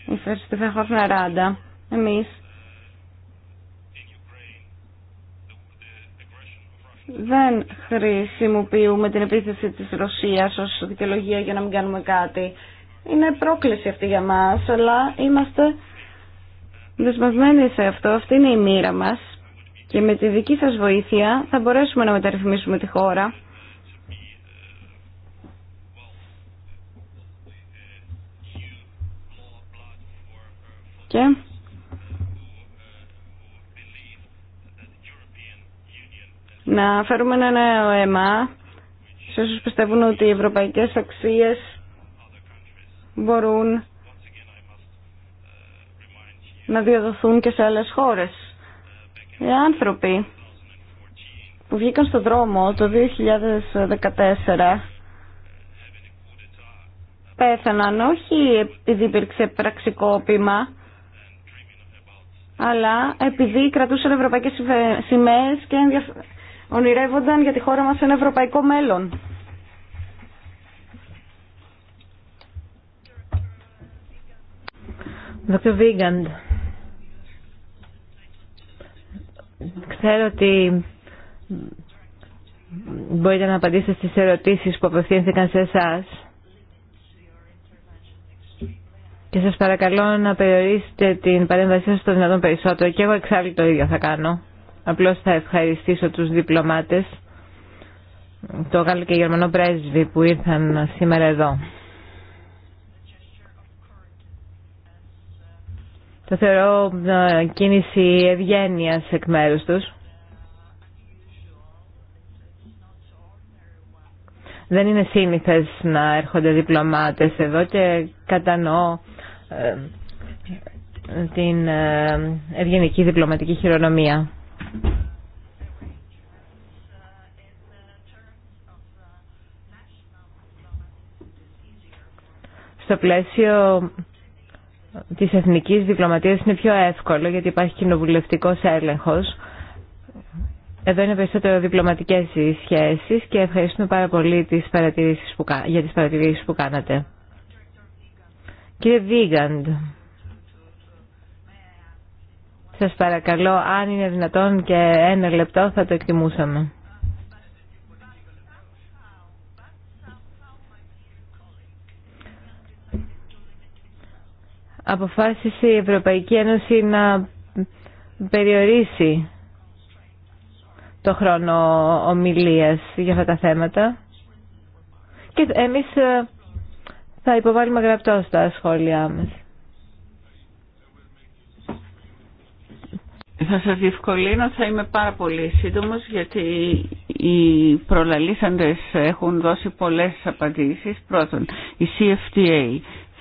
η Φερστιφέχοφνα Ράντα, εμείς δεν χρησιμοποιούμε την επίθεση της Ρωσίας ως δικαιολογία για να μην κάνουμε κάτι. Είναι πρόκληση αυτή για μας, αλλά είμαστε δεσμευμένοι σε αυτό. Αυτή είναι η μοίρα μας και με τη δική σας βοήθεια θα μπορέσουμε να μεταρρυθμίσουμε τη χώρα. Και να φέρουμε ένα νέο αίμα σε όσους πιστεύουν ότι οι ευρωπαϊκές αξίες μπορούν να διαδοθούν και σε άλλες χώρες. Οι άνθρωποι που βγήκαν στο δρόμο το 2014 πέθαναν όχι επειδή υπήρξε πραξικόπημα αλλά επειδή κρατούσαν ευρωπαϊκές σημαίες και ονειρεύονταν για τη χώρα μας ένα ευρωπαϊκό μέλλον. Dr. Ξέρω ότι μπορείτε να απαντήσετε στις ερωτήσεις που απευθύνθηκαν σε εσά. Και σας παρακαλώ να περιορίσετε την παρέμβασή σας στο δυνατόν περισσότερο. Και εγώ εξάλλου το ίδιο θα κάνω. Απλώς θα ευχαριστήσω τους διπλωμάτες, το Γάλλο και Γερμανό πρέσβη που ήρθαν σήμερα εδώ. Το θεωρώ ε, κίνηση ευγένεια εκ μέρου του. Δεν είναι σύνηθε να έρχονται διπλωμάτε εδώ και κατανοώ ε, την ε, ευγενική διπλωματική χειρονομία. Στο πλαίσιο της εθνικής διπλωματίας είναι πιο εύκολο γιατί υπάρχει κοινοβουλευτικός έλεγχος. Εδώ είναι περισσότερο διπλωματικές οι σχέσεις και ευχαριστούμε πάρα πολύ τις παρατηρήσεις που, για τις παρατηρήσεις που κάνατε. Κύριε Βίγαντ, σας παρακαλώ αν είναι δυνατόν και ένα λεπτό θα το εκτιμούσαμε. αποφάσισε η Ευρωπαϊκή Ένωση να περιορίσει το χρόνο ομιλίας για αυτά τα θέματα και εμείς ε, θα υποβάλουμε γραπτό στα σχόλιά μας. Θα σας διευκολύνω, θα είμαι πάρα πολύ σύντομος γιατί οι προλαλήσαντες έχουν δώσει πολλές απαντήσεις. Πρώτον, η CFTA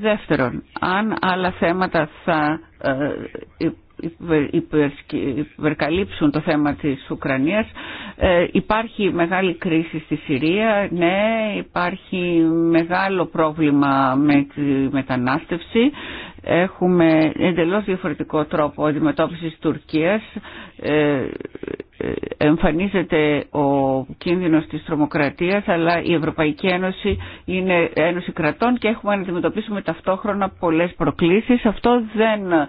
Δεύτερον, αν άλλα θέματα θα ε, υπερκαλύψουν το θέμα της Ουκρανίας ε, υπάρχει μεγάλη κρίση στη Συρία ναι υπάρχει μεγάλο πρόβλημα με τη μετανάστευση έχουμε εντελώς διαφορετικό τρόπο αντιμετώπισης Τουρκίας. Ε, ε, εμφανίζεται ο κίνδυνος της τρομοκρατίας, αλλά η Ευρωπαϊκή Ένωση είναι ένωση κρατών και έχουμε να αντιμετωπίσουμε ταυτόχρονα πολλές προκλήσεις. Αυτό δεν, ε,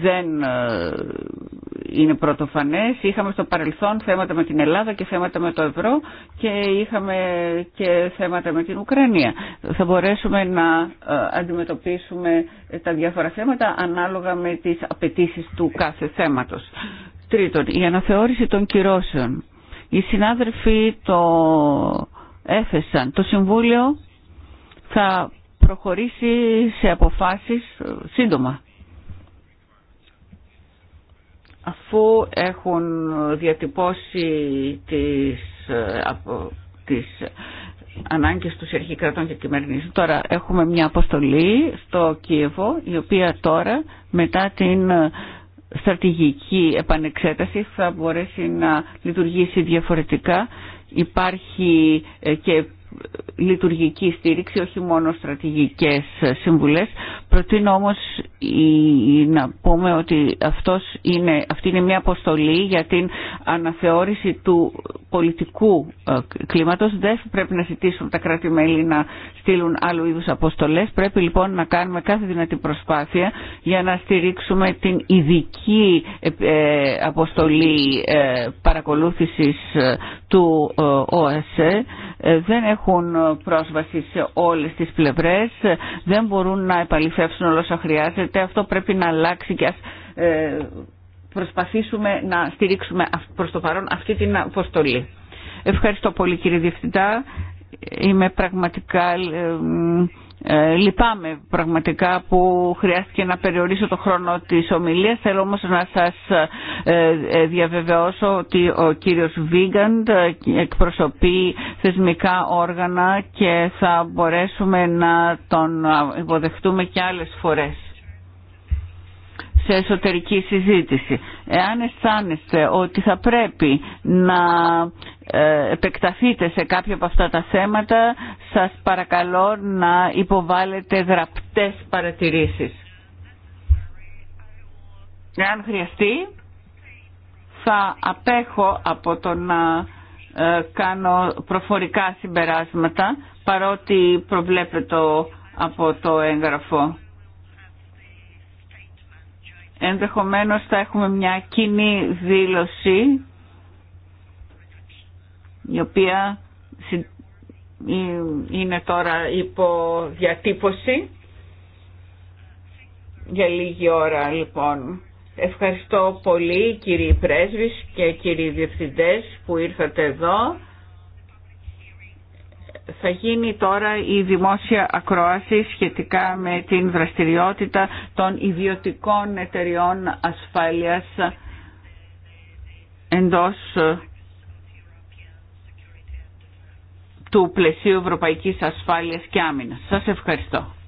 δεν είναι πρωτοφανές. Είχαμε στο παρελθόν θέματα με την Ελλάδα και θέματα με το ευρώ και είχαμε και θέματα με την Ουκρανία. Θα μπορέσουμε να αντιμετωπίσουμε αντιμετωπίσουμε τα διάφορα θέματα ανάλογα με τις απαιτήσει του κάθε θέματος. Τρίτον, η αναθεώρηση των κυρώσεων. Οι συνάδελφοι το έθεσαν. Το Συμβούλιο θα προχωρήσει σε αποφάσεις ε, σύντομα. Αφού έχουν διατυπώσει τις, ε, τις ανάγκες του αρχή κρατών και κυβερνήσεων. Τώρα έχουμε μια αποστολή στο Κίεβο, η οποία τώρα μετά την ε, στρατηγική επανεξέταση θα μπορέσει να λειτουργήσει διαφορετικά. Υπάρχει ε, και λειτουργική στήριξη, όχι μόνο στρατηγικές συμβουλές. Προτείνω όμως να πούμε ότι αυτός είναι, αυτή είναι μια αποστολή για την αναθεώρηση του πολιτικού ε, κλίματος. Δεν πρέπει να ζητήσουν τα κράτη-μέλη να στείλουν άλλου είδους αποστολές. Πρέπει λοιπόν να κάνουμε κάθε δυνατή προσπάθεια για να στηρίξουμε την ειδική ε, ε, αποστολή παρακολούθησης του ΟΑΣΕ. Δεν έχουν πρόσβαση σε όλες τις πλευρές, δεν μπορούν να επαληθεύσουν όλα όσα χρειάζεται. Αυτό πρέπει να αλλάξει και ας ε, προσπαθήσουμε να στηρίξουμε προς το παρόν αυτή την αποστολή. Ευχαριστώ πολύ κύριε Διευθυντά. Είμαι πραγματικά ε, ε, λυπάμαι πραγματικά που χρειάστηκε να περιορίσω το χρόνο της ομιλίας. Θέλω όμως να σας ε, ε, διαβεβαιώσω ότι ο κύριος Βίγκαντ εκπροσωπεί θεσμικά όργανα και θα μπορέσουμε να τον υποδεχτούμε και άλλες φορές σε εσωτερική συζήτηση. Εάν αισθάνεστε ότι θα πρέπει να ε, επεκταθείτε σε κάποια από αυτά τα θέματα, σας παρακαλώ να υποβάλλετε γραπτές παρατηρήσεις. Εάν χρειαστεί, θα απέχω από το να ε, κάνω προφορικά συμπεράσματα, παρότι προβλέπεται από το έγγραφο. Ενδεχομένως θα έχουμε μια κοινή δήλωση η οποία είναι τώρα υπό διατύπωση για λίγη ώρα λοιπόν. Ευχαριστώ πολύ κύριοι πρέσβεις και κύριοι διευθυντές που ήρθατε εδώ. Θα γίνει τώρα η δημόσια ακρόαση σχετικά με την δραστηριότητα των ιδιωτικών εταιριών ασφάλειας εντός του πλαισίου Ευρωπαϊκής Ασφάλειας και Άμυνας. Σας ευχαριστώ.